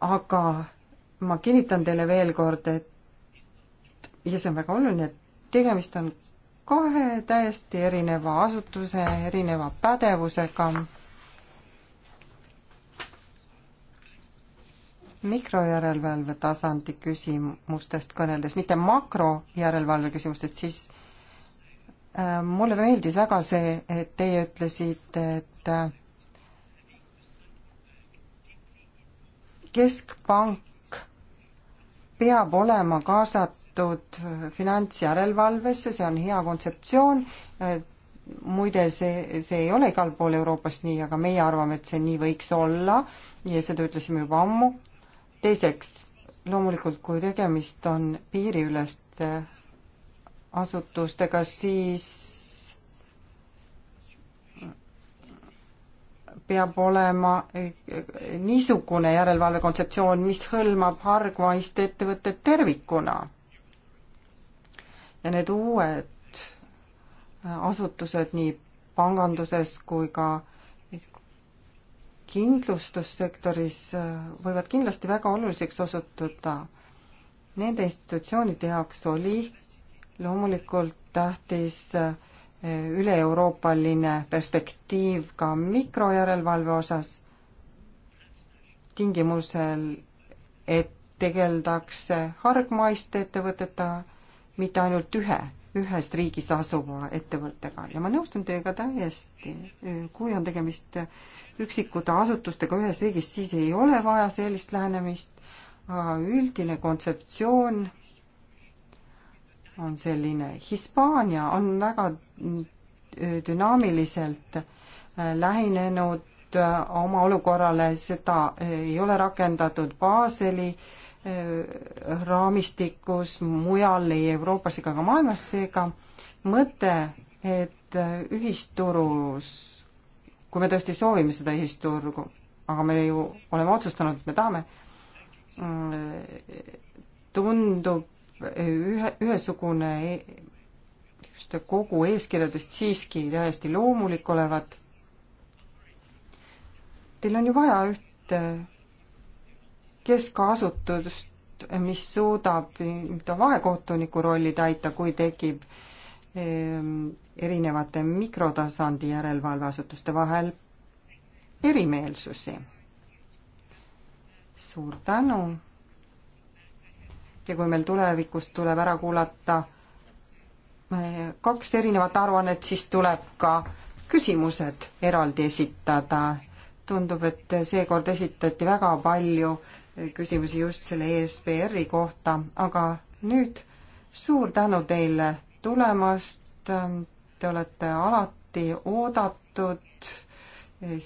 aga ma kinnitan teile veel kord, et ja see on väga oluline, et tegemist on kahe täiesti erineva asutuse, erineva pädevusega. mikrojärelevalve tasandi küsimustest kõneldes, mitte makrojärelevalve küsimustest, siis äh, mulle meeldis väga see, et teie ütlesite, et äh, keskpank peab olema kaasatud kaasatud finantsjärelevalvesse, see on hea kontseptsioon, muide, see, see ei ole igal pool Euroopas nii, aga meie arvame, et see nii võiks olla ja seda ütlesime juba ammu. teiseks, loomulikult kui tegemist on piiriüleste asutustega, siis peab olema niisugune järelevalve kontseptsioon, mis hõlmab hargmaist ettevõtet tervikuna ja need uued äh, asutused nii panganduses kui ka kindlustussektoris äh, võivad kindlasti väga oluliseks osutuda. Nende institutsioonide jaoks oli loomulikult tähtis äh, üle-euroopaline perspektiiv ka mikrojärelevalve osas, tingimusel, et tegeldakse hargmaiste ettevõtetega mitte ainult ühe, ühest riigist asuva ettevõttega ja ma nõustun teiega täiesti, kui on tegemist üksikute asutustega ühes riigis, siis ei ole vaja sellist lähenemist, aga üldine kontseptsioon on selline, Hispaania on väga dünaamiliselt lähenenud oma olukorrale, seda ei ole rakendatud Baseli äh, Äh, raamistikus mujal ei Euroopas ega ka maailmas, seega mõte, et äh, ühisturus, kui me tõesti soovime seda ühisturgu, aga me ju oleme otsustanud, et me tahame, äh, tundub ühe, ühesugune niisuguste kogu eeskirjadest siiski täiesti loomulik olevat. Teil on ju vaja ühte keskasutust, mis suudab nii-öelda vahekohtuniku rolli täita, kui tekib ehm, erinevate mikrotasandi järelevalveasutuste vahel erimeelsusi. suur tänu. ja kui meil tulevikus tuleb ära kuulata eh, kaks erinevat aruannet, siis tuleb ka küsimused eraldi esitada. tundub, et seekord esitati väga palju küsimusi just selle ESPR-i kohta, aga nüüd suur tänu teile tulemast, te olete alati oodatud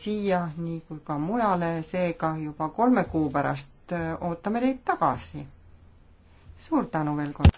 siia, nii kui ka mujale, seega juba kolme kuu pärast ootame teid tagasi. suur tänu veel kord!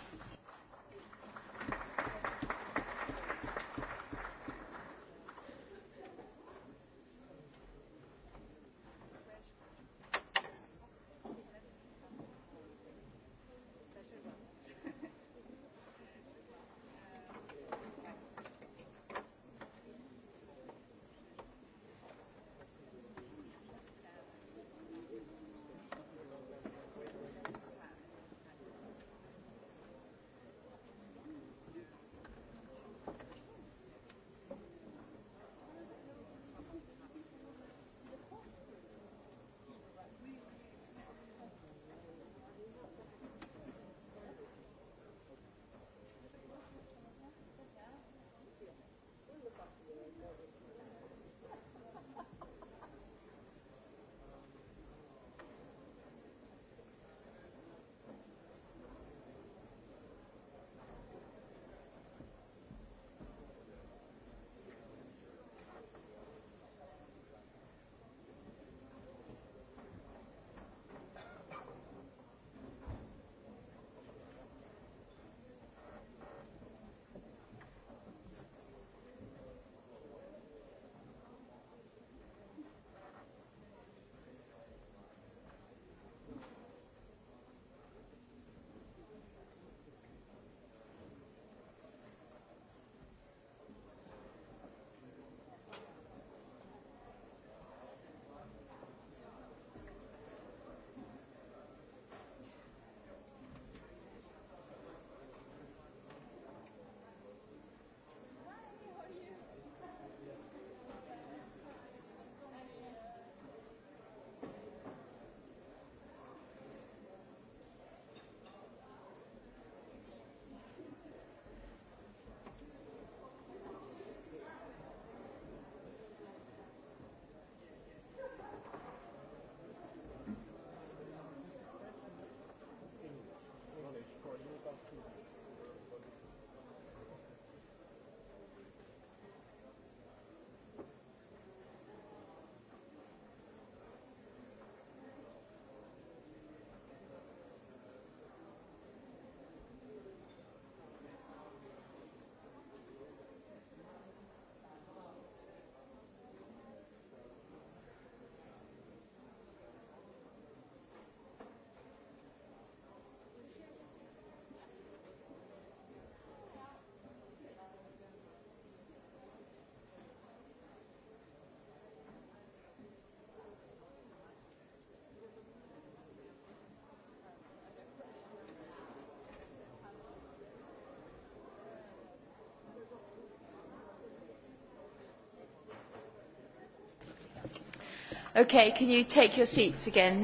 Okay, can you take your seats again?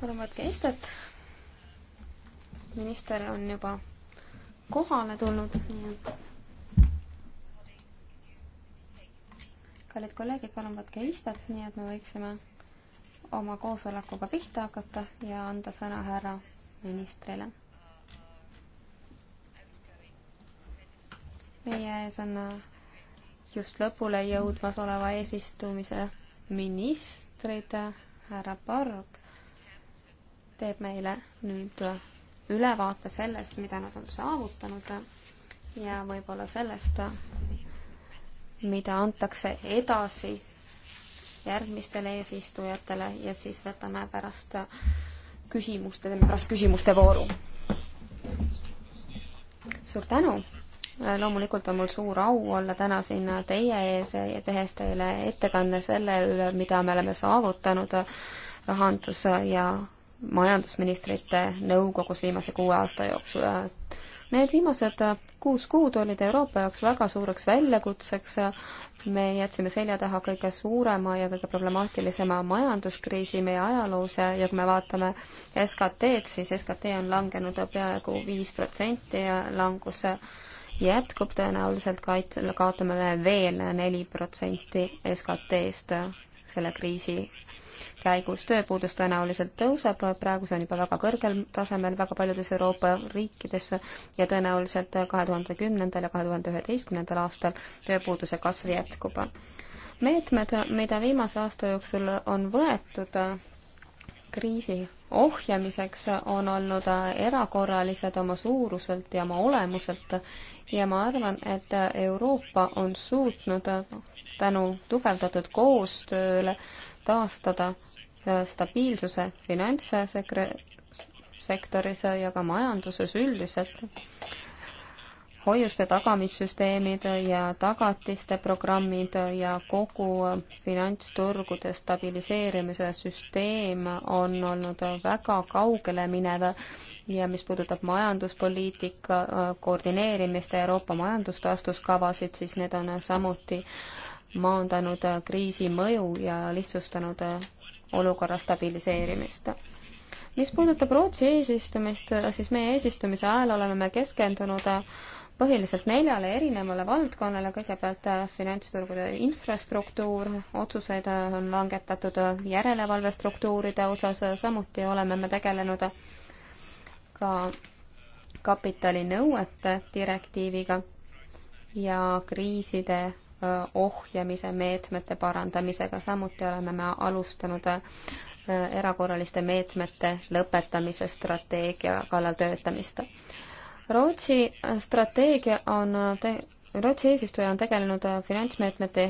palun võtke istet. minister on juba kohale tulnud, nii et. kallid kolleegid, palun võtke istet, nii et me võiksime oma koosolekuga pihta hakata ja anda sõna härra ministrile. meie ees on just lõpule jõudmas oleva eesistumise ministrid, härra Borg teeb meile nüüd ülevaate sellest, mida nad on saavutanud ja võib-olla sellest, mida antakse edasi järgmistele eesistujatele ja siis võtame pärast küsimuste, teeme pärast küsimuste vooru. suur tänu! loomulikult on mul suur au olla täna siin teie ees ja tehes teile ettekanne selle üle, mida me oleme saavutanud rahandus- ja majandusministrite nõukogus viimase kuue aasta jooksul. Need viimased kuus kuud olid Euroopa jaoks väga suureks väljakutseks. me jätsime selja taha kõige suurema ja kõige problemaatilisema majanduskriisi meie ajaloos ja kui me vaatame SKT-d, siis SKT on langenud peaaegu viis protsenti ja langus jätkub tõenäoliselt, kaotame me veel neli protsenti SKT-st selle kriisi käigus. tööpuudus tõenäoliselt tõuseb, praegu see on juba väga kõrgel tasemel väga paljudes Euroopa riikides ja tõenäoliselt kahe tuhande kümnendal ja kahe tuhande üheteistkümnendal aastal tööpuuduse kasv jätkub. meetmed, mida viimase aasta jooksul on võetud kriisi ohjamiseks on olnud äh, erakorralised oma suuruselt ja oma olemuselt ja ma arvan, et äh, Euroopa on suutnud äh, tänu tugevdatud koostööle taastada stabiilsuse finantssektoris ja ka majanduses üldiselt hoiuste tagamissüsteemid ja tagatiste programmid ja kogu finantsturgude stabiliseerimise süsteem on olnud väga kaugele minev ja mis puudutab majanduspoliitika äh, koordineerimist ja Euroopa majandustaastuskavasid, siis need on samuti maandanud äh, kriisi mõju ja lihtsustanud äh, olukorra stabiliseerimist. mis puudutab Rootsi eesistumist, siis meie eesistumise ajal oleme me keskendunud põhiliselt neljale erinevale valdkonnale, kõigepealt äh, finantsturgude infrastruktuur, otsuseid äh, on langetatud äh, järelevalvestruktuuride osas, samuti oleme me tegelenud ka kapitalinõuete direktiiviga ja kriiside ohjamise meetmete parandamisega, samuti oleme me alustanud erakorraliste meetmete lõpetamise strateegia kallal töötamist Rootsi strateegia on te-, Rootsi eesistuja on tegelenud finantsmeetmete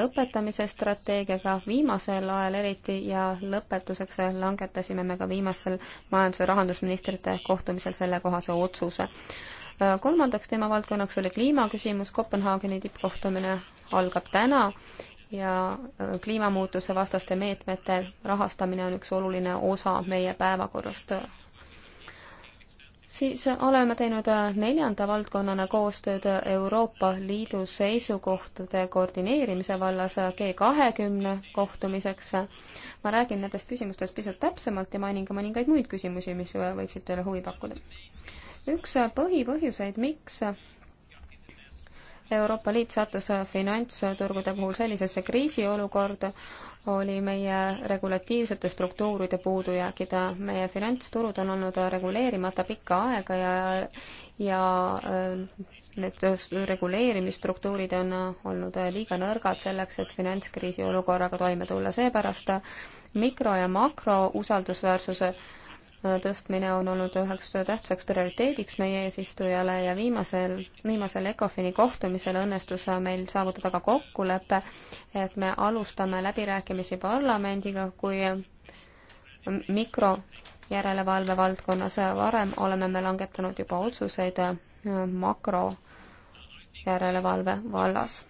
lõpetamise strateegiaga viimasel ajal eriti ja lõpetuseks langetasime me ka viimasel majandus- ja rahandusministrite kohtumisel sellekohase otsuse. kolmandaks teemavaldkonnaks oli kliimaküsimus, Kopenhaageni tippkohtumine algab täna ja kliimamuutuse vastaste meetmete rahastamine on üks oluline osa meie päevakorrast siis oleme teinud äh, neljanda valdkonnana koostööd äh, Euroopa Liidu seisukohtade koordineerimise vallas äh, G kahekümne kohtumiseks. ma räägin nendest küsimustest pisut täpsemalt ja mainin ka mõningaid muid küsimusi, mis võiksid teile huvi pakkuda. üks põhipõhjuseid, miks Euroopa Liit sattus finantsturgude puhul sellisesse kriisiolukorda, oli meie regulatiivsete struktuuride puudujäägid. meie finantsturud on olnud reguleerimata pikka aega ja, ja äh, need reguleerimisstruktuurid on olnud liiga nõrgad selleks, et finantskriisi olukorraga toime tulla. seepärast mikro- ja makrousaldusväärsuse tõstmine on olnud üheks tähtsaks prioriteediks meie eesistujale ja viimasel, viimasel ECOFIN-i kohtumisel õnnestus meil saavutada ka kokkulepe, et me alustame läbirääkimisi parlamendiga, kui mikrojärelevalve valdkonnas varem oleme me langetanud juba otsuseid makrojärelevalve vallas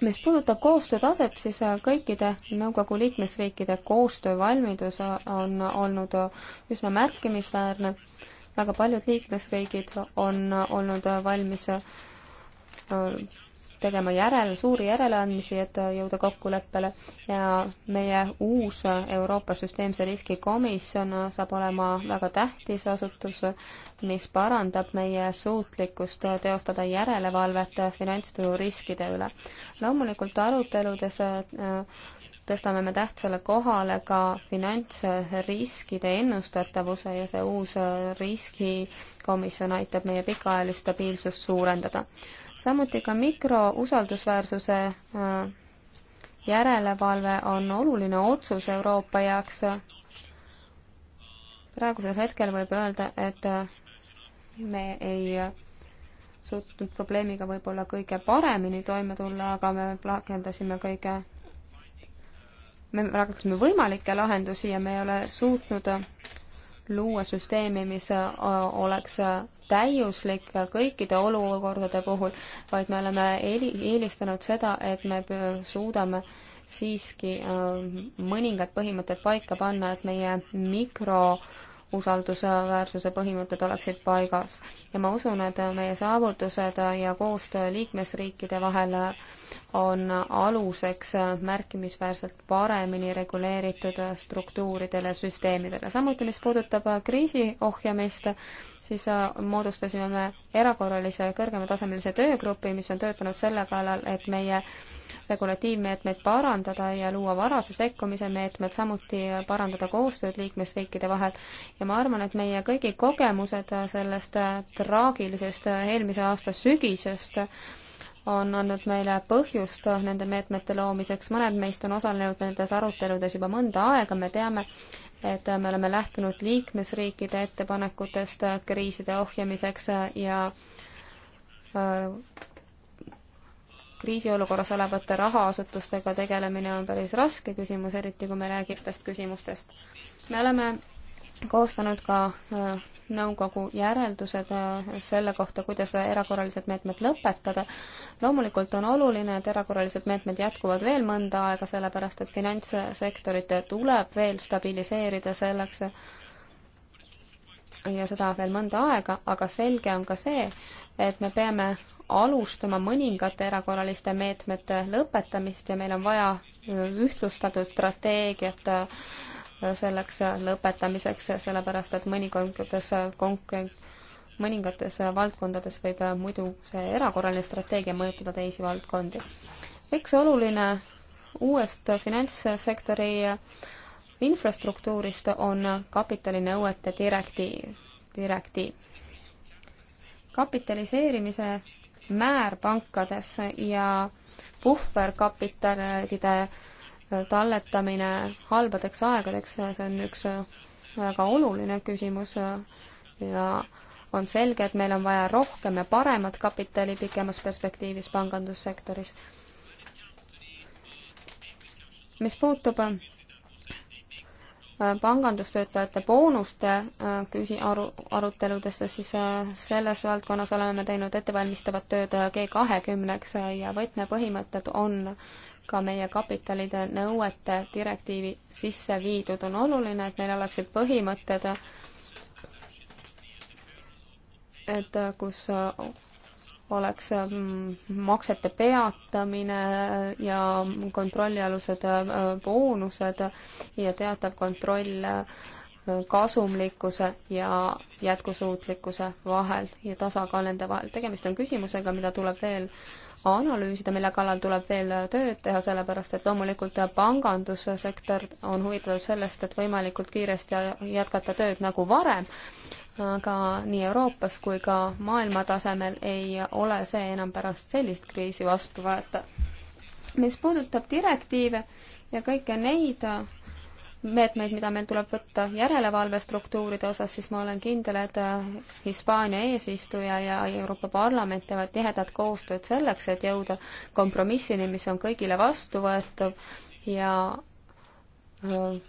mis puudutab koostöötaset, siis äh, kõikide nõukogu liikmesriikide koostöövalmidus äh, on olnud äh, üsna märkimisväärne. väga paljud liikmesriigid on olnud valmis tegema järel, suuri järeleandmisi, et jõuda kokkuleppele ja meie uus Euroopa Süsteemse Riski Komisjon saab olema väga tähtis asutus, mis parandab meie suutlikkust teostada järelevalvet finantsturu riskide üle. loomulikult aruteludes äh, tõstame me tähtsale kohale ka finantsriskide ennustatavuse ja see uus riskikomisjon aitab meie pikaajalist stabiilsust suurendada. samuti ka mikrousaldusväärsuse äh, järelevalve on oluline otsus Euroopa jaoks. praegusel hetkel võib öelda, et äh, me ei äh, suutnud probleemiga võib-olla kõige paremini toime tulla, aga me rakendasime kõige me rakendaksime võimalikke lahendusi ja me ei ole suutnud luua süsteemi, mis äh, oleks äh, täiuslik kõikide olukordade puhul, vaid me oleme eelistanud seda, et me suudame siiski äh, mõningad põhimõtted paika panna, et meie mikro äh, usaldusväärsuse põhimõtted oleksid paigas. ja ma usun, et meie saavutused ja koostöö liikmesriikide vahel on aluseks märkimisväärselt paremini reguleeritud struktuuridele, süsteemidele. samuti, mis puudutab kriisi ohjamist, siis moodustasime me erakorralise kõrgematasemelise töögrupi, mis on töötanud selle kallal, et meie regulatiivmeetmeid parandada ja luua varase sekkumise meetmed, samuti parandada koostööd liikmesriikide vahel. ja ma arvan, et meie kõigi kogemused sellest traagilisest eelmise aasta sügisest on andnud meile põhjust nende meetmete loomiseks, mõned meist on osalenud nendes aruteludes juba mõnda aega, me teame, et me oleme lähtunud liikmesriikide ettepanekutest kriiside ohjamiseks ja äh, kriisiolukorras olevate rahaasutustega tegelemine on päris raske küsimus, eriti kui me räägime sellest küsimustest. me oleme koostanud ka äh, nõukogu järeldused äh, selle kohta, kuidas erakorralised meetmed lõpetada. loomulikult on oluline, et erakorralised meetmed jätkuvad veel mõnda aega, sellepärast et finantssektorit tuleb veel stabiliseerida selleks, ja seda veel mõnda aega, aga selge on ka see, et me peame alustama mõningate erakorraliste meetmete lõpetamist ja meil on vaja ühtlustatud strateegiat äh, selleks lõpetamiseks, sellepärast et äh, mõningates konkurent-, äh, mõningates valdkondades võib muidu see erakorraline strateegia mõjutada teisi valdkondi. üks oluline uuest finantssektori infrastruktuurist on kapitalinõuete direktiiv, direktiiv. kapitaliseerimise määr pankades ja puhverkapitalide äh, talletamine halbadeks aegadeks, see on üks äh, väga oluline küsimus äh, ja on selge, et meil on vaja rohkem ja paremat kapitali pikemas perspektiivis pangandussektoris. mis puutub pangandustöötajate boonuste äh, küsi-, aru, aruteludesse, siis äh, selles valdkonnas oleme me teinud ettevalmistavat tööd äh, G kahekümneks ja võtmepõhimõtted on ka meie kapitalide nõuete direktiivi sisse viidud. on oluline, et meil oleksid põhimõtted, et kus oleks mm, maksete peatamine ja kontrollialused äh, boonused ja teatav kontroll äh, kasumlikkuse ja jätkusuutlikkuse vahel ja tasakaal nende vahel. tegemist on küsimusega, mida tuleb veel analüüsida, mille kallal tuleb veel tööd teha, sellepärast et loomulikult pangandussektor on huvitatud sellest, et võimalikult kiiresti jätkata tööd nagu varem, aga nii Euroopas kui ka maailma tasemel ei ole see enam pärast sellist kriisi vastuvõetav. mis puudutab direktiive ja kõiki neid meetmeid, mida meil tuleb võtta järelevalvestruktuuride osas, siis ma olen kindel, et Hispaania eesistuja ja Euroopa Parlament teevad tihedat koostööd selleks, et jõuda kompromissini, mis on kõigile vastuvõetav ja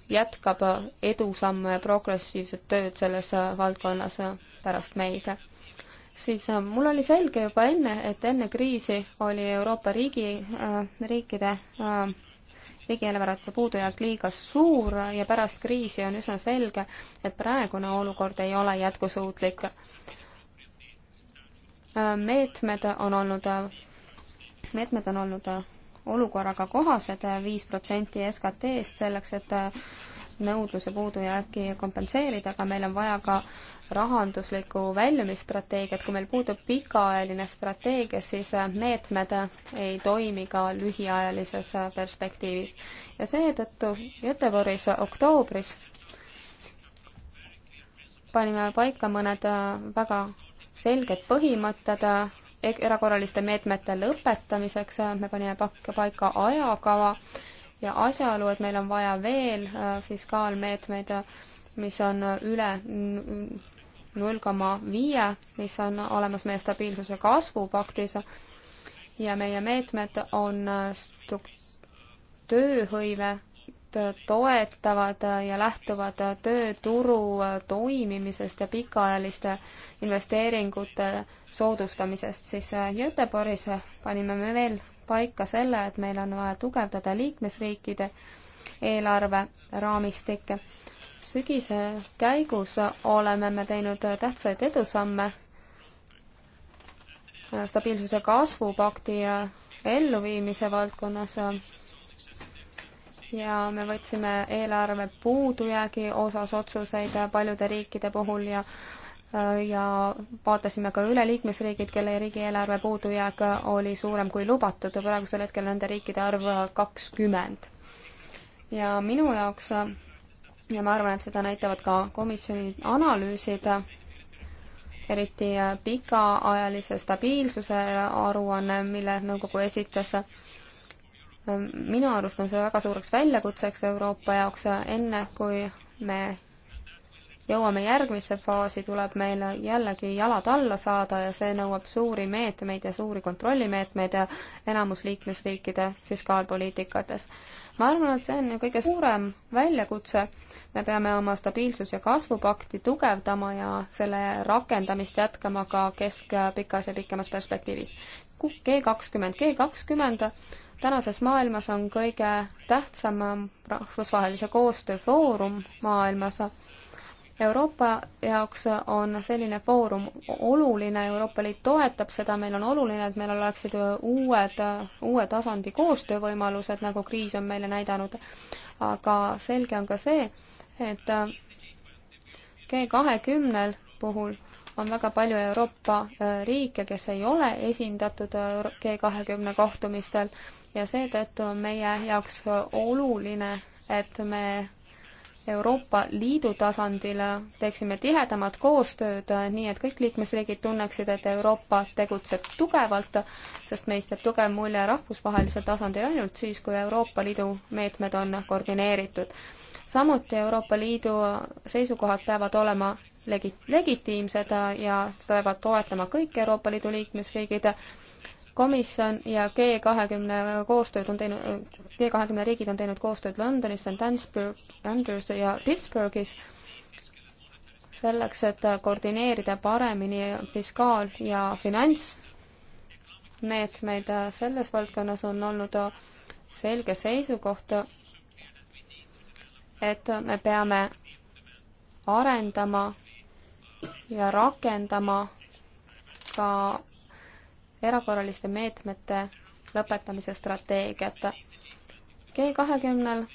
jätkab edusamme ja progressiivset tööd selles valdkonnas pärast meid. siis äh, mul oli selge juba enne, et enne kriisi oli Euroopa riigi, äh, riikide äh, riigieelarvete puudujääk liiga suur ja pärast kriisi on üsna selge, et praegune olukord ei ole jätkusuutlik. meetmed on olnud, meetmed on olnud olukorraga kohased viis protsenti SKT-st selleks, et äh, nõudluse puudujääki kompenseerida, aga meil on vaja ka rahanduslikku väljumisstrateegiat, kui meil puudub pikaajaline strateegia, siis äh, meetmed äh, ei toimi ka lühiajalises perspektiivis. ja seetõttu Göteborgis oktoobris panime paika mõned väga selged põhimõtted erakorraliste meetmete lõpetamiseks, äh, me panime paika ajakava ja asjaolu, et meil on vaja veel äh, fiskaalmeetmeid, äh, mis on üle null koma viie, mis on olemas meie stabiilsuse kasvupaktis ja meie meetmed on tööhõive toetavad ja lähtuvad tööturu toimimisest ja pikaajaliste investeeringute soodustamisest, siis Göteborgis panime me veel paika selle, et meil on vaja tugevdada liikmesriikide eelarveraamistikke. sügise käigus oleme me teinud tähtsaid edusamme stabiilsuse kasvupakti elluviimise valdkonnas ja me võtsime eelarve puudujäägi osas otsuseid paljude riikide puhul ja ja vaatasime ka üle liikmesriigid, kelle riigieelarve puudujääk oli suurem kui lubatud ja praegusel hetkel nende riikide arv kakskümmend. ja minu jaoks ja ma arvan, et seda näitavad ka komisjoni analüüsid, eriti pikaajalise stabiilsuse aruanne, mille nõukogu esitas minu arust on see väga suureks väljakutseks Euroopa jaoks, enne kui me jõuame järgmisse faasi, tuleb meil jällegi jalad alla saada ja see nõuab suuri meetmeid ja suuri kontrollimeetmeid ja enamus liikmesriikide fiskaalpoliitikates. ma arvan, et see on kõige suurem väljakutse. me peame oma stabiilsus- ja kasvupakti tugevdama ja selle rakendamist jätkama ka keskpikas ja pikemas perspektiivis. G kakskümmend, G kakskümmend 20 tänases maailmas on kõige tähtsam rahvusvahelise koostöö foorum maailmas. Euroopa jaoks on selline foorum oluline, Euroopa Liit toetab seda, meil on oluline, et meil oleksid uued, uue tasandi koostöövõimalused, nagu kriis on meile näidanud. aga selge on ka see, et G kahekümnel puhul on väga palju Euroopa äh, riike, kes ei ole esindatud äh, G kahekümne kohtumistel ja seetõttu on meie jaoks oluline, et me Euroopa Liidu tasandil teeksime tihedamat koostööd, nii et kõik liikmesriigid tunneksid, et Euroopa tegutseb tugevalt, sest meist jääb tugev mulje rahvusvahelisel tasandil ainult siis, kui Euroopa Liidu meetmed on koordineeritud. samuti Euroopa Liidu seisukohad peavad olema legi-, legitiimsed ja seda peavad toetama kõik Euroopa Liidu liikmesriigid komisjon ja G kahekümne koostööd on teinud, G kahekümne riigid on teinud koostööd Londonis, St Andrews ja Pittsburghis selleks, et koordineerida paremini fiskaal- ja finantsmeetmeid selles valdkonnas on olnud selge seisukoht, et me peame arendama ja rakendama ka erakorraliste meetmete lõpetamise strateegiat. G kahekümnel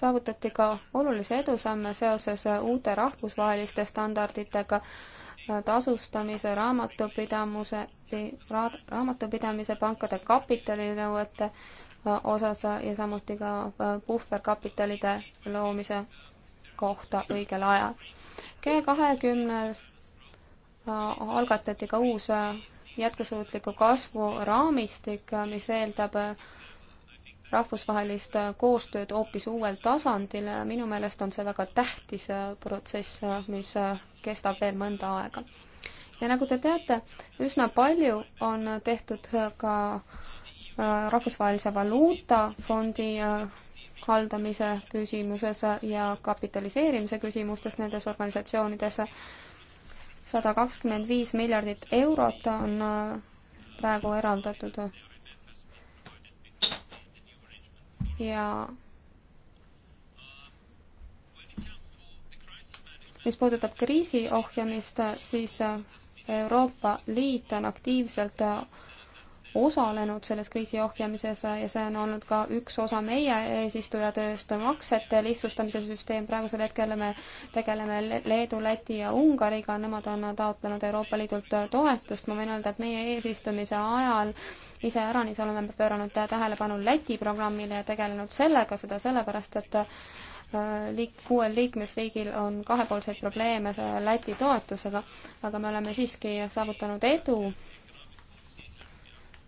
saavutati ka olulisi edusamme seoses uute rahvusvaheliste standarditega tasustamise, raamatupidamuse, raamatupidamise, pankade kapitalinõuete äh, osas ja samuti ka äh, puhverkapitalide loomise kohta õigel ajal. G kahekümnel äh, algatati ka uus jätkusuutliku kasvu raamistik, mis eeldab rahvusvahelist koostööd hoopis uuel tasandil ja minu meelest on see väga tähtis protsess, mis kestab veel mõnda aega. ja nagu te teate, üsna palju on tehtud ka rahvusvahelise valuutafondi haldamise küsimuses ja kapitaliseerimise küsimustes nendes organisatsioonides sada kakskümmend viis miljardit eurot on äh, praegu eraldatud. ja mis puudutab kriisi ohjamist, siis äh, Euroopa Liit on aktiivselt äh, osalenud selles kriisi ohjamises ja see on olnud ka üks osa meie eesistuja tööst, maksete lihtsustamise süsteem, praegusel hetkel me tegeleme Leedu, Läti ja Ungariga, nemad on taotlenud Euroopa Liidult toetust, ma võin öelda, et meie eesistumise ajal iseäranis oleme pööranud tähelepanu Läti programmile ja tegelenud sellega, seda sellepärast, et äh, liik-, kuuel liikmesriigil on kahepoolseid probleeme Läti toetusega, aga me oleme siiski saavutanud edu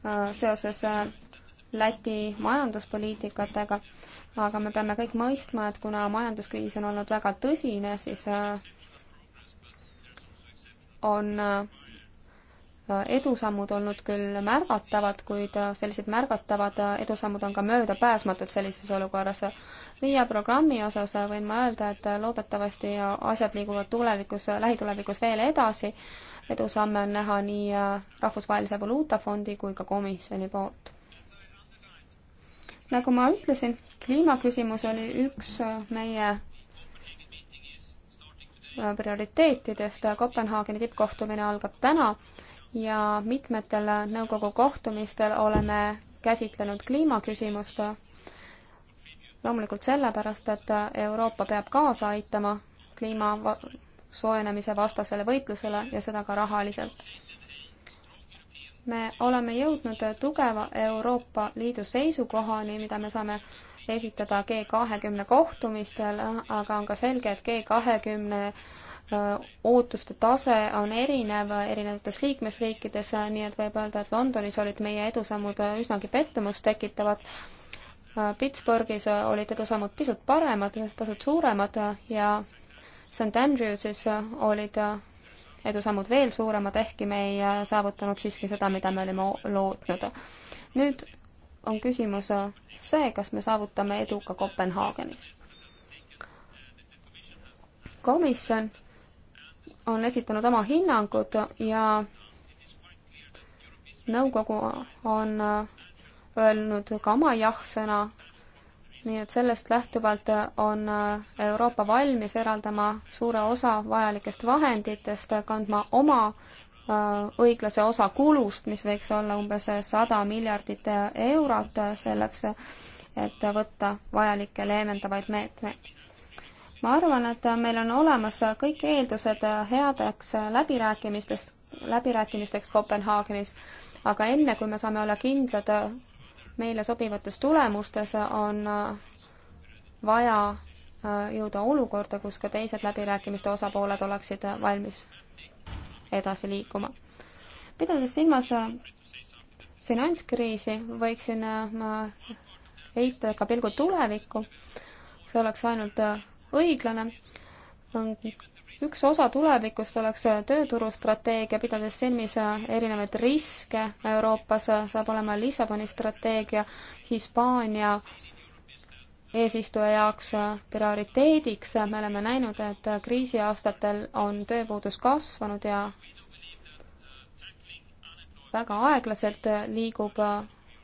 Äh, seoses äh, Läti majanduspoliitikatega, aga me peame kõik mõistma, et kuna majanduskriis on olnud väga tõsine, siis äh, on edusammud olnud küll märgatavad, kuid sellised märgatavad edusammud on ka möödapääsmatud sellises olukorras. Riia programmi osas võin ma öelda, et loodetavasti asjad liiguvad tulevikus, lähitulevikus veel edasi edusamme on näha nii äh, Rahvusvahelise Valuutafondi kui ka komisjoni poolt. nagu ma ütlesin, kliimaküsimus oli üks äh, meie äh, prioriteetidest, Kopenhaageni tippkohtumine algab täna ja mitmetel nõukogu kohtumistel oleme käsitlenud kliimaküsimust loomulikult sellepärast, et Euroopa peab kaasa aitama kliima soojenemise vastasele võitlusele ja seda ka rahaliselt. me oleme jõudnud tugeva Euroopa Liidu seisukohani, mida me saame esitada G kahekümne kohtumistel, aga on ka selge, et G kahekümne äh, ootuste tase on erinev erinevates liikmesriikides, nii et võib öelda, et Londonis olid meie edusammud üsnagi pettumust tekitavad. Äh, Pittsburghis olid edusammud pisut paremad, pisut suuremad ja St Andrewsis olid edusammud veel suuremad, ehkki me ei äh, saavutanud siiski seda, mida me olime lootnud. nüüd on küsimus see, kas me saavutame edu ka Kopenhaagenis. komisjon on esitanud oma hinnangud ja nõukogu on äh, öelnud ka oma jah-sõna nii et sellest lähtuvalt on Euroopa valmis eraldama suure osa vajalikest vahenditest, kandma oma äh, õiglase osa kulust, mis võiks olla umbes sada miljardit eurot selleks, et võtta vajalikke leevendavaid meetmeid. ma arvan, et meil on olemas kõik eeldused headeks läbirääkimistest, läbirääkimisteks Kopenhaagenis, aga enne, kui me saame olla kindlad meile sobivates tulemustes on äh, vaja äh, jõuda olukorda, kus ka teised läbirääkimiste osapooled oleksid äh, valmis edasi liikuma. pidades silmas finantskriisi, võiksin ma heita ka pilgu tulevikku, see oleks ainult õiglane, üks osa tulevikust oleks tööturustrateegia, pidades silmis äh, erinevaid riske Euroopas, äh, saab olema Lissaboni strateegia Hispaania eesistuja jaoks äh, prioriteediks. me oleme näinud, et kriisiaastatel on tööpuudus kasvanud ja väga aeglaselt liigub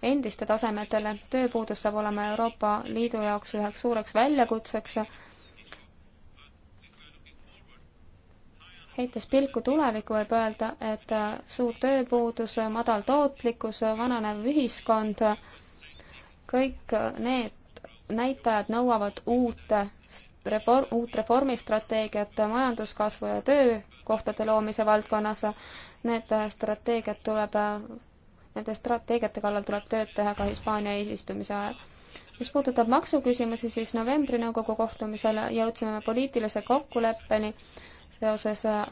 endiste tasemetele. tööpuudus saab olema Euroopa Liidu jaoks üheks suureks väljakutseks heites pilku tulevikku, võib öelda, et äh, suur tööpuudus, äh, madal tootlikkus, äh, vananev ühiskond, kõik need näitajad nõuavad uut reform, uut reformistrateegiat majanduskasvu ja töökohtade loomise valdkonnas. Need strateegiad tuleb, nende strateegiate kallal tuleb tööd teha ka Hispaania eesistumise ajal mis puudutab maksuküsimusi, siis novembri nõukogu kohtumisel jõudsime poliitilise kokkuleppeni seoses äh,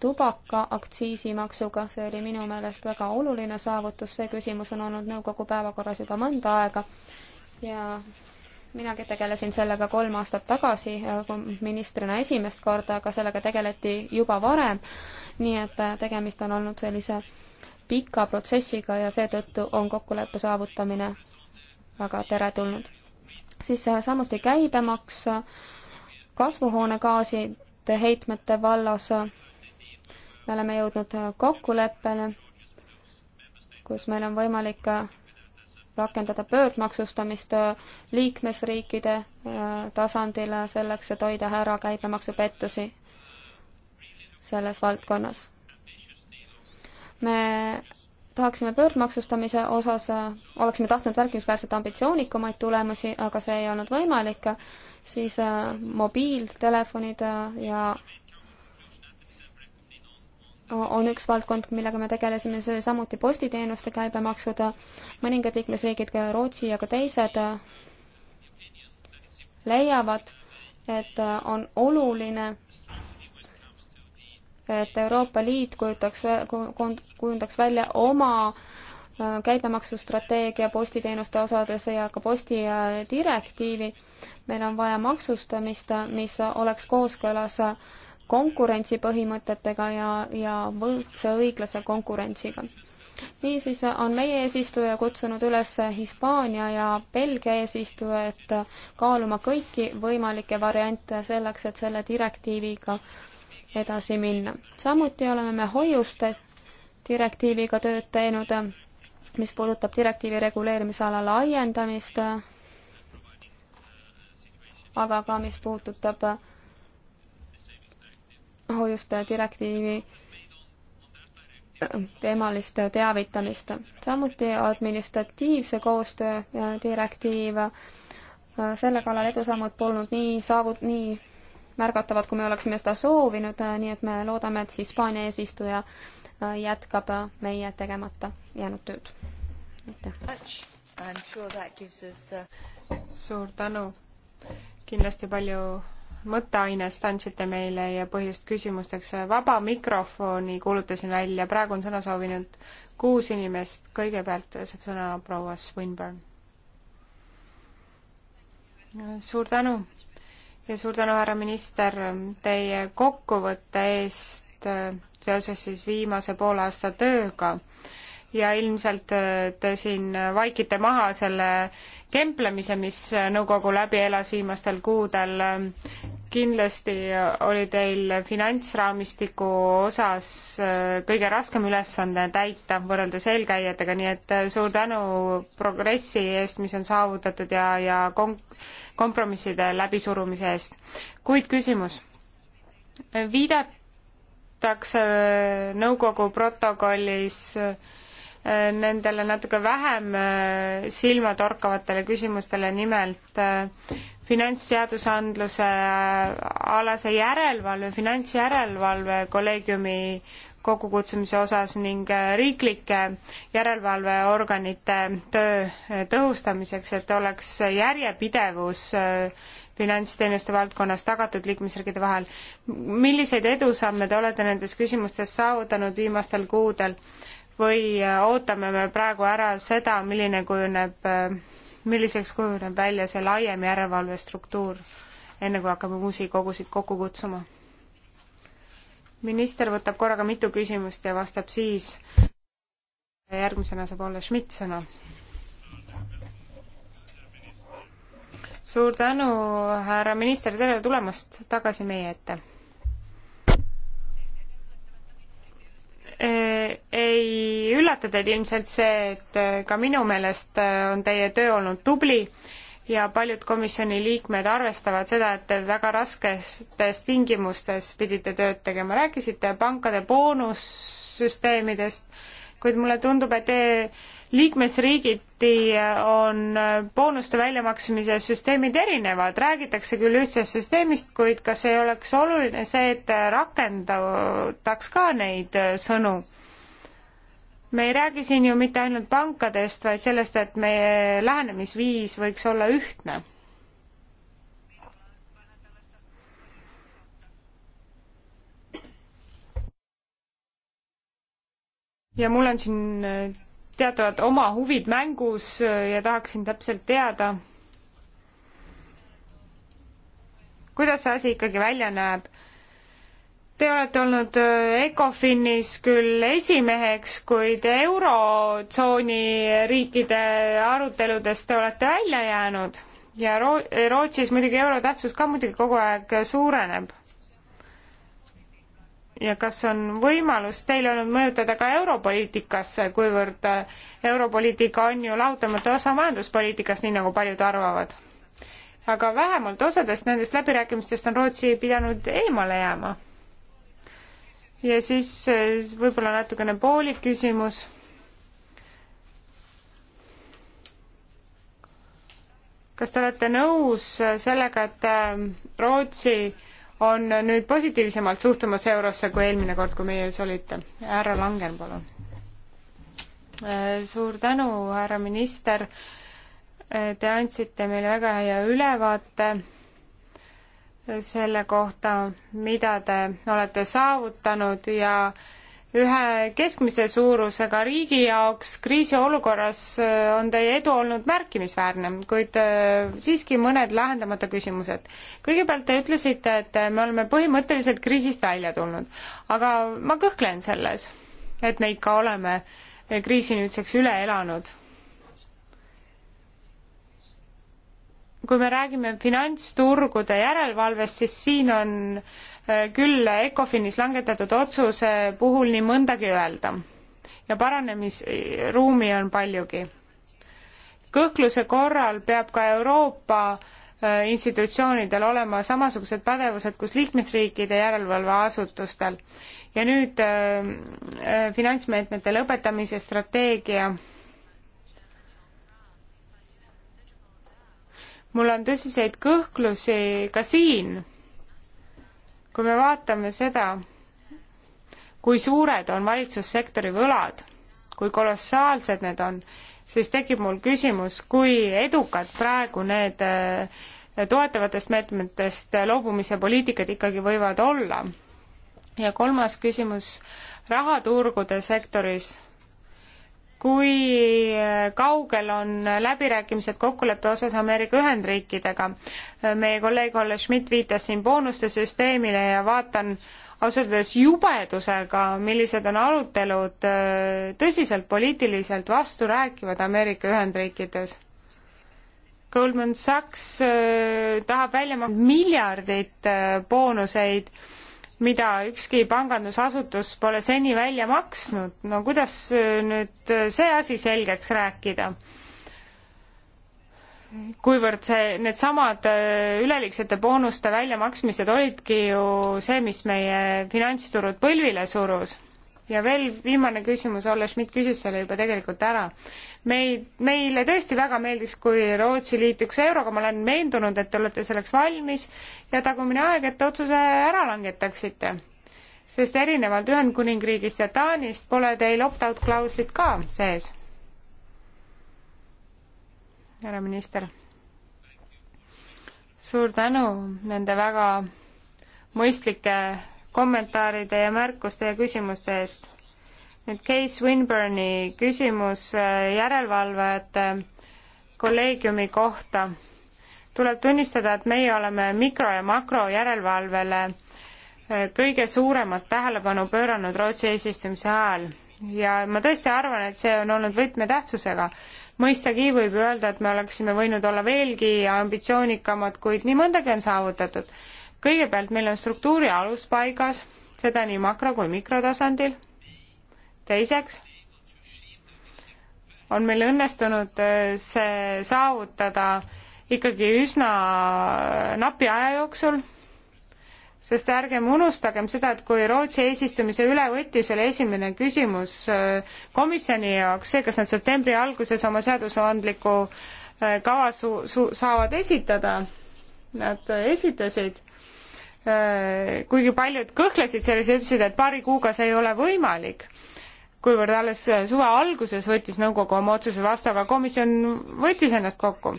tubakaaktsiisimaksuga, see oli minu meelest väga oluline saavutus, see küsimus on olnud nõukogu päevakorras juba mõnda aega ja minagi tegelesin sellega kolm aastat tagasi äh, ministrina esimest korda, aga sellega tegeleti juba varem, nii et äh, tegemist on olnud sellise pika protsessiga ja seetõttu on kokkuleppe saavutamine väga teretulnud. siis samuti käibemaks, kasvuhoonegaasi erinevate heitmete vallas me oleme jõudnud kokkuleppele, kus meil on võimalik rakendada pöördmaksustamist liikmesriikide äh, tasandil selleks, et hoida ära käibemaksupettusi selles valdkonnas. me tahaksime pöördmaksustamise osas, äh, oleksime tahtnud märkimisväärselt ambitsioonikumaid tulemusi, aga see ei olnud võimalik, siis äh, mobiiltelefonid äh, ja on üks valdkond, millega me tegelesime, see samuti postiteenuste käibemaksud, mõningad liikmesriigid, ka Rootsi ja ka teised, leiavad, et on oluline et Euroopa Liit kujutaks, kujundaks välja oma äh, käibemaksustrateegia postiteenuste osades ja ka postidirektiivi. Äh, meil on vaja maksustamist, äh, mis oleks kooskõlas konkurentsipõhimõtetega ja, ja võrdse õiglase konkurentsiga. niisiis on meie eesistuja kutsunud üles Hispaania ja Belgia eesistujat kaaluma kõiki võimalikke variante selleks, et selle direktiiviga äh, edasi minna. samuti oleme me hoiuste direktiiviga tööd teinud, mis puudutab direktiivi reguleerimisala laiendamist, aga ka mis puudutab hoiuste direktiivi teemalist teavitamist. samuti administratiivse koostöö direktiiv, selle kallal edusammud polnud nii saavut-, nii märgatavad, kui me oleksime seda soovinud, äh, nii et me loodame, et Hispaania eesistuja äh, jätkab äh, meie tegemata jäänud tööd. aitäh! suur tänu! kindlasti palju mõtteainest andsite meile ja põhjust küsimusteks. vaba mikrofoni kuulutasin välja, praegu on sõna soovinud kuus inimest, kõigepealt saab sõna proua Swinburne. suur tänu! ja suur tänu, härra minister, teie kokkuvõtte eest äh, seoses siis viimase poolaasta tööga ja ilmselt äh, te siin vaikite maha selle kemplemise, mis nõukogu läbi elas viimastel kuudel. kindlasti oli teil finantsraamistiku osas äh, kõige raskem ülesanne täita võrreldes eelkäijatega, nii et äh, suur tänu progressi eest, mis on saavutatud ja, ja kom-, kompromisside läbisurumise eest. kuid küsimus. viidatakse nõukogu protokollis äh, Äh, nendele natuke vähem äh, silmatorkavatele küsimustele, nimelt äh, finantsseadusandluse alase järelevalve, finantsjärelevalve kolleegiumi kokkukutsumise osas ning riiklike järelevalveorganite töö tõhustamiseks, et oleks järjepidevus finantsteenuste valdkonnas tagatud liikmesriikide vahel. milliseid edusamme te olete nendes küsimustes saavutanud viimastel kuudel? või äh, ootame me praegu ära seda, milline kujuneb, äh, milliseks kujuneb välja see laiem järelevalvestruktuur, enne kui hakkame uusi kogusid kokku kutsuma? minister võtab korraga mitu küsimust ja vastab siis. järgmisena saab olla Schmidt sõna. suur tänu, härra minister, tere tulemast tagasi meie ette Äh, ei üllata teid ilmselt see, et äh, ka minu meelest äh, on teie töö olnud tubli ja paljud komisjoni liikmed arvestavad seda, et te väga rasketes tingimustes pidite tööd tegema. rääkisite pankade boonussüsteemidest, kuid mulle tundub, et te liikmesriigiti on boonuste väljamaksmise süsteemid erinevad, räägitakse küll ühtsest süsteemist, kuid kas ei oleks oluline see, et rakendataks ka neid äh, sõnu? me ei räägi siin ju mitte ainult pankadest, vaid sellest, et meie lähenemisviis võiks olla ühtne. ja mul on siin äh, teatavad oma huvid mängus äh, ja tahaksin täpselt teada, kuidas see asi ikkagi välja näeb. Te olete olnud äh, ECOFINis küll esimeheks, kuid eurotsooni riikide aruteludest te olete välja jäänud ja Rootsis muidugi euro tähtsus ka muidugi kogu aeg suureneb ja kas on võimalus teil olnud mõjutada ka europoliitikasse, kuivõrd äh, europoliitika on ju lahutamatu osa majanduspoliitikast, nii nagu paljud arvavad? aga vähemalt osadest nendest läbirääkimistest on Rootsi pidanud eemale jääma. ja siis äh, võib-olla natukene poolik küsimus. kas te olete nõus äh, sellega, et Rootsi on nüüd positiivsemalt suhtumas eurosse kui eelmine kord, kui meie ees olite. härra Langen, palun. suur tänu, härra minister. Te andsite meile väga hea ülevaate selle kohta, mida te olete saavutanud ja äh, ühe keskmise suurusega riigi jaoks kriisiolukorras äh, on teie edu olnud märkimisväärne, kuid äh, siiski mõned lahendamata küsimused. kõigepealt te ütlesite, et me oleme põhimõtteliselt kriisist välja tulnud, aga ma kõhklen selles, et me ikka oleme äh, kriisi nüüdseks üle elanud. kui me räägime finantsturgude järelevalvest, siis siin on äh, küll ECOFINis langetatud otsuse puhul nii mõndagi öelda ja paranemisruumi on paljugi. kõhkluse korral peab ka Euroopa äh, institutsioonidel olema samasugused pädevused, kus liikmesriikide järelevalveasutustel. ja nüüd äh, äh finantsmeetmete lõpetamise strateegia. mul on tõsiseid kõhklusi ka siin kui me vaatame seda, kui suured on valitsussektori võlad, kui kolossaalsed need on, siis tekib mul küsimus, kui edukad praegu need äh, toetavatest meetmetest loobumise poliitikad ikkagi võivad olla. ja kolmas küsimus, rahaturgude sektoris kui äh, kaugel on läbirääkimised kokkuleppe osas Ameerika Ühendriikidega. meie kolleeg Olle Schmidt viitas siin boonuste süsteemile ja vaatan ausalt öeldes jubedusega, millised on arutelud äh, tõsiselt poliitiliselt vasturääkivad Ameerika Ühendriikides. Goldman Sachs äh, tahab välja maksta miljardit boonuseid äh, mida ükski pangandusasutus pole seni välja maksnud. no kuidas äh, nüüd äh, see asi selgeks rääkida? kuivõrd see, needsamad äh, üleliigsete boonuste väljamaksmised olidki ju see, mis meie finantsturud põlvile surus. ja veel viimane küsimus, Olle Schmidt küsis selle juba tegelikult ära meid, meile tõesti väga meeldiks, kui Rootsi liituks euroga, ma olen veendunud, et te olete selleks valmis ja tagumine aeg, et otsuse ära langetaksite. sest erinevalt Ühendkuningriigist ja Taanist pole teil opt-out klauslit ka sees. härra minister. suur tänu nende väga mõistlike kommentaaride ja märkuste ja küsimuste eest nüüd Case Winburni küsimus äh, järelevalvajate äh, kolleegiumi kohta. tuleb tunnistada, et meie oleme mikro- ja makrojärelevalvele äh, kõige suuremat tähelepanu pööranud Rootsi eesistumise ajal ja ma tõesti arvan, et see on olnud võtmetähtsusega. mõistagi võib öelda, et me oleksime võinud olla veelgi ambitsioonikamad, kuid nii mõndagi on saavutatud. kõigepealt meil on struktuuri alus paigas, seda nii makro- kui mikrotasandil teiseks on meil õnnestunud äh, see saavutada ikkagi üsna napi aja jooksul, sest ärgem unustagem seda, et kui Rootsi eesistumise üle võttis, oli esimene küsimus äh, komisjoni jaoks see, kas nad septembri alguses oma seadusandliku äh, kava su-, su-, saavad esitada. Nad esitasid, kuigi paljud kõhklesid selles ja ütlesid, et paari kuuga see ei ole võimalik kuivõrd alles suve alguses võttis nõukogu oma otsuse vastu, aga komisjon võttis ennast kokku.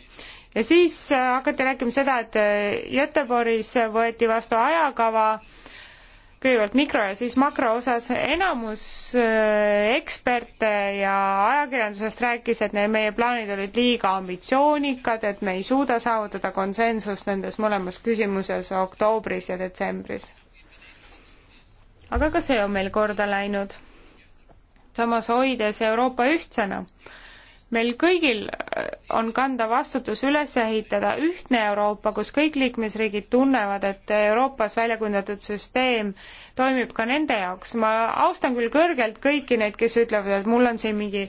ja siis äh, hakati rääkima seda, et äh, Göteborgis võeti vastu ajakava kõigepealt mikro ja siis makro osas enamus äh, eksperte ja ajakirjandusest rääkis, et need meie plaanid olid liiga ambitsioonikad, et me ei suuda saavutada konsensust nendes mõlemas küsimuses oktoobris ja detsembris. aga ka see on meil korda läinud samas hoides Euroopa ühtsena. meil kõigil äh, on kanda vastutus üles ehitada ühtne Euroopa, kus kõik liikmesriigid tunnevad, et Euroopas välja kujundatud süsteem toimib ka nende jaoks. ma austan küll kõrgelt kõiki neid, kes ütlevad, et mul on siin mingi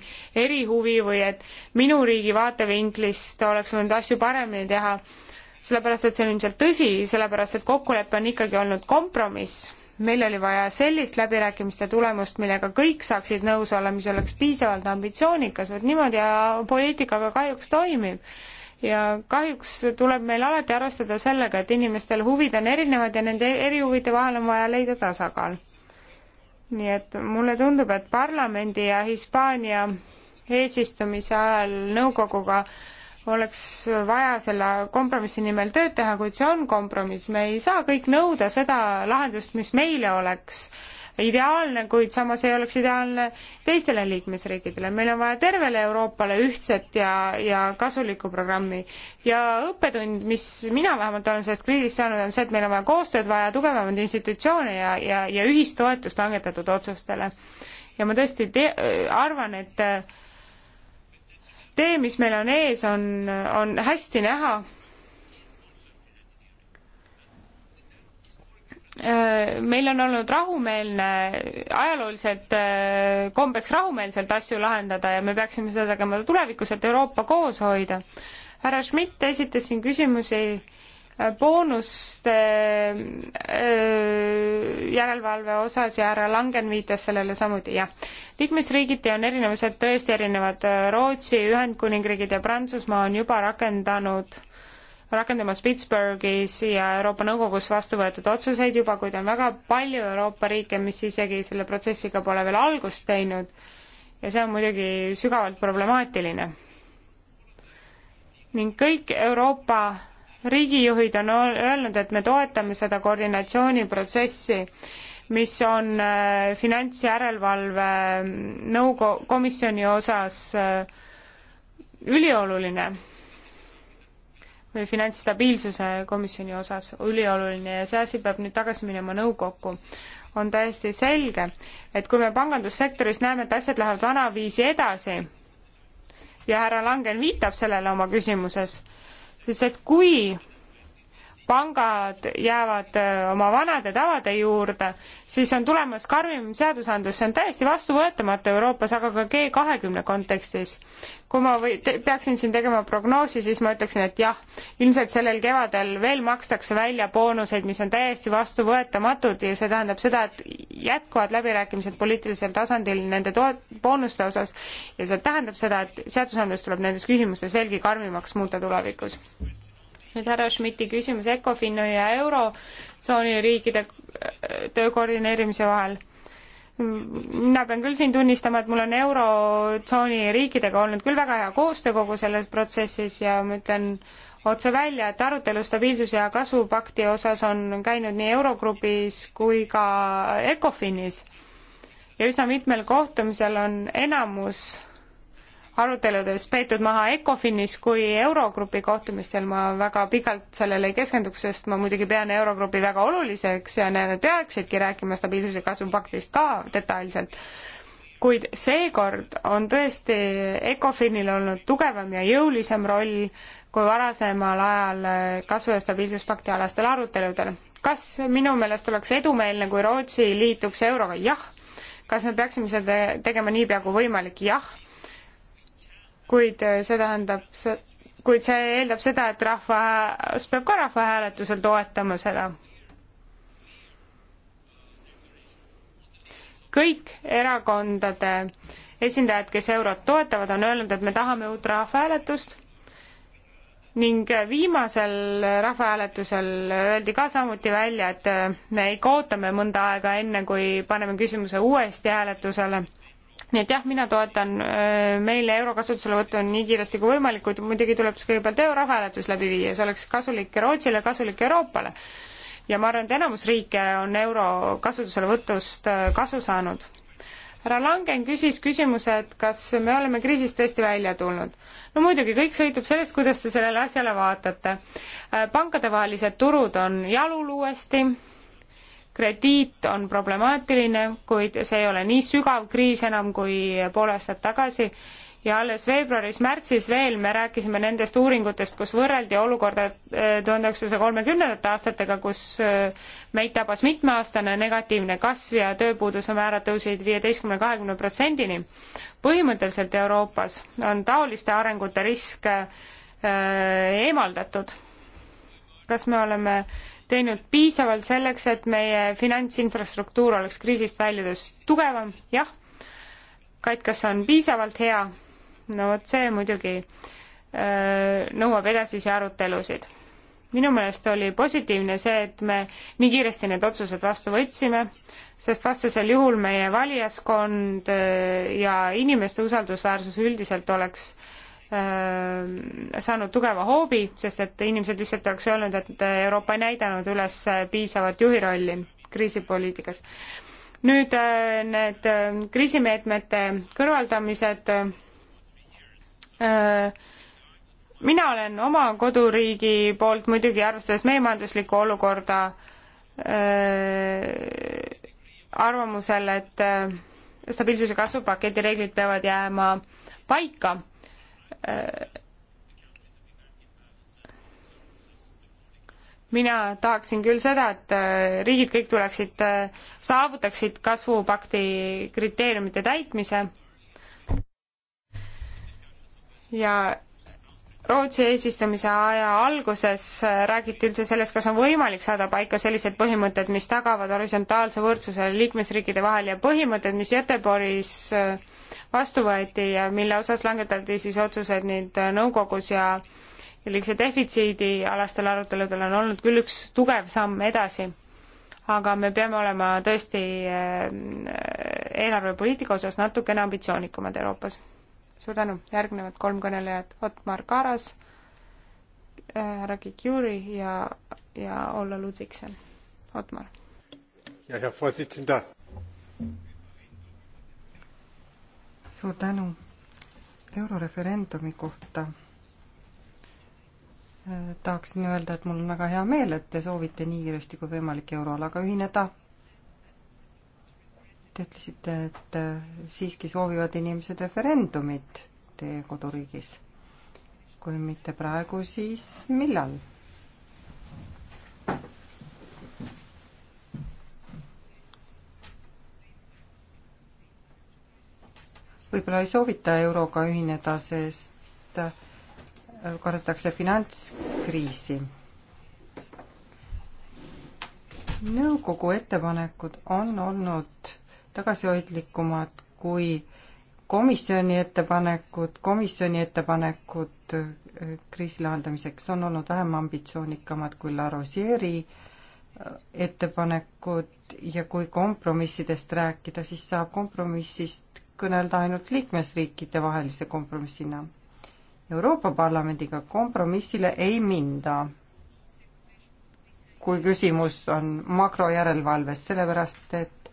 erihuvi või et minu riigi vaatevinklist oleks võinud asju paremini teha sellepärast, et see on ilmselt tõsi, sellepärast et kokkulepe on ikkagi olnud kompromiss meil oli vaja sellist läbirääkimiste tulemust, millega kõik saaksid nõus olla, mis oleks piisavalt ambitsioonikas, vot niimoodi poliitikaga kahjuks toimib. ja kahjuks tuleb meil alati arvestada sellega, et inimestel huvid on erinevad ja nende erihuvide vahel on vaja leida tasakaal. nii et mulle tundub, et parlamendi ja Hispaania eesistumise ajal nõukoguga äh, oleks vaja selle kompromissi nimel tööd teha, kuid see on kompromiss, me ei saa kõik nõuda seda lahendust, mis meile oleks ideaalne, kuid samas ei oleks ideaalne teistele liikmesriikidele. meil on vaja tervele Euroopale ühtset ja, ja kasulikku programmi. ja õppetund, mis mina vähemalt olen sellest kriisist saanud, on see, et meil on vaja koostööd, vaja tugevamaid institutsioone ja, ja, ja ühistoetust langetatud otsustele. ja ma tõesti te-, arvan, et äh, tee, mis meil on ees, on, on hästi näha. Äh, meil on olnud rahumeelne, ajalooliselt äh, kombeks rahumeelselt asju lahendada ja me peaksime seda tegema tulevikus, et Euroopa koos hoida. härra Schmidt esitas siin küsimusi äh, boonuste järelevalve osas ja härra Langen viitas sellele samuti, jah. liikmesriigiti on erinevused tõesti erinevad, Rootsi, Ühendkuningriigid ja Prantsusmaa on juba rakendanud rakendamas Pittsburghis ja Euroopa Nõukogus vastu võetud otsuseid juba, kuid on väga palju Euroopa riike, mis isegi selle protsessiga pole veel algust teinud ja see on muidugi sügavalt problemaatiline. ning kõik Euroopa riigijuhid on öelnud, et me toetame seda koordinatsiooniprotsessi, mis on äh, finantsjärelevalve mm, nõuko-, komisjoni osas äh, ülioluline või finantsstabiilsuse komisjoni osas ülioluline ja see asi peab nüüd tagasi minema nõukokku on täiesti selge, et kui me pangandussektoris näeme, et asjad lähevad vanaviisi edasi ja härra Langen viitab sellele oma küsimuses, sest et kui pangad jäävad äh, oma vanade tavade juurde, siis on tulemas karmim seadusandlus, see on täiesti vastuvõetamatu Euroopas, aga ka G kahekümne kontekstis. kui ma või te, peaksin siin tegema prognoosi, siis ma ütleksin, et jah, ilmselt sellel kevadel veel makstakse välja boonuseid, mis on täiesti vastuvõetamatud ja see tähendab seda, et jätkuvad läbirääkimised poliitilisel tasandil nende toet-, boonuste osas ja see tähendab seda, et seadusandlus tuleb nendes küsimustes veelgi karmimaks muuta tulevikus nüüd härra Schmidti küsimus Ecofini ja Eurotsooni riikide äh, töö koordineerimise vahel. mina pean küll siin tunnistama, et mul on Eurotsooni riikidega olnud küll väga hea koostöö kogu selles protsessis ja ma ütlen otse välja, et arutelu stabiilsuse ja kasvupakti osas on käinud nii Eurogrupis kui ka Ecofinis ja üsna mitmel kohtumisel on enamus aruteludes peetud maha ECOFINis kui Eurogrupi kohtumistel, ma väga pikalt sellele ei keskenduks, sest ma muidugi pean Eurogrupi väga oluliseks ja need peaksidki rääkima stabiilsuse kasvupaktist ka detailselt. kuid seekord on tõesti ECOFINil olnud tugevam ja jõulisem roll kui varasemal ajal kasvu- ja stabiilsuspakti alastel aruteludel. kas minu meelest oleks edumeelne, kui Rootsi liituks euroga? jah. kas me peaksime seda tegema niipea kui võimalik? jah kuid eh, see tähendab, kuid see eeldab seda, et rahvas peab ka rahvahääletusel toetama seda. kõik erakondade esindajad, kes eurot toetavad, on öelnud, et me tahame uut rahvahääletust ning viimasel rahvahääletusel öeldi ka samuti välja, et me ikka ootame mõnda aega, enne kui paneme küsimuse uuesti hääletusele nii et jah, mina toetan meile euro kasutuselevõttu nii kiiresti kui võimalik, kuid muidugi tuleb siis kõigepealt eurohääletus läbi viia, see oleks kasulik Rootsile, kasulik Euroopale. ja ma arvan, et enamus riike on euro kasutuselevõtust kasu saanud. härra Langen küsis küsimuse, et kas me oleme kriisist tõesti välja tulnud. no muidugi, kõik sõltub sellest, kuidas te sellele asjale vaatate. pankadevahelised turud on jalul uuesti krediit on problemaatiline, kuid see ei ole nii sügav kriis enam kui pool aastat tagasi ja alles veebruaris-märtsis veel me rääkisime nendest uuringutest, kus võrreldi olukorda äh, tuhande üheksasaja kolmekümnendate aastatega, kus äh, meid tabas mitmeaastane negatiivne kasv ja tööpuuduse määrad tõusid viieteistkümne, kahekümne protsendini. põhimõtteliselt Euroopas on taoliste arengute risk äh, eemaldatud. kas me oleme teinud piisavalt selleks, et meie finantsinfrastruktuur oleks kriisist väljudes tugevam, jah. Kait, kas on piisavalt hea? no vot see muidugi öö, nõuab edasisi arutelusid. minu meelest oli positiivne see, et me nii kiiresti need otsused vastu võtsime, sest vastasel juhul meie valijaskond öö, ja inimeste usaldusväärsus üldiselt oleks öö, Äh, saanud tugeva hoobi, sest et inimesed lihtsalt oleks öelnud, et Euroopa ei näidanud üles piisavat juhi rolli kriisipoliitikas. nüüd äh, need äh, kriisimeetmete kõrvaldamised, mina olen oma koduriigi poolt muidugi, arvestades meie majanduslikku olukorda, arvamusel, et stabiilsuse kasvupaketi reeglid peavad jääma paika mina tahaksin küll seda, et äh, riigid kõik tuleksid, äh, saavutaksid kasvupakti kriteeriumite täitmise ja Rootsi eesistumise aja alguses äh, räägiti üldse sellest, kas on võimalik saada paika sellised põhimõtted, mis tagavad horisontaalse võrdsuse liikmesriikide vahel ja põhimõtted, mis Göteborgis äh, vastu võeti ja mille osas langetati siis otsused nüüd nõukogus ja sellise defitsiidi alastel aruteludel on olnud küll üks tugev samm edasi, aga me peame olema tõesti eh, eelarvepoliitika osas natukene ambitsioonikumad Euroopas. suur tänu, järgnevad kolm kõnelejat, Otmar Karas, eh, härra Kikjuri ja, ja Olla Ludvigsen. Otmar. ja, ja, suur tänu euroreferendumi kohta. Äh, tahaksin öelda, et mul on väga hea meel, et te soovite nii kiiresti kui võimalik euroalaga ühineda. Te ütlesite, et äh, siiski soovivad inimesed referendumit teie koduriigis. kui mitte praegu, siis millal? võib-olla ei soovita euroga ühineda, sest äh, kardetakse finantskriisi. nõukogu ettepanekud on olnud tagasihoidlikumad kui komisjoni ettepanekud, komisjoni ettepanekud äh, kriisi lahendamiseks on olnud vähem ambitsioonikamad kui La Rosieri äh, ettepanekud ja kui kompromissidest rääkida, siis saab kompromissist kõnelda ainult liikmesriikide vahelise kompromissina. Euroopa Parlamendiga kompromissile ei minda, kui küsimus on makrojärelevalves, sellepärast et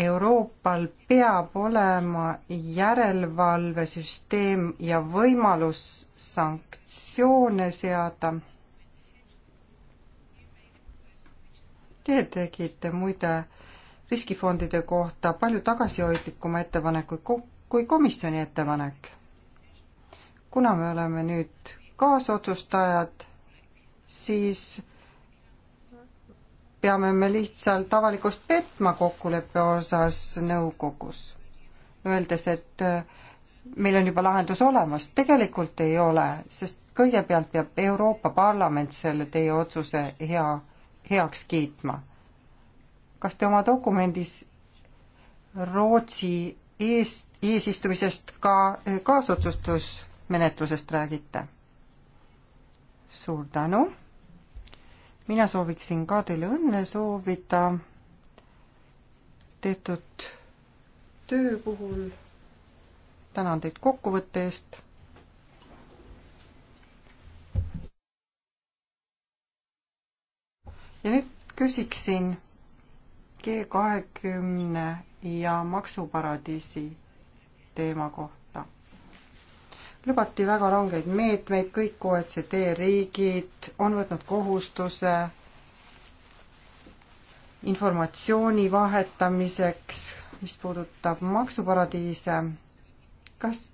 Euroopal peab olema järelevalvesüsteem ja võimalus sanktsioone seada. Te tegite muide äh, riskifondide kohta palju tagasihoidlikuma ettepanekuid kui komisjoni ettepanek. kuna me oleme nüüd kaasotsustajad, siis peame me lihtsalt avalikkust petma kokkuleppe osas nõukogus, öeldes, et äh, meil on juba lahendus olemas, tegelikult ei ole, sest kõigepealt peab Euroopa Parlament selle teie otsuse hea, heaks kiitma kas te oma dokumendis Rootsi eest, eesistumisest ka eh, kaasotsustusmenetlusest räägite? suur tänu! mina sooviksin ka teile õnne soovida tehtud töö puhul. tänan teid kokkuvõtte eest. ja nüüd küsiksin G kahekümne ja maksuparadiisi teema kohta. lubati väga rangeid meetmeid, kõik OECD riigid on võtnud kohustuse informatsiooni vahetamiseks, mis puudutab maksuparadiise. kas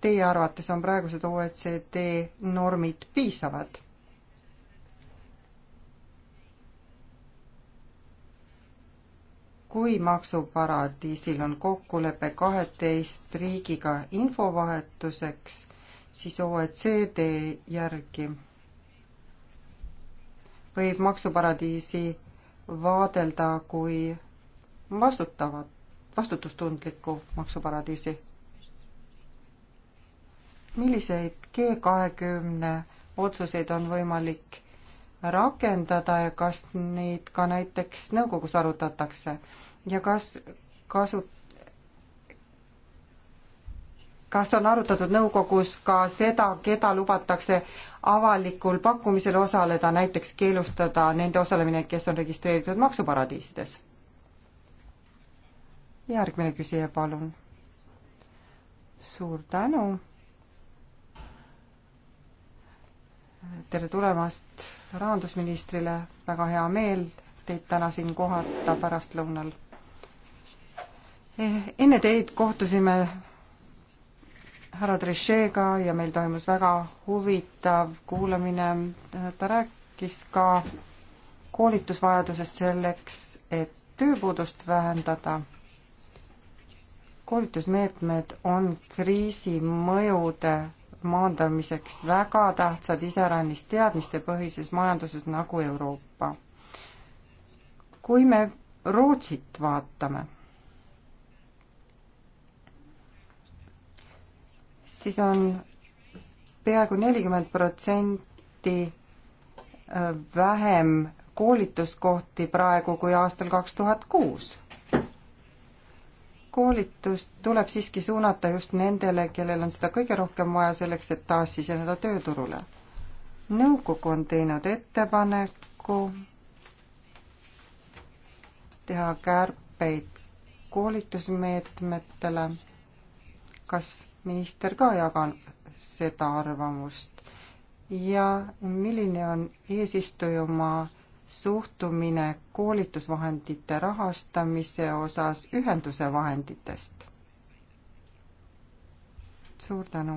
teie arvates on praegused OECD normid piisavad? kui maksuparadiisil on kokkulepe kaheteist riigiga infovahetuseks, siis OECD järgi võib maksuparadiisi vaadelda kui vastutavat, vastutustundlikku maksuparadiisi. milliseid G kahekümne otsuseid on võimalik rakendada ja kas neid ka näiteks nõukogus arutatakse ja kas kasu-, kas on arutatud nõukogus ka seda, keda lubatakse avalikul pakkumisel osaleda, näiteks keelustada nende osalemine, kes on registreeritud maksuparadiisides? järgmine küsija, palun. suur tänu. tere tulemast rahandusministrile, väga hea meel teid täna siin kohata pärastlõunal. Eh, enne teid kohtusime härra Trichet'ga ja meil toimus väga huvitav kuulamine, ta rääkis ka koolitusvajadusest selleks, et tööpuudust vähendada. koolitusmeetmed on kriisi mõjude maandamiseks väga tähtsad iseäranis teadmistepõhises majanduses nagu Euroopa. kui me Rootsit vaatame, siis on peaaegu nelikümmend protsenti äh, vähem koolituskohti praegu kui aastal kaks tuhat kuus koolitust tuleb siiski suunata just nendele, kellel on seda kõige rohkem vaja selleks, et taas siseneda tööturule. nõukogu on teinud ettepaneku teha kärpeid koolitusmeetmetele. kas minister ka jagan seda arvamust ja milline on eesistujumaa suhtumine koolitusvahendite rahastamise osas ühenduse vahenditest? suur tänu.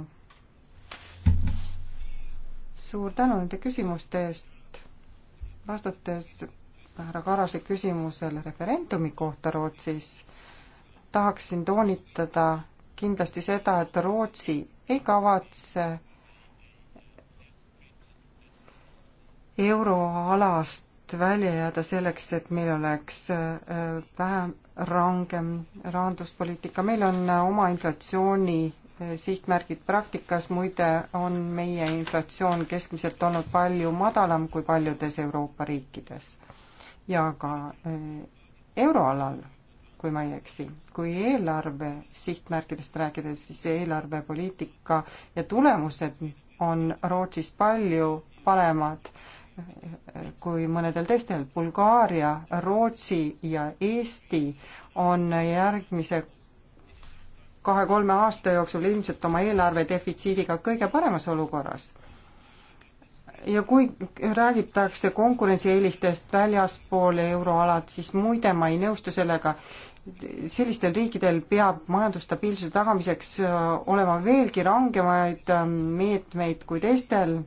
suur tänu nende küsimuste eest. vastates härra Karase küsimusele referendumi kohta Rootsis, tahaksin toonitada kindlasti seda, et Rootsi ei kavatse euroalast välja jääda selleks, et meil oleks äh, vähem rangem rahanduspoliitika. meil on äh, oma inflatsiooni äh, sihtmärgid praktikas, muide on meie inflatsioon keskmiselt olnud palju madalam kui paljudes Euroopa riikides ja ka euroalal, kui ma ei eksi. kui eelarve sihtmärkidest rääkida, siis eelarvepoliitika ja tulemused on Rootsis palju paremad kui mõnedel teistel. Bulgaaria, Rootsi ja Eesti on järgmise kahe-kolme aasta jooksul ilmselt oma eelarve defitsiidiga kõige paremas olukorras. ja kui räägitakse konkurentsieelistest väljaspool euroalad, siis muide ma ei nõustu sellega, sellistel riikidel peab majandusstabiilsuse tagamiseks äh, olema veelgi rangemaid äh, meetmeid kui teistel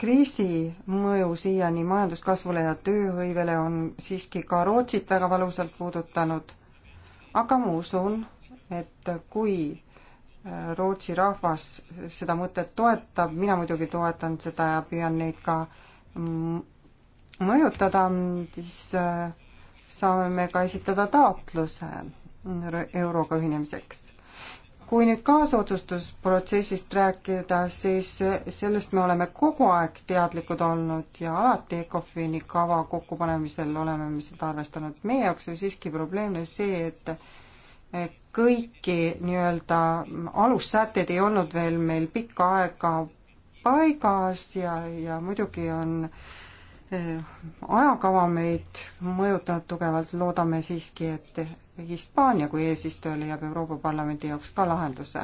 kriisi mõju siiani majanduskasvule ja tööhõivele on siiski ka Rootsit väga valusalt puudutanud, aga ma usun, et kui äh, Rootsi rahvas seda mõtet toetab, mina muidugi toetan seda ja püüan neid ka mm, mõjutada, siis äh, saame me ka esitada taotluse mm, euroga ühinemiseks kui nüüd kaasotsustusprotsessist rääkida, siis sellest me oleme kogu aeg teadlikud olnud ja alati ECOFIN-i kava kokkupanemisel oleme me seda arvestanud. meie jaoks oli siiski probleemne see, et kõiki nii-öelda alussätteid ei olnud veel meil pikka aega paigas ja, ja muidugi on eh, ajakava meid mõjutanud tugevalt, loodame siiski, et Hispaania kui eesistuja leiab Euroopa Parlamendi jaoks ka lahenduse.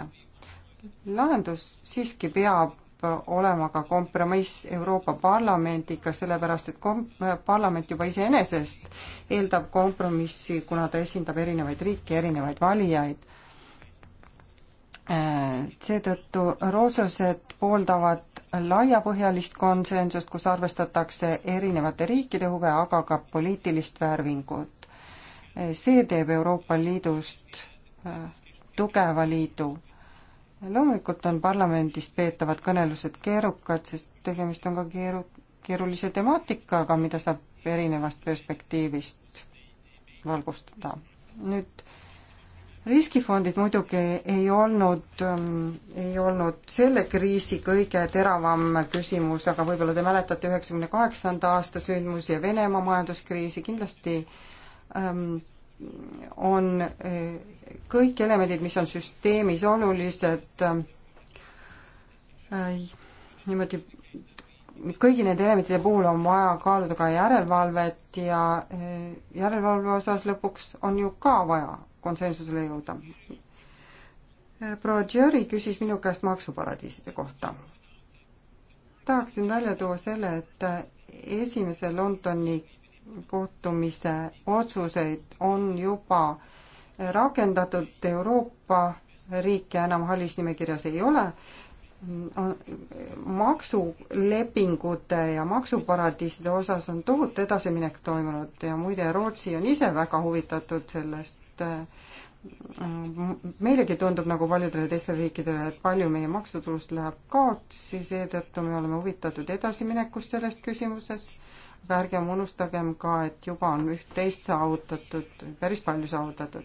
lahendus siiski peab olema ka kompromiss Euroopa Parlamendiga, sellepärast et kom-, parlament juba iseenesest eeldab kompromissi, kuna ta esindab erinevaid riike, erinevaid valijaid. Seetõttu rootslased pooldavad laiapõhjalist konsensust, kus arvestatakse erinevate riikide huve, aga ka poliitilist värvingut see teeb Euroopa Liidust äh, tugeva liidu. loomulikult on parlamendist peetavad kõnelused keerukad, sest tegemist on ka keeru, keerulise temaatikaga, mida saab erinevast perspektiivist valgustada. nüüd riskifondid muidugi ei olnud, ähm, ei olnud selle kriisi kõige teravam küsimus, aga võib-olla te mäletate üheksakümne kaheksanda aasta sündmusi ja Venemaa majanduskriisi, kindlasti äh, Ähm, on äh, kõik elemendid, mis on süsteemis olulised, ähm, äh, niimoodi kõigi nende elementide puhul on vaja kaaluda ka järelevalvet ja äh, järelevalve osas lõpuks on ju ka vaja konsensusele jõuda. proua Jüri küsis minu käest maksuparadiiside kohta. tahaksin välja tuua selle, et esimese Londoni kohtumise otsuseid on juba rakendatud Euroopa riike enam hallis nimekirjas ei ole, maksulepingute ja maksuparadiiside osas on tohutu edasiminek toimunud ja muide, Rootsi on ise väga huvitatud sellest. meilegi tundub nagu paljudele teistele riikidele, et palju meie maksutulust läheb kaotsi, seetõttu me oleme huvitatud edasiminekust selles küsimuses ärgem unustagem ka, et juba on üht-teist saavutatud, päris palju saavutatud.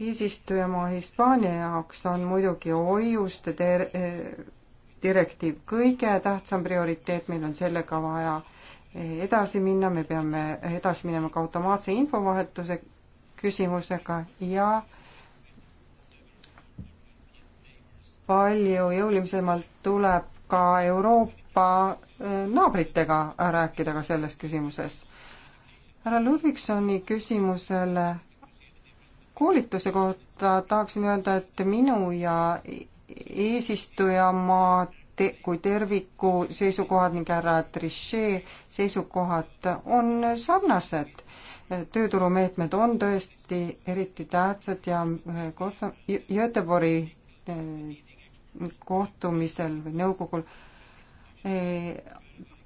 eesistujamaa Hispaania jaoks on muidugi hoiuste ter-, direktiiv kõige tähtsam prioriteet, meil on sellega vaja edasi minna, me peame edasi minema ka automaatse infovahetuse küsimusega ja palju jõulisemalt tuleb ka Euroopa Euroopa äh, naabritega rääkida ka selles küsimuses. härra Ludvigsoni küsimusele koolituse kohta tahaksin öelda, et minu ja eesistujamaa te-, kui terviku seisukohad ning härra Trichet seisukohad on sarnased. tööturumeetmed on tõesti eriti tähtsad ja Göteborgi äh, kohtumisel või nõukogul äh,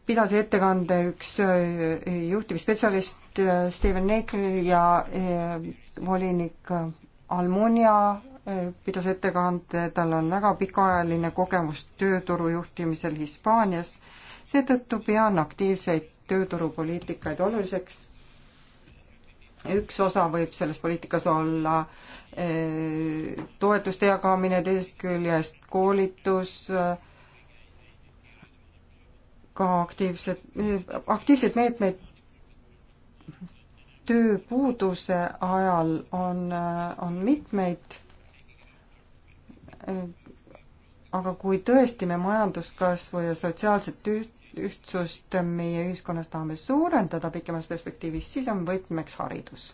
pidas ettekande üks äh, juhtivspetsialist äh, Steven Neekler ja äh, volinik Almunia pidas ettekande, tal on väga pikaajaline kogemus tööturu juhtimisel Hispaanias, seetõttu pean aktiivseid tööturupoliitikaid oluliseks. üks osa võib selles poliitikas olla toetuste jagamine, teisest küljest koolitus äh,, ka aktiivsed, aktiivseid meetmeid tööpuuduse ajal on, on mitmeid, aga kui tõesti me majanduskasvu ja sotsiaalset üht-, ühtsust meie ühiskonnas tahame suurendada pikemas perspektiivis, siis on võtmeks haridus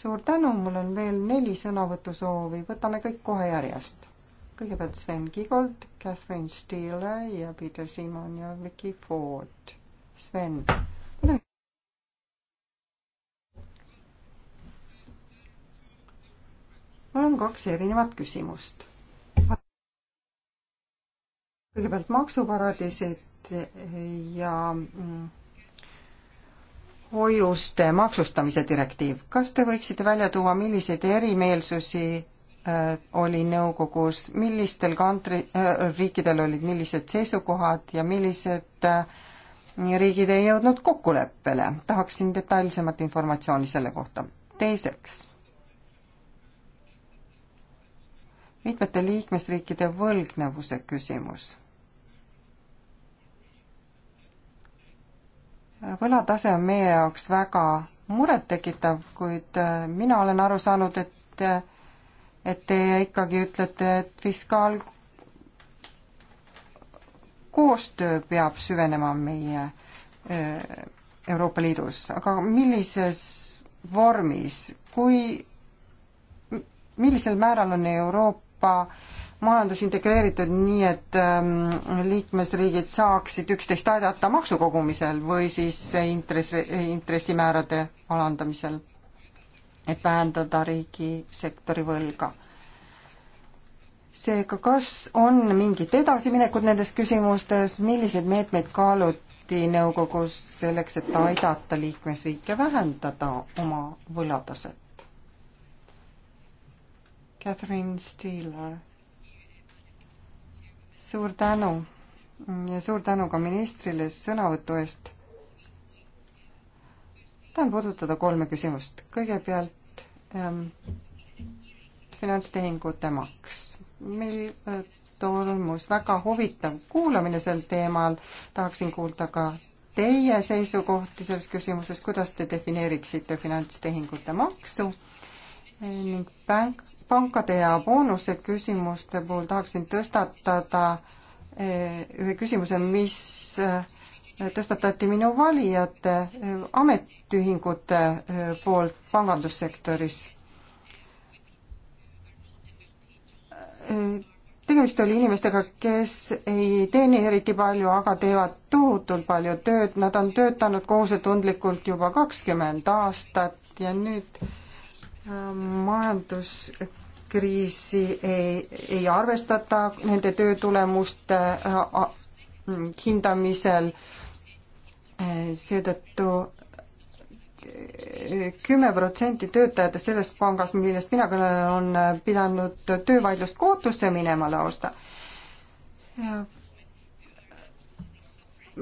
suur tänu, mul on veel neli sõnavõtusoovi, võtame kõik kohe järjest kõigepealt Sven Kigold, Catherine Steele ja Peter Simon ja Vicky Ford. Sven. mul on kaks erinevat küsimust. kõigepealt maksuparadiisid ja mm, hoiuste maksustamise direktiiv. kas te võiksite välja tuua, milliseid erimeelsusi Äh, oli nõukogus, millistel kantri- äh,, riikidel olid millised seisukohad ja millised äh, riigid ei jõudnud kokkuleppele. tahaksin detailsemat informatsiooni selle kohta. teiseks, mitmete liikmesriikide võlgnevuse küsimus. võlatase on meie jaoks väga murettekitav, kuid äh, mina olen aru saanud, et äh, et teie ikkagi ütlete, et fiskaalkoostöö peab süvenema meie äh, Euroopa Liidus, aga millises vormis, kui, millisel määral on Euroopa majandus integreeritud nii, et ähm, liikmesriigid saaksid üksteist aidata maksukogumisel või siis intressi, intressimäärade alandamisel? et vähendada riigisektori võlga. seega, kas on mingit edasiminekut nendes küsimustes, milliseid meetmeid kaaluti nõukogus selleks, et aidata liikmesriike vähendada oma võlataset? Catherine Steeler. suur tänu ja suur tänu ka ministrile sõnavõtu eest tahan puudutada kolme küsimust. kõigepealt ähm, finantstehingute maks. meil äh, toimus väga huvitav kuulamine sel teemal, tahaksin kuulda ka teie seisukohti selles küsimuses, kuidas te defineeriksite finantstehingute maksu äh, ning pank, pankade ja boonuse küsimuste puhul tahaksin tõstatada äh, ühe küsimuse, mis äh, tõstatati minu valijate amet, ametiühingute poolt pangandussektoris. tegemist oli inimestega, kes ei teeni eriti palju, aga teevad tohutult palju tööd, nad on töötanud kohusetundlikult juba kakskümmend aastat ja nüüd majanduskriisi ei, ei arvestata nende töö tulemuste hindamisel. seetõttu kümme protsenti töötajatest sellest pangast, millest mina kõnelen, on pidanud töövaidlust kohtusse minema lausa.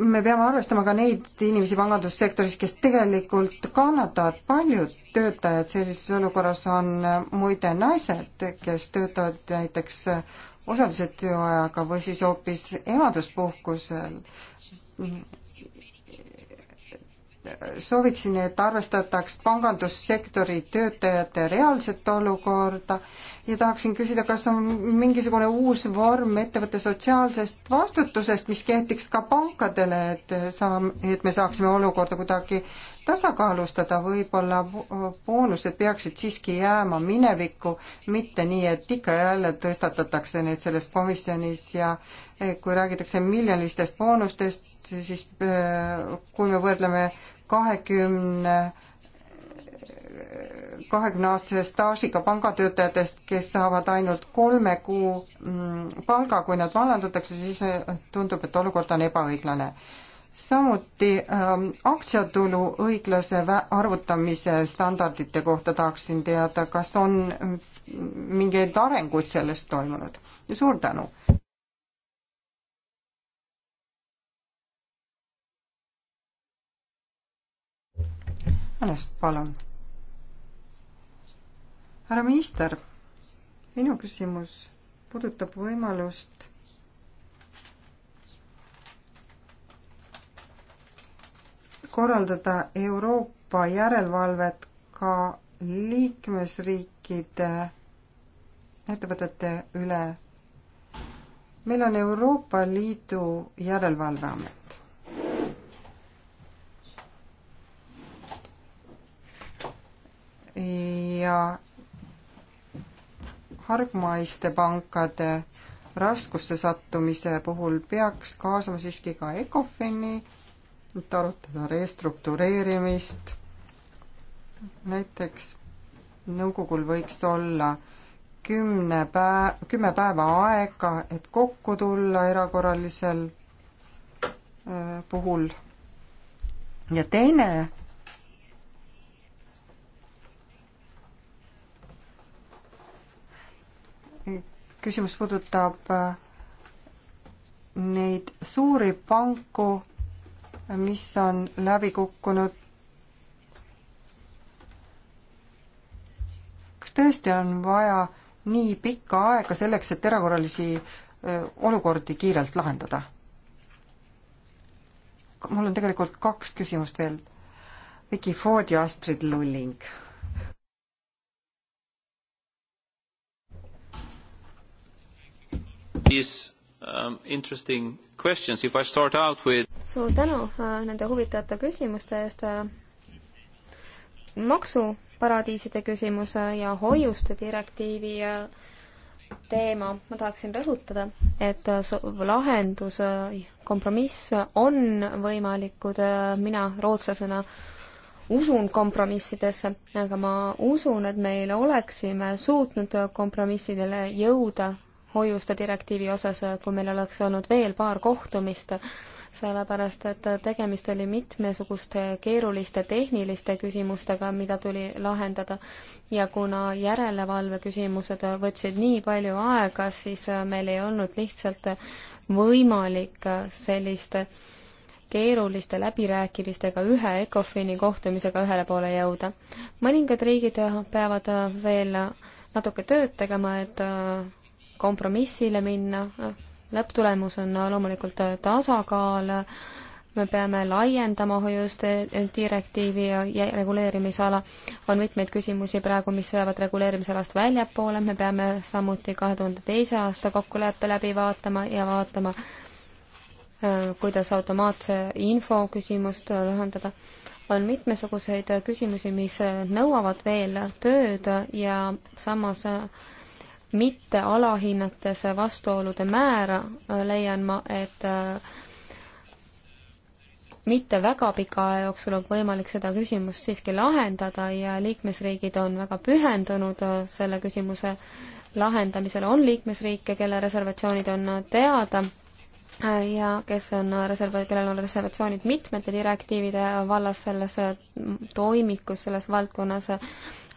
me peame arvestama ka neid inimesi pangandussektoris, kes tegelikult kannatavad, paljud töötajad sellises olukorras on muide naised, kes töötavad näiteks osalise tööajaga või siis hoopis emaduspuhkusel sooviksin, et arvestataks pangandussektori töötajate reaalset olukorda ja tahaksin küsida, kas on mingisugune uus vorm ettevõtte sotsiaalsest vastutusest, mis kehtiks ka pankadele, et saa, et me saaksime olukorda kuidagi tasakaalustada, võib-olla boonused peaksid siiski jääma minevikku, mitte nii, et ikka ja jälle tõstatatakse neid selles komisjonis ja eh, kui räägitakse miljonilistest boonustest, siis eh, kui me võrdleme kahekümne 20 kahekümneaastase staažiga pangatöötajatest, kes saavad ainult kolme kuu mm, palga, kui nad vallandatakse, siis eh, tundub, et olukord on ebaõiglane samuti ähm, aktsiatulu õiglase arvutamise standardite kohta tahaksin teada, kas on mingeid arenguid sellest toimunud ja suur tänu. Hannes, palun. härra minister, minu küsimus puudutab võimalust korraldada Euroopa järelevalvet ka liikmesriikide ettevõtete üle. meil on Euroopa Liidu Järelevalveamet. ja hargmaiste pankade raskusse sattumise puhul peaks kaasama siiski ka ECOFIN-i et arutada restruktureerimist. näiteks nõukogul võiks olla kümne päev, kümme päeva aega, et kokku tulla erakorralisel äh, puhul. ja teine küsimus puudutab äh, neid suuri panku mis on läbi kukkunud. kas tõesti on vaja nii pikka aega selleks, et erakorralisi olukordi kiirelt lahendada? mul on tegelikult kaks küsimust veel. Vicky Ford ja Astrid Lulling. siis um, interesting questions. If I start out with suur tänu uh, nende huvitavate küsimuste eest. Uh, maksuparadiiside küsimus uh, ja hoiuste direktiivi teema, ma tahaksin rõhutada, et lahendus, kompromiss on võimalikud, mina rootslasena usun kompromissidesse, aga ma usun, et meil oleksime suutnud kompromissidele jõuda hoiuste direktiivi osas, kui meil oleks olnud veel paar kohtumist, sellepärast et tegemist oli mitmesuguste keeruliste tehniliste küsimustega, mida tuli lahendada. ja kuna järelevalve küsimused võtsid nii palju aega, siis meil ei olnud lihtsalt võimalik selliste keeruliste läbirääkimistega ühe ECOFIN-i kohtumisega ühele poole jõuda. mõningad riigid peavad veel natuke tööd tegema, et kompromissile minna, lõpptulemus on loomulikult tasakaal, me peame laiendama hoiuste direktiivi ja reguleerimisala. on mitmeid küsimusi praegu, mis jäävad reguleerimisalast väljapoole, me peame samuti kahe tuhande teise aasta kokkuleppe läbi vaatama ja vaatama, kuidas automaatse info küsimust lahendada. on mitmesuguseid küsimusi, mis nõuavad veel tööd ja samas mitte alahinnates vastuolude määra, äh, leian ma, et äh, mitte väga pika aja jooksul on võimalik seda küsimust siiski lahendada ja liikmesriigid on väga pühendunud äh, selle küsimuse lahendamisele. on liikmesriike, kelle reservatsioonid on teada ja kes on reserv, kellel on reservatsioonid mitmete direktiivide vallas selles äh, toimikus, selles valdkonnas,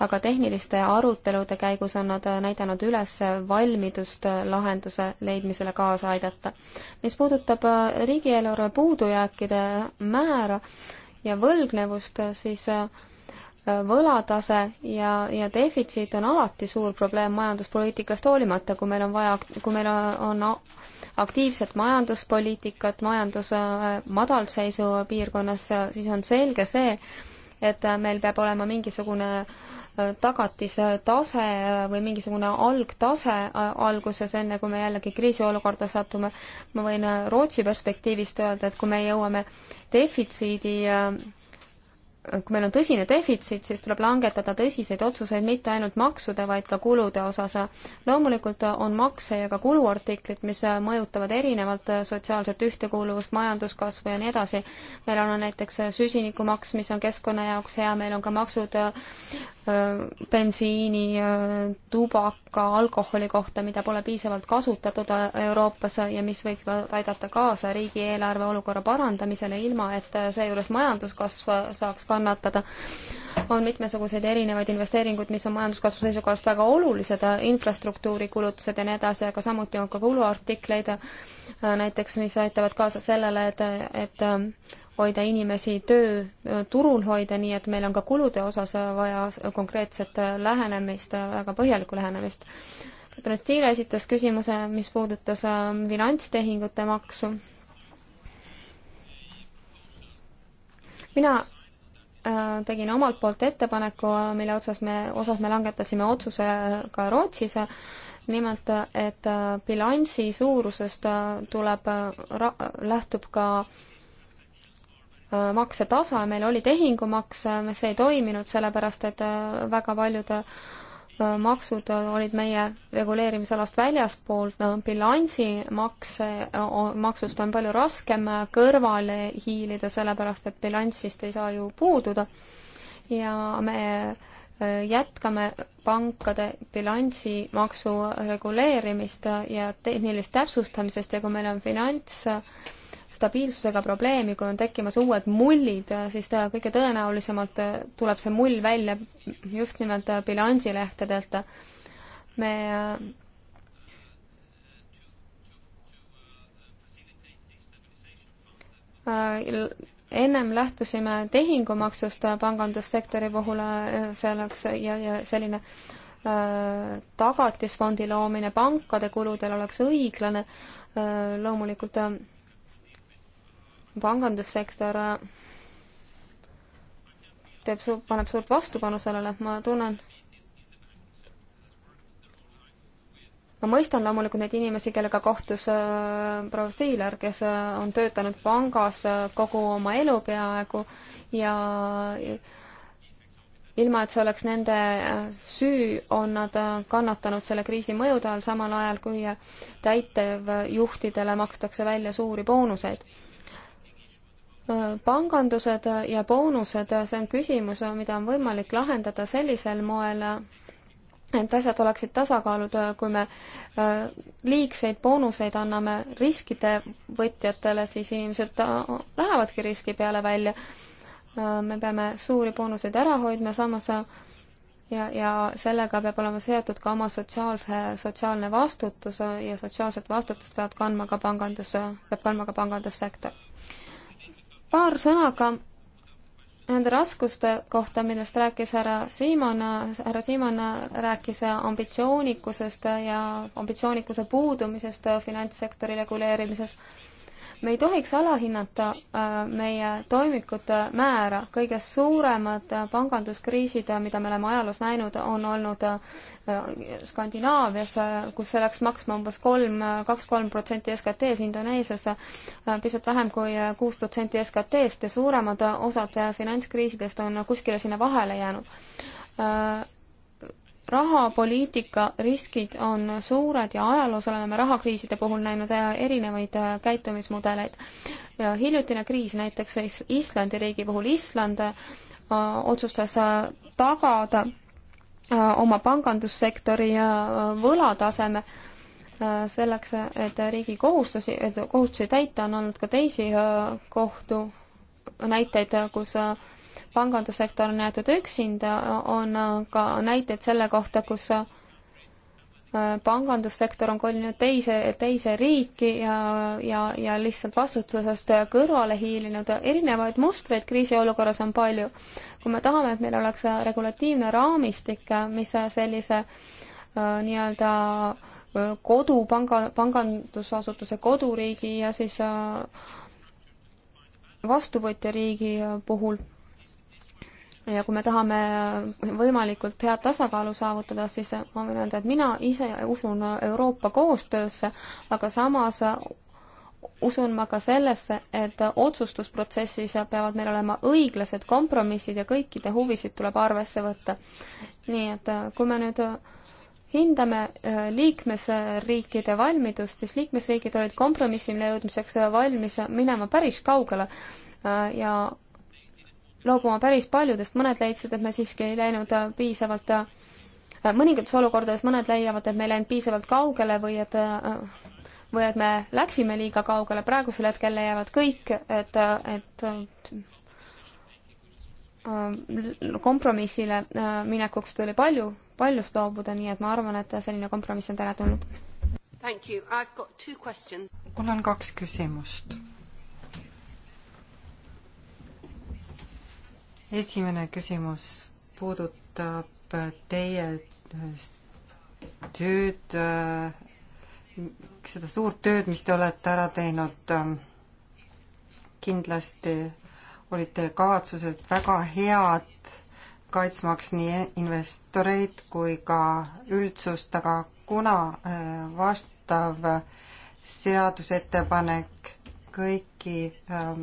aga tehniliste arutelude käigus on nad äh, näidanud üles valmidust äh, lahenduse leidmisele kaasa aidata. mis puudutab riigieelarve puudujääkide määra ja võlgnevust, siis võlatase ja, ja defitsiit on alati suur probleem majanduspoliitikast hoolimata, kui meil on vaja, kui meil on, on aktiivset majanduspoliitikat majandus äh, madalseisu piirkonnas, siis on selge see, et äh, meil peab olema mingisugune äh, tagatistase või mingisugune algtase alguses, enne kui me jällegi kriisiolukorda satume. ma võin Rootsi perspektiivist öelda, et kui me jõuame defitsiidi kui meil on tõsine defitsiit, siis tuleb langetada tõsiseid otsuseid mitte ainult maksude, vaid ka kulude osas. loomulikult on makse ja ka kuluartiklid, mis mõjutavad erinevalt sotsiaalset ühtekuuluvust, majanduskasvu ja nii edasi. meil on näiteks süsinikumaks, mis on keskkonna jaoks hea, meil on ka maksud Äh, bensiini, äh, tubaka, alkoholi kohta, mida pole piisavalt kasutatud äh, Euroopas ja mis võivad aidata kaasa riigieelarve olukorra parandamisele, ilma et seejuures majanduskasv saaks kannatada. on mitmesuguseid erinevaid investeeringuid, mis on majanduskasvu seisukohast väga olulised, infrastruktuuri kulutused ja nii edasi, aga samuti on ka kuluartikleid, näiteks mis aitavad kaasa sellele, et, et hoida inimesi tööturul hoida, nii et meil on ka kulude osas vaja konkreetset lähenemist, väga põhjalikku lähenemist. Katrin Stiile esitas küsimuse, mis puudutas finantstehingute maksu. mina tegin omalt poolt ettepaneku, mille otsas me, osas me langetasime otsuse ka Rootsis, nimelt, et bilansi suurusest tuleb, lähtub ka äh, Äh, maksetase, meil oli tehingumaks, äh, see ei toiminud, sellepärast et äh, väga paljud maksud olid meie reguleerimisalast väljaspool, bilansimakse, maksust on palju raskem kõrvale hiilida, sellepärast et bilansist ei saa ju puududa. ja me jätkame pankade bilansimaksu reguleerimist ja tehnilist täpsustamisest ja kui meil on finants stabiilsusega probleemi, kui on tekkimas uued mullid, siis ta kõige tõenäolisemalt tuleb see mull välja just nimelt bilansilehtedelt. me äh, ennem lähtusime tehingumaksust pangandussektori puhul äh, selleks ja, ja selline äh, tagatisfondi loomine pankade kuludel oleks õiglane äh,. loomulikult äh, pangandussektor äh, teeb su-, paneb suurt vastupanu sellele, ma tunnen ma mõistan loomulikult neid inimesi, kellega kohtus äh, proua Stiiler, kes äh, on töötanud pangas äh, kogu oma elu peaaegu ja ilma, et see oleks nende äh, süü, on nad äh, kannatanud selle kriisi mõjude all, samal ajal kui täitevjuhtidele makstakse välja suuri boonuseid pangandused ja boonused, see on küsimus, mida on võimalik lahendada sellisel moel, et asjad oleksid tasakaalud, kui me äh, liigseid boonuseid anname riskide võtjatele, siis inimesed äh, lähevadki riski peale välja. Äh, me peame suuri boonuseid ära hoidma, samas ja, ja sellega peab olema seotud ka oma sotsiaalse, sotsiaalne vastutus ja sotsiaalset vastutust peavad kandma ka pangandus, peab kandma ka pangandussektor paar sõna ka nende raskuste kohta, millest rääkis härra Siimon, härra Siimon rääkis ambitsioonikusest ja ambitsioonikuse puudumisest finantssektori reguleerimises me ei tohiks alahinnata äh, meie toimikute määra, kõige suuremad äh, panganduskriisid, äh, mida me oleme ajaloos näinud, on olnud Skandinaavias, kus see läks maksma umbes kolm, kaks-kolm protsenti SKT-s, Indoneesias pisut vähem kui kuus protsenti SKT-st ja suuremad osad finantskriisidest on kuskile sinna vahele jäänud rahapoliitika riskid on suured ja ajaloos oleme me rahakriiside puhul näinud äh, erinevaid äh, käitumismudeleid. hiljutine kriis näiteks Islandi riigi puhul, Island äh, otsustas tagada oma pangandussektori võlataseme selleks, et riigi kohustusi, et kohustusi täita, on olnud ka teisi kohtu näiteid, kus pangandussektor on jäetud üksinda, on ka näiteid selle kohta, kus äh, pangandussektor on kolinud teise, teise riiki ja, ja, ja lihtsalt vastutusest kõrvale hiilinud. erinevaid mustreid kriisiolukorras on palju. kui me tahame, et meil oleks regulatiivne raamistik, mis sellise äh, nii-öelda äh, kodu, panga, pangandusasutuse koduriigi ja siis vastuvõtjariigi puhul ja kui me tahame võimalikult head tasakaalu saavutada, siis ma võin öelda, et mina ise usun Euroopa koostöösse, aga samas usun ma ka sellesse, et otsustusprotsessis peavad meil olema õiglased kompromissid ja kõikide huvisid tuleb arvesse võtta. nii et äh, kui me nüüd äh, hindame äh, liikmesriikide valmidust, siis liikmesriigid olid kompromissile jõudmiseks valmis minema päris kaugele ja loobuma päris paljudest, mõned leidsid, et me siiski ei läinud äh, piisavalt, äh, mõningates olukordades mõned leiavad, et me ei läinud piisavalt kaugele või et äh, või et me läksime liiga kaugele, praegusel hetkel leiavad kõik, et, et kompromissile minekuks tuli palju, paljust loobuda, nii et ma arvan, et selline kompromiss on teretulnud. mul on kaks küsimust esimene küsimus puudutab teie tööd, seda suurt tööd, mis te olete ära teinud. kindlasti olid teie kavatsused väga head, kaitsmaks nii investoreid kui ka üldsust, aga kuna äh, vastav äh, seadusettepanek kõiki äh,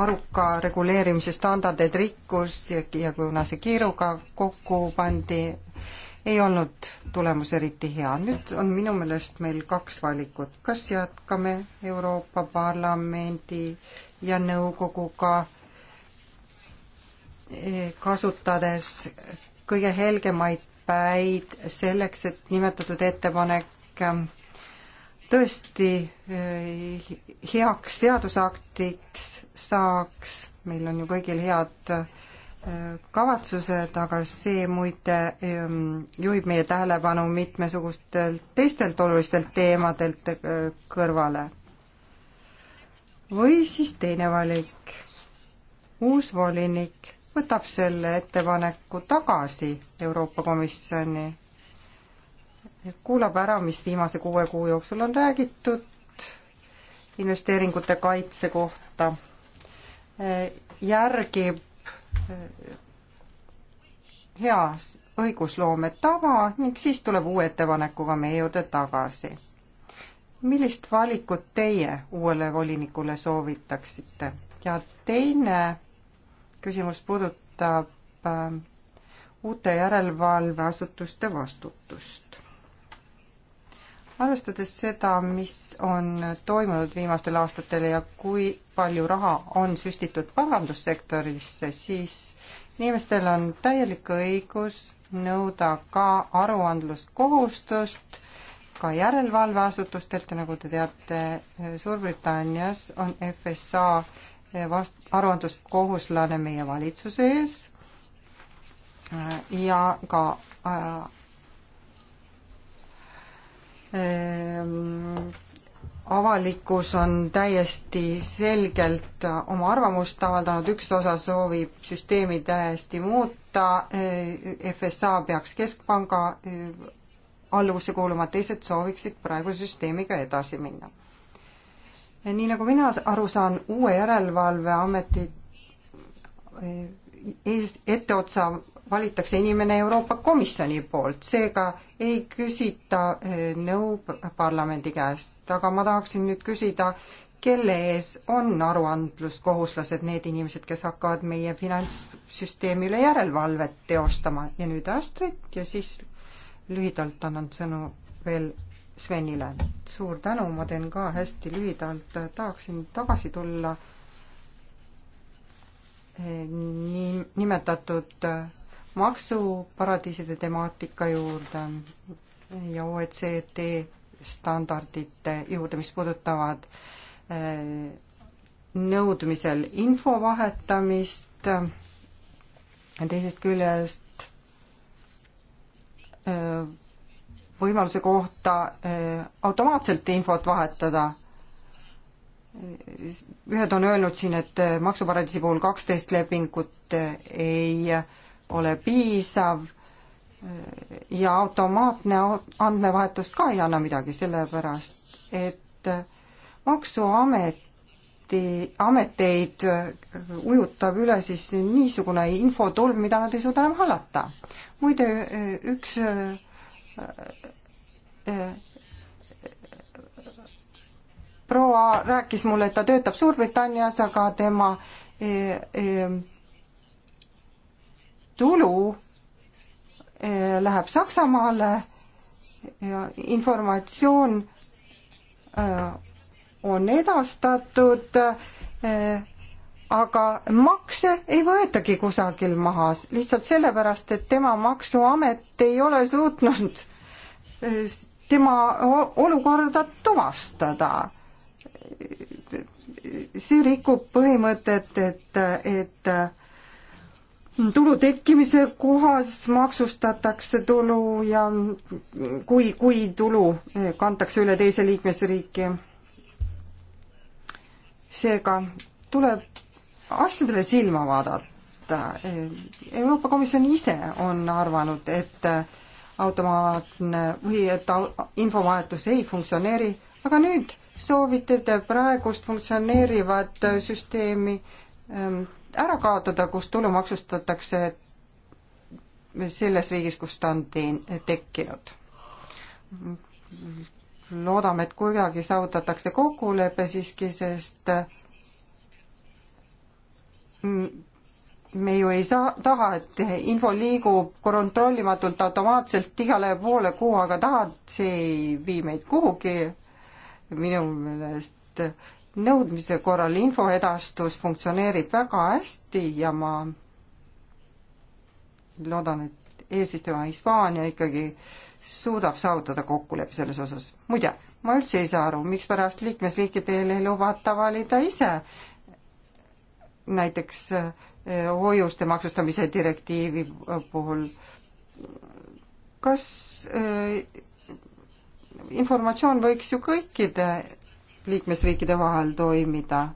aruka reguleerimise standardeid rikkus ja, ja kuna see kiiruga kokku pandi, ei olnud tulemus eriti hea. nüüd on minu meelest meil kaks valikut, kas jätkame Euroopa Parlamendi ja nõukoguga eh, kasutades kõige helgemaid päid selleks, et nimetatud ettepanek eh, tõesti eh, heaks seadusaktiks saaks, meil on ju kõigil head eh, kavatsused, aga see muide ehm, juhib meie tähelepanu mitmesugustelt teistelt olulistelt teemadelt eh, kõrvale. või siis teine valik, uus volinik võtab selle ettepaneku tagasi Euroopa Komisjoni kuulab ära, mis viimase kuue kuu jooksul on räägitud investeeringute kaitse kohta, järgib eh, hea õigusloome tava ning siis tuleb uue ettepanekuga meie juurde tagasi. millist valikut teie uuele volinikule soovitaksite? ja teine küsimus puudutab eh, uute järelevalveasutuste vastutust arvestades seda, mis on toimunud viimastel aastatel ja kui palju raha on süstitud pangandussektorisse, siis inimestel on täielik õigus nõuda ka aruandluskohustust ka järelevalveasutustelt ja nagu te teate, Suurbritannias on FSA vast-, aruandluskohuslane meie valitsuse ees ja ka äh, Ehm, avalikkus on täiesti selgelt oma arvamust avaldanud, üks osa soovib süsteemi täiesti muuta, ehm, FSA peaks Keskpanga ehm, alluvusse kuuluma, teised sooviksid praegu süsteemiga edasi minna. nii nagu mina aru saan, uue järelevalveameti ees, etteotsa valitakse inimene Euroopa Komisjoni poolt, seega ei küsita eh, nõu parlamendi käest, aga ma tahaksin nüüd küsida, kelle ees on aruandluskohuslased, need inimesed, kes hakkavad meie finantssüsteemi üle järelevalvet teostama ja nüüd Astrid ja siis lühidalt annan sõnu veel Svenile. suur tänu, ma teen ka hästi lühidalt, tahaksin tagasi tulla eh, nii nimetatud eh, maksuparadiiside temaatika juurde ja OECD standardite juurde, mis puudutavad eh, nõudmisel info vahetamist, teisest küljest eh, võimaluse kohta eh, automaatselt infot vahetada. ühed on öelnud siin, et maksuparadiisi puhul kaksteist lepingut ei ole piisav ja automaatne andmevahetus ka ei anna midagi, sellepärast et maksuameti, ameteid ujutab üle siis niisugune infotolm, mida nad ei suuda enam hallata. muide, üks eh, proua rääkis mulle, et ta töötab Suurbritannias, aga tema eh, eh, tulu eh, läheb Saksamaale ja informatsioon eh, on edastatud, eh, aga makse ei võetagi kusagil maha, lihtsalt sellepärast, et tema maksuamet ei ole suutnud tema olukorda tuvastada. see rikub põhimõtet, et, et tulu tekkimise kohas maksustatakse tulu ja kui, kui tulu kantakse üle teise liikmesriiki. seega tuleb asjadele silma vaadata. Euroopa Komisjon ise on arvanud, et automaatne või et infovahetus ei funktsioneeri, aga nüüd soovite te praegust funktsioneerivat süsteemi ähm, ära kaotada, kus tulu maksustatakse selles riigis, kus ta on teen-, tekkinud. loodame, et kuidagi saavutatakse kokkulepe siiski, sest me ju ei saa, taha, et info liigub kontrollimatult automaatselt igale poole, kuhu aga tahad, see ei vii meid kuhugi minu meelest nõudmise korral infoedastus funktsioneerib väga hästi ja ma loodan, et eesistuja Hispaania ikkagi suudab saavutada kokkuleppe selles osas. muide, ma üldse ei saa aru, mikspärast liikmesriikidel ei lubata valida ise näiteks eh, hoiuste maksustamise direktiivi puhul. kas eh, informatsioon võiks ju kõikide liikmesriikide vahel toimida.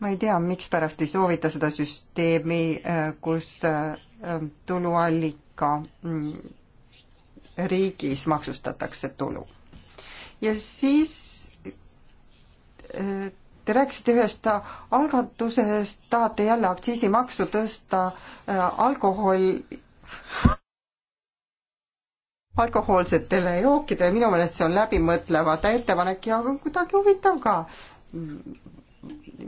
ma ei tea, mikspärast ei soovita seda süsteemi, äh, kus äh, tuluallika mm, riigis maksustatakse tulu. ja siis äh, Te rääkisite ühest algatusest, tahate jälle aktsiisimaksu tõsta alkohol alkohoolsetele jookidele, minu meelest see on läbimõtlemata ettepanek ja kuidagi huvitav ka.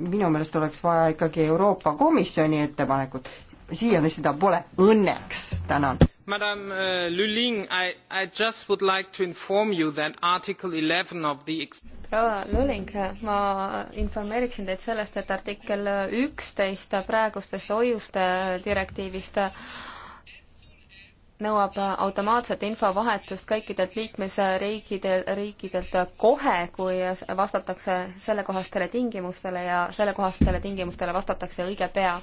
minu meelest oleks vaja ikkagi Euroopa Komisjoni ettepanekut, siiani seda pole, õnneks, tänan. Madam uh, Luling, I, I just would like to inform you that article eleven of the proua Luling, ma informeeriksin teid sellest, et artikkel üksteist praegustest hoiuste direktiivist uh, nõuab automaatset infovahetust kõikidelt liikmesriikide, riikidelt kohe, kui vastatakse sellekohastele tingimustele ja sellekohastele tingimustele vastatakse õige pea.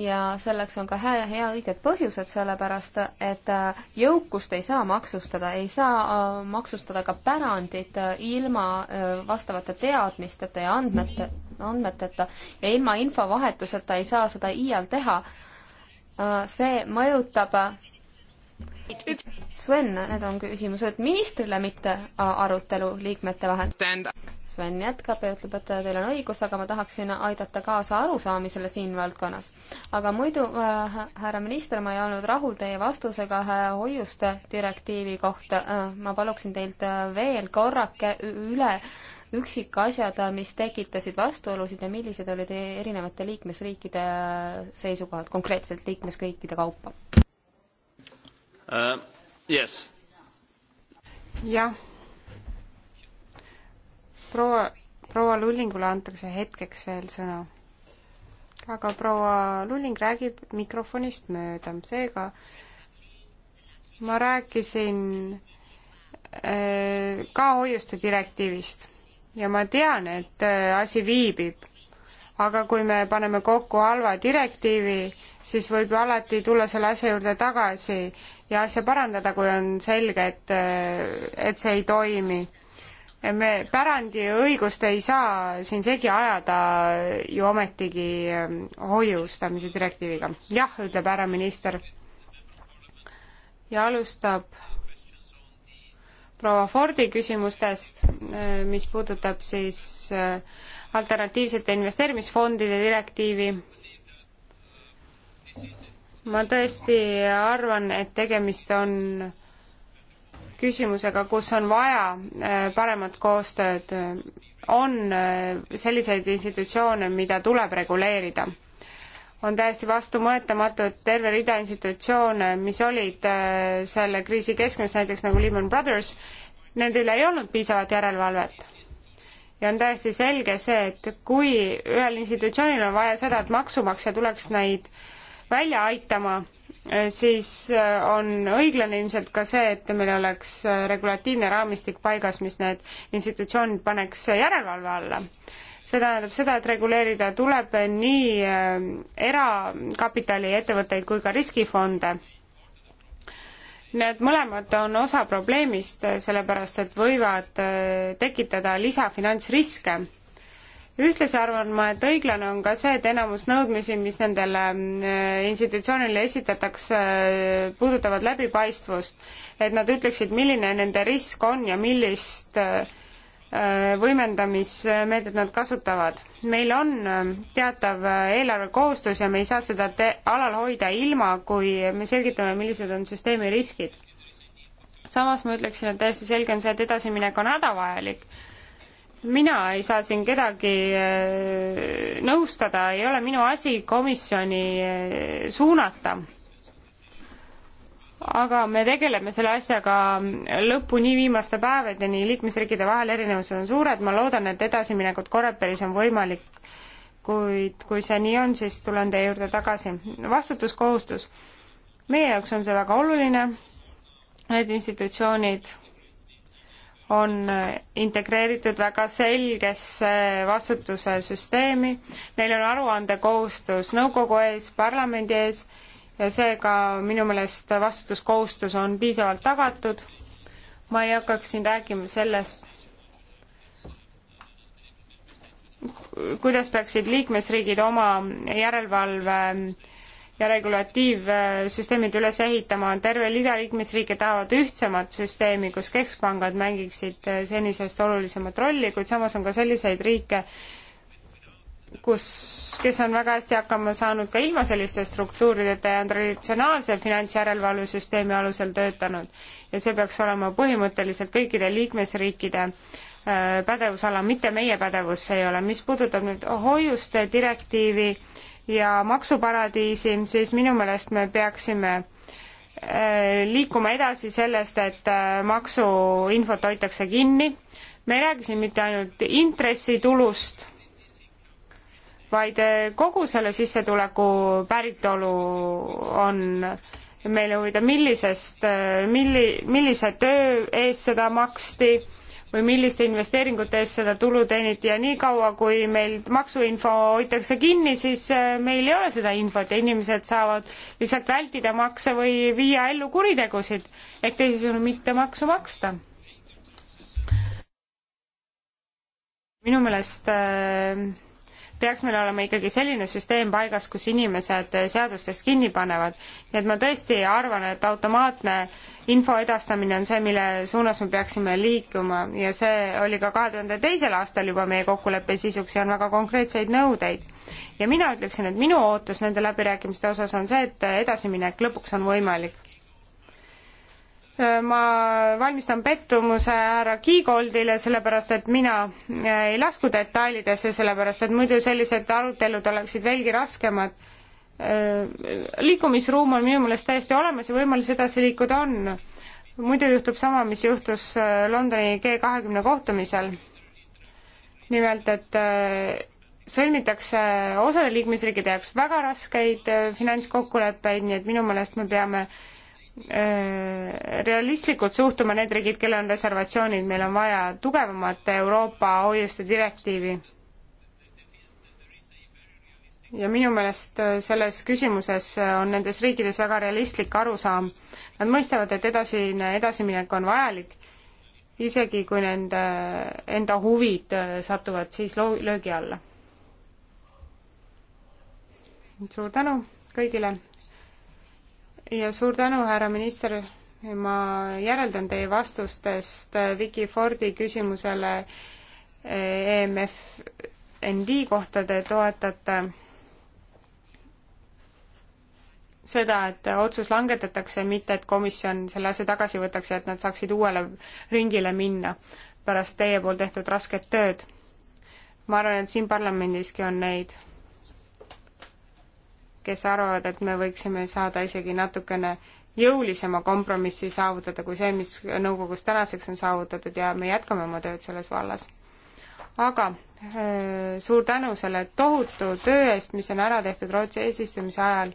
ja selleks on ka hea, hea õiged põhjused, sellepärast et jõukust ei saa maksustada, ei saa äh, maksustada ka pärandit äh, ilma äh, vastavate teadmisteta ja andmete, andmeteta ja ilma infovahetuseta ei saa seda iial teha see mõjutab Sven, need on küsimused ministrile, mitte arutelu liikmete vahel. Sven jätkab ja ütleb, et teil on õigus, aga ma tahaksin aidata kaasa arusaamisele siin valdkonnas. aga muidu äh,, härra minister, ma ei olnud rahul teie vastusega äh, hoiuste direktiivi kohta äh,. ma paluksin teilt äh, veel korrake üle üksikasjad, äh, mis tekitasid vastuolusid ja millised olid e-, erinevate liikmesriikide äh, seisukohad, konkreetselt liikmesriikide kaupa? Uh, yes. jah. proua, proua Lullingule antakse hetkeks veel sõna. aga proua Lulling räägib mikrofonist mööda, seega ma rääkisin äh, ka hoiuste direktiivist ja ma tean, et äh, asi viibib. aga kui me paneme kokku halva direktiivi, siis võib ju alati tulla selle asja juurde tagasi ja asja parandada, kui on selge, et, et see ei toimi. me pärandiõigust ei saa siin segi ajada ju ometigi ähm, hoiustamise direktiiviga. jah, ütleb härra minister. ja alustab proua Fordi küsimustest, äh, mis puudutab siis äh, alternatiivsete investeerimisfondide direktiivi ma tõesti arvan, et tegemist on küsimusega, kus on vaja äh, paremat koostööd. on äh, selliseid institutsioone, mida tuleb reguleerida. on täiesti vastumõõtamatu, et terve rida institutsioone, mis olid äh, selle kriisi keskmes, näiteks nagu Lehman Brothers, nende üle ei olnud piisavat järelevalvet ja on täiesti selge see, et kui ühel institutsioonil on vaja seda, et maksumaksja tuleks neid äh, välja aitama, eh, siis eh, on õiglane ilmselt ka see, et meil oleks eh, regulatiivne raamistik paigas, mis need institutsioonid paneks järelevalve alla see tähendab seda, et reguleerida tuleb nii erakapitali ettevõtteid kui ka riskifonde. Need mõlemad on osa probleemist, sellepärast et võivad tekitada lisafinantsriske ühtlasi arvan ma, et õiglane on ka see, et enamus nõudmisi, mis nendele mm, äh, institutsioonile esitatakse, äh, puudutavad läbipaistvust. et nad ütleksid, milline nende risk on ja millist äh, võimendamismeedet nad kasutavad. meil on teatav eelarvekohustus ja me ei saa seda te-, alal hoida ilma, kui me selgitame, millised on süsteemi riskid. samas ma ütleksin, et täiesti selge on see, et edasiminek on hädavajalik mina ei saa siin kedagi äh, nõustada, ei ole minu asi komisjoni äh, suunata. aga me tegeleme selle asjaga lõpuni viimaste päevadeni, liikmesriikide vahel erinevused on suured, ma loodan, et edasiminekut Koreperis on võimalik, kuid kui see nii on, siis tulen teie juurde tagasi. vastutuskohustus, meie jaoks on see väga oluline, need institutsioonid on integreeritud väga selgesse vastutuse süsteemi, neil on aruandekohustus nõukogu ees, parlamendi ees ja seega minu meelest vastutuskohustus on piisavalt tagatud. ma ei hakkaks siin rääkima sellest, kuidas peaksid liikmesriigid oma järelevalve ja regulatiivsüsteemid üles ehitama, terve rida liikmesriike tahavad ühtsemat süsteemi, kus keskpangad mängiksid äh, senisest olulisemat rolli, kuid samas on ka selliseid riike, kus, kes on väga hästi hakkama saanud ka ilma selliste struktuurideta ja on traditsionaalse finantsjärelevalvesüsteemi alusel töötanud. ja see peaks olema põhimõtteliselt kõikide liikmesriikide äh, pädevusala, mitte meie pädevus see ei ole. mis puudutab nüüd hoiuste direktiivi, ja maksuparadiisi, siis minu meelest me peaksime äh, liikuma edasi sellest, et äh, maksuinfot hoitakse kinni. me ei räägi siin mitte ainult intressitulust, vaid äh, kogu selle sissetuleku päritolu on meile huvitav, millisest, milli-, millise töö eest seda maksti või milliste investeeringute eest seda tulu teeniti ja niikaua, kui meil maksuinfo hoitakse kinni, siis äh, meil ei ole seda infot ja inimesed saavad lihtsalt vältida makse või viia ellu kuritegusid ehk teisisõnu mitte maksu maksta. minu meelest äh, peaks meil olema ikkagi selline süsteem paigas, kus inimesed seadustest kinni panevad. nii et ma tõesti arvan, et automaatne info edastamine on see, mille suunas me peaksime liikuma ja see oli ka kahe tuhande teisel aastal juba meie kokkuleppe sisuks ja on väga konkreetseid nõudeid. ja mina ütleksin, et minu ootus nende läbirääkimiste osas on see, et edasiminek lõpuks on võimalik ma valmistan pettumuse härra Kiigoldile, sellepärast et mina eh, ei lasku detailidesse, sellepärast et muidu sellised arutelud oleksid veelgi raskemad. Eh, liikumisruum on minu meelest täiesti olemas ja võimalus edasi liikuda on. muidu juhtub sama, mis juhtus eh, Londoni G kahekümne kohtumisel. nimelt, et sõlmitakse osade liikmesriikide jaoks väga raskeid finantskokkuleppeid, nii et minu meelest me peame äh, Äh, realistlikult suhtuma need riigid, kellel on reservatsioonid, meil on vaja tugevamat Euroopa hoiuste direktiivi. ja minu meelest äh, selles küsimuses äh, on nendes riikides väga realistlik arusaam. Nad mõistavad, et edasine edasiminek on vajalik, isegi kui nende enda huvid satuvad siis löögi alla. suur tänu kõigile ja suur tänu, härra minister, ma järeldan teie vastustest Vicky Fordi küsimusele EMFND eh, e kohta te toetate seda, et otsus langetatakse, mitte et komisjon selle asja tagasi võtaks ja et nad saaksid uuele ringile minna pärast teie poolt tehtud rasket tööd. ma arvan, et siin parlamendiski on neid kes arvavad, et me võiksime saada isegi natukene jõulisema kompromissi saavutada kui see, mis nõukogus tänaseks on saavutatud ja me jätkame oma tööd selles vallas. aga äh, suur tänu selle tohutu töö eest, mis on ära tehtud Rootsi eesistumise ajal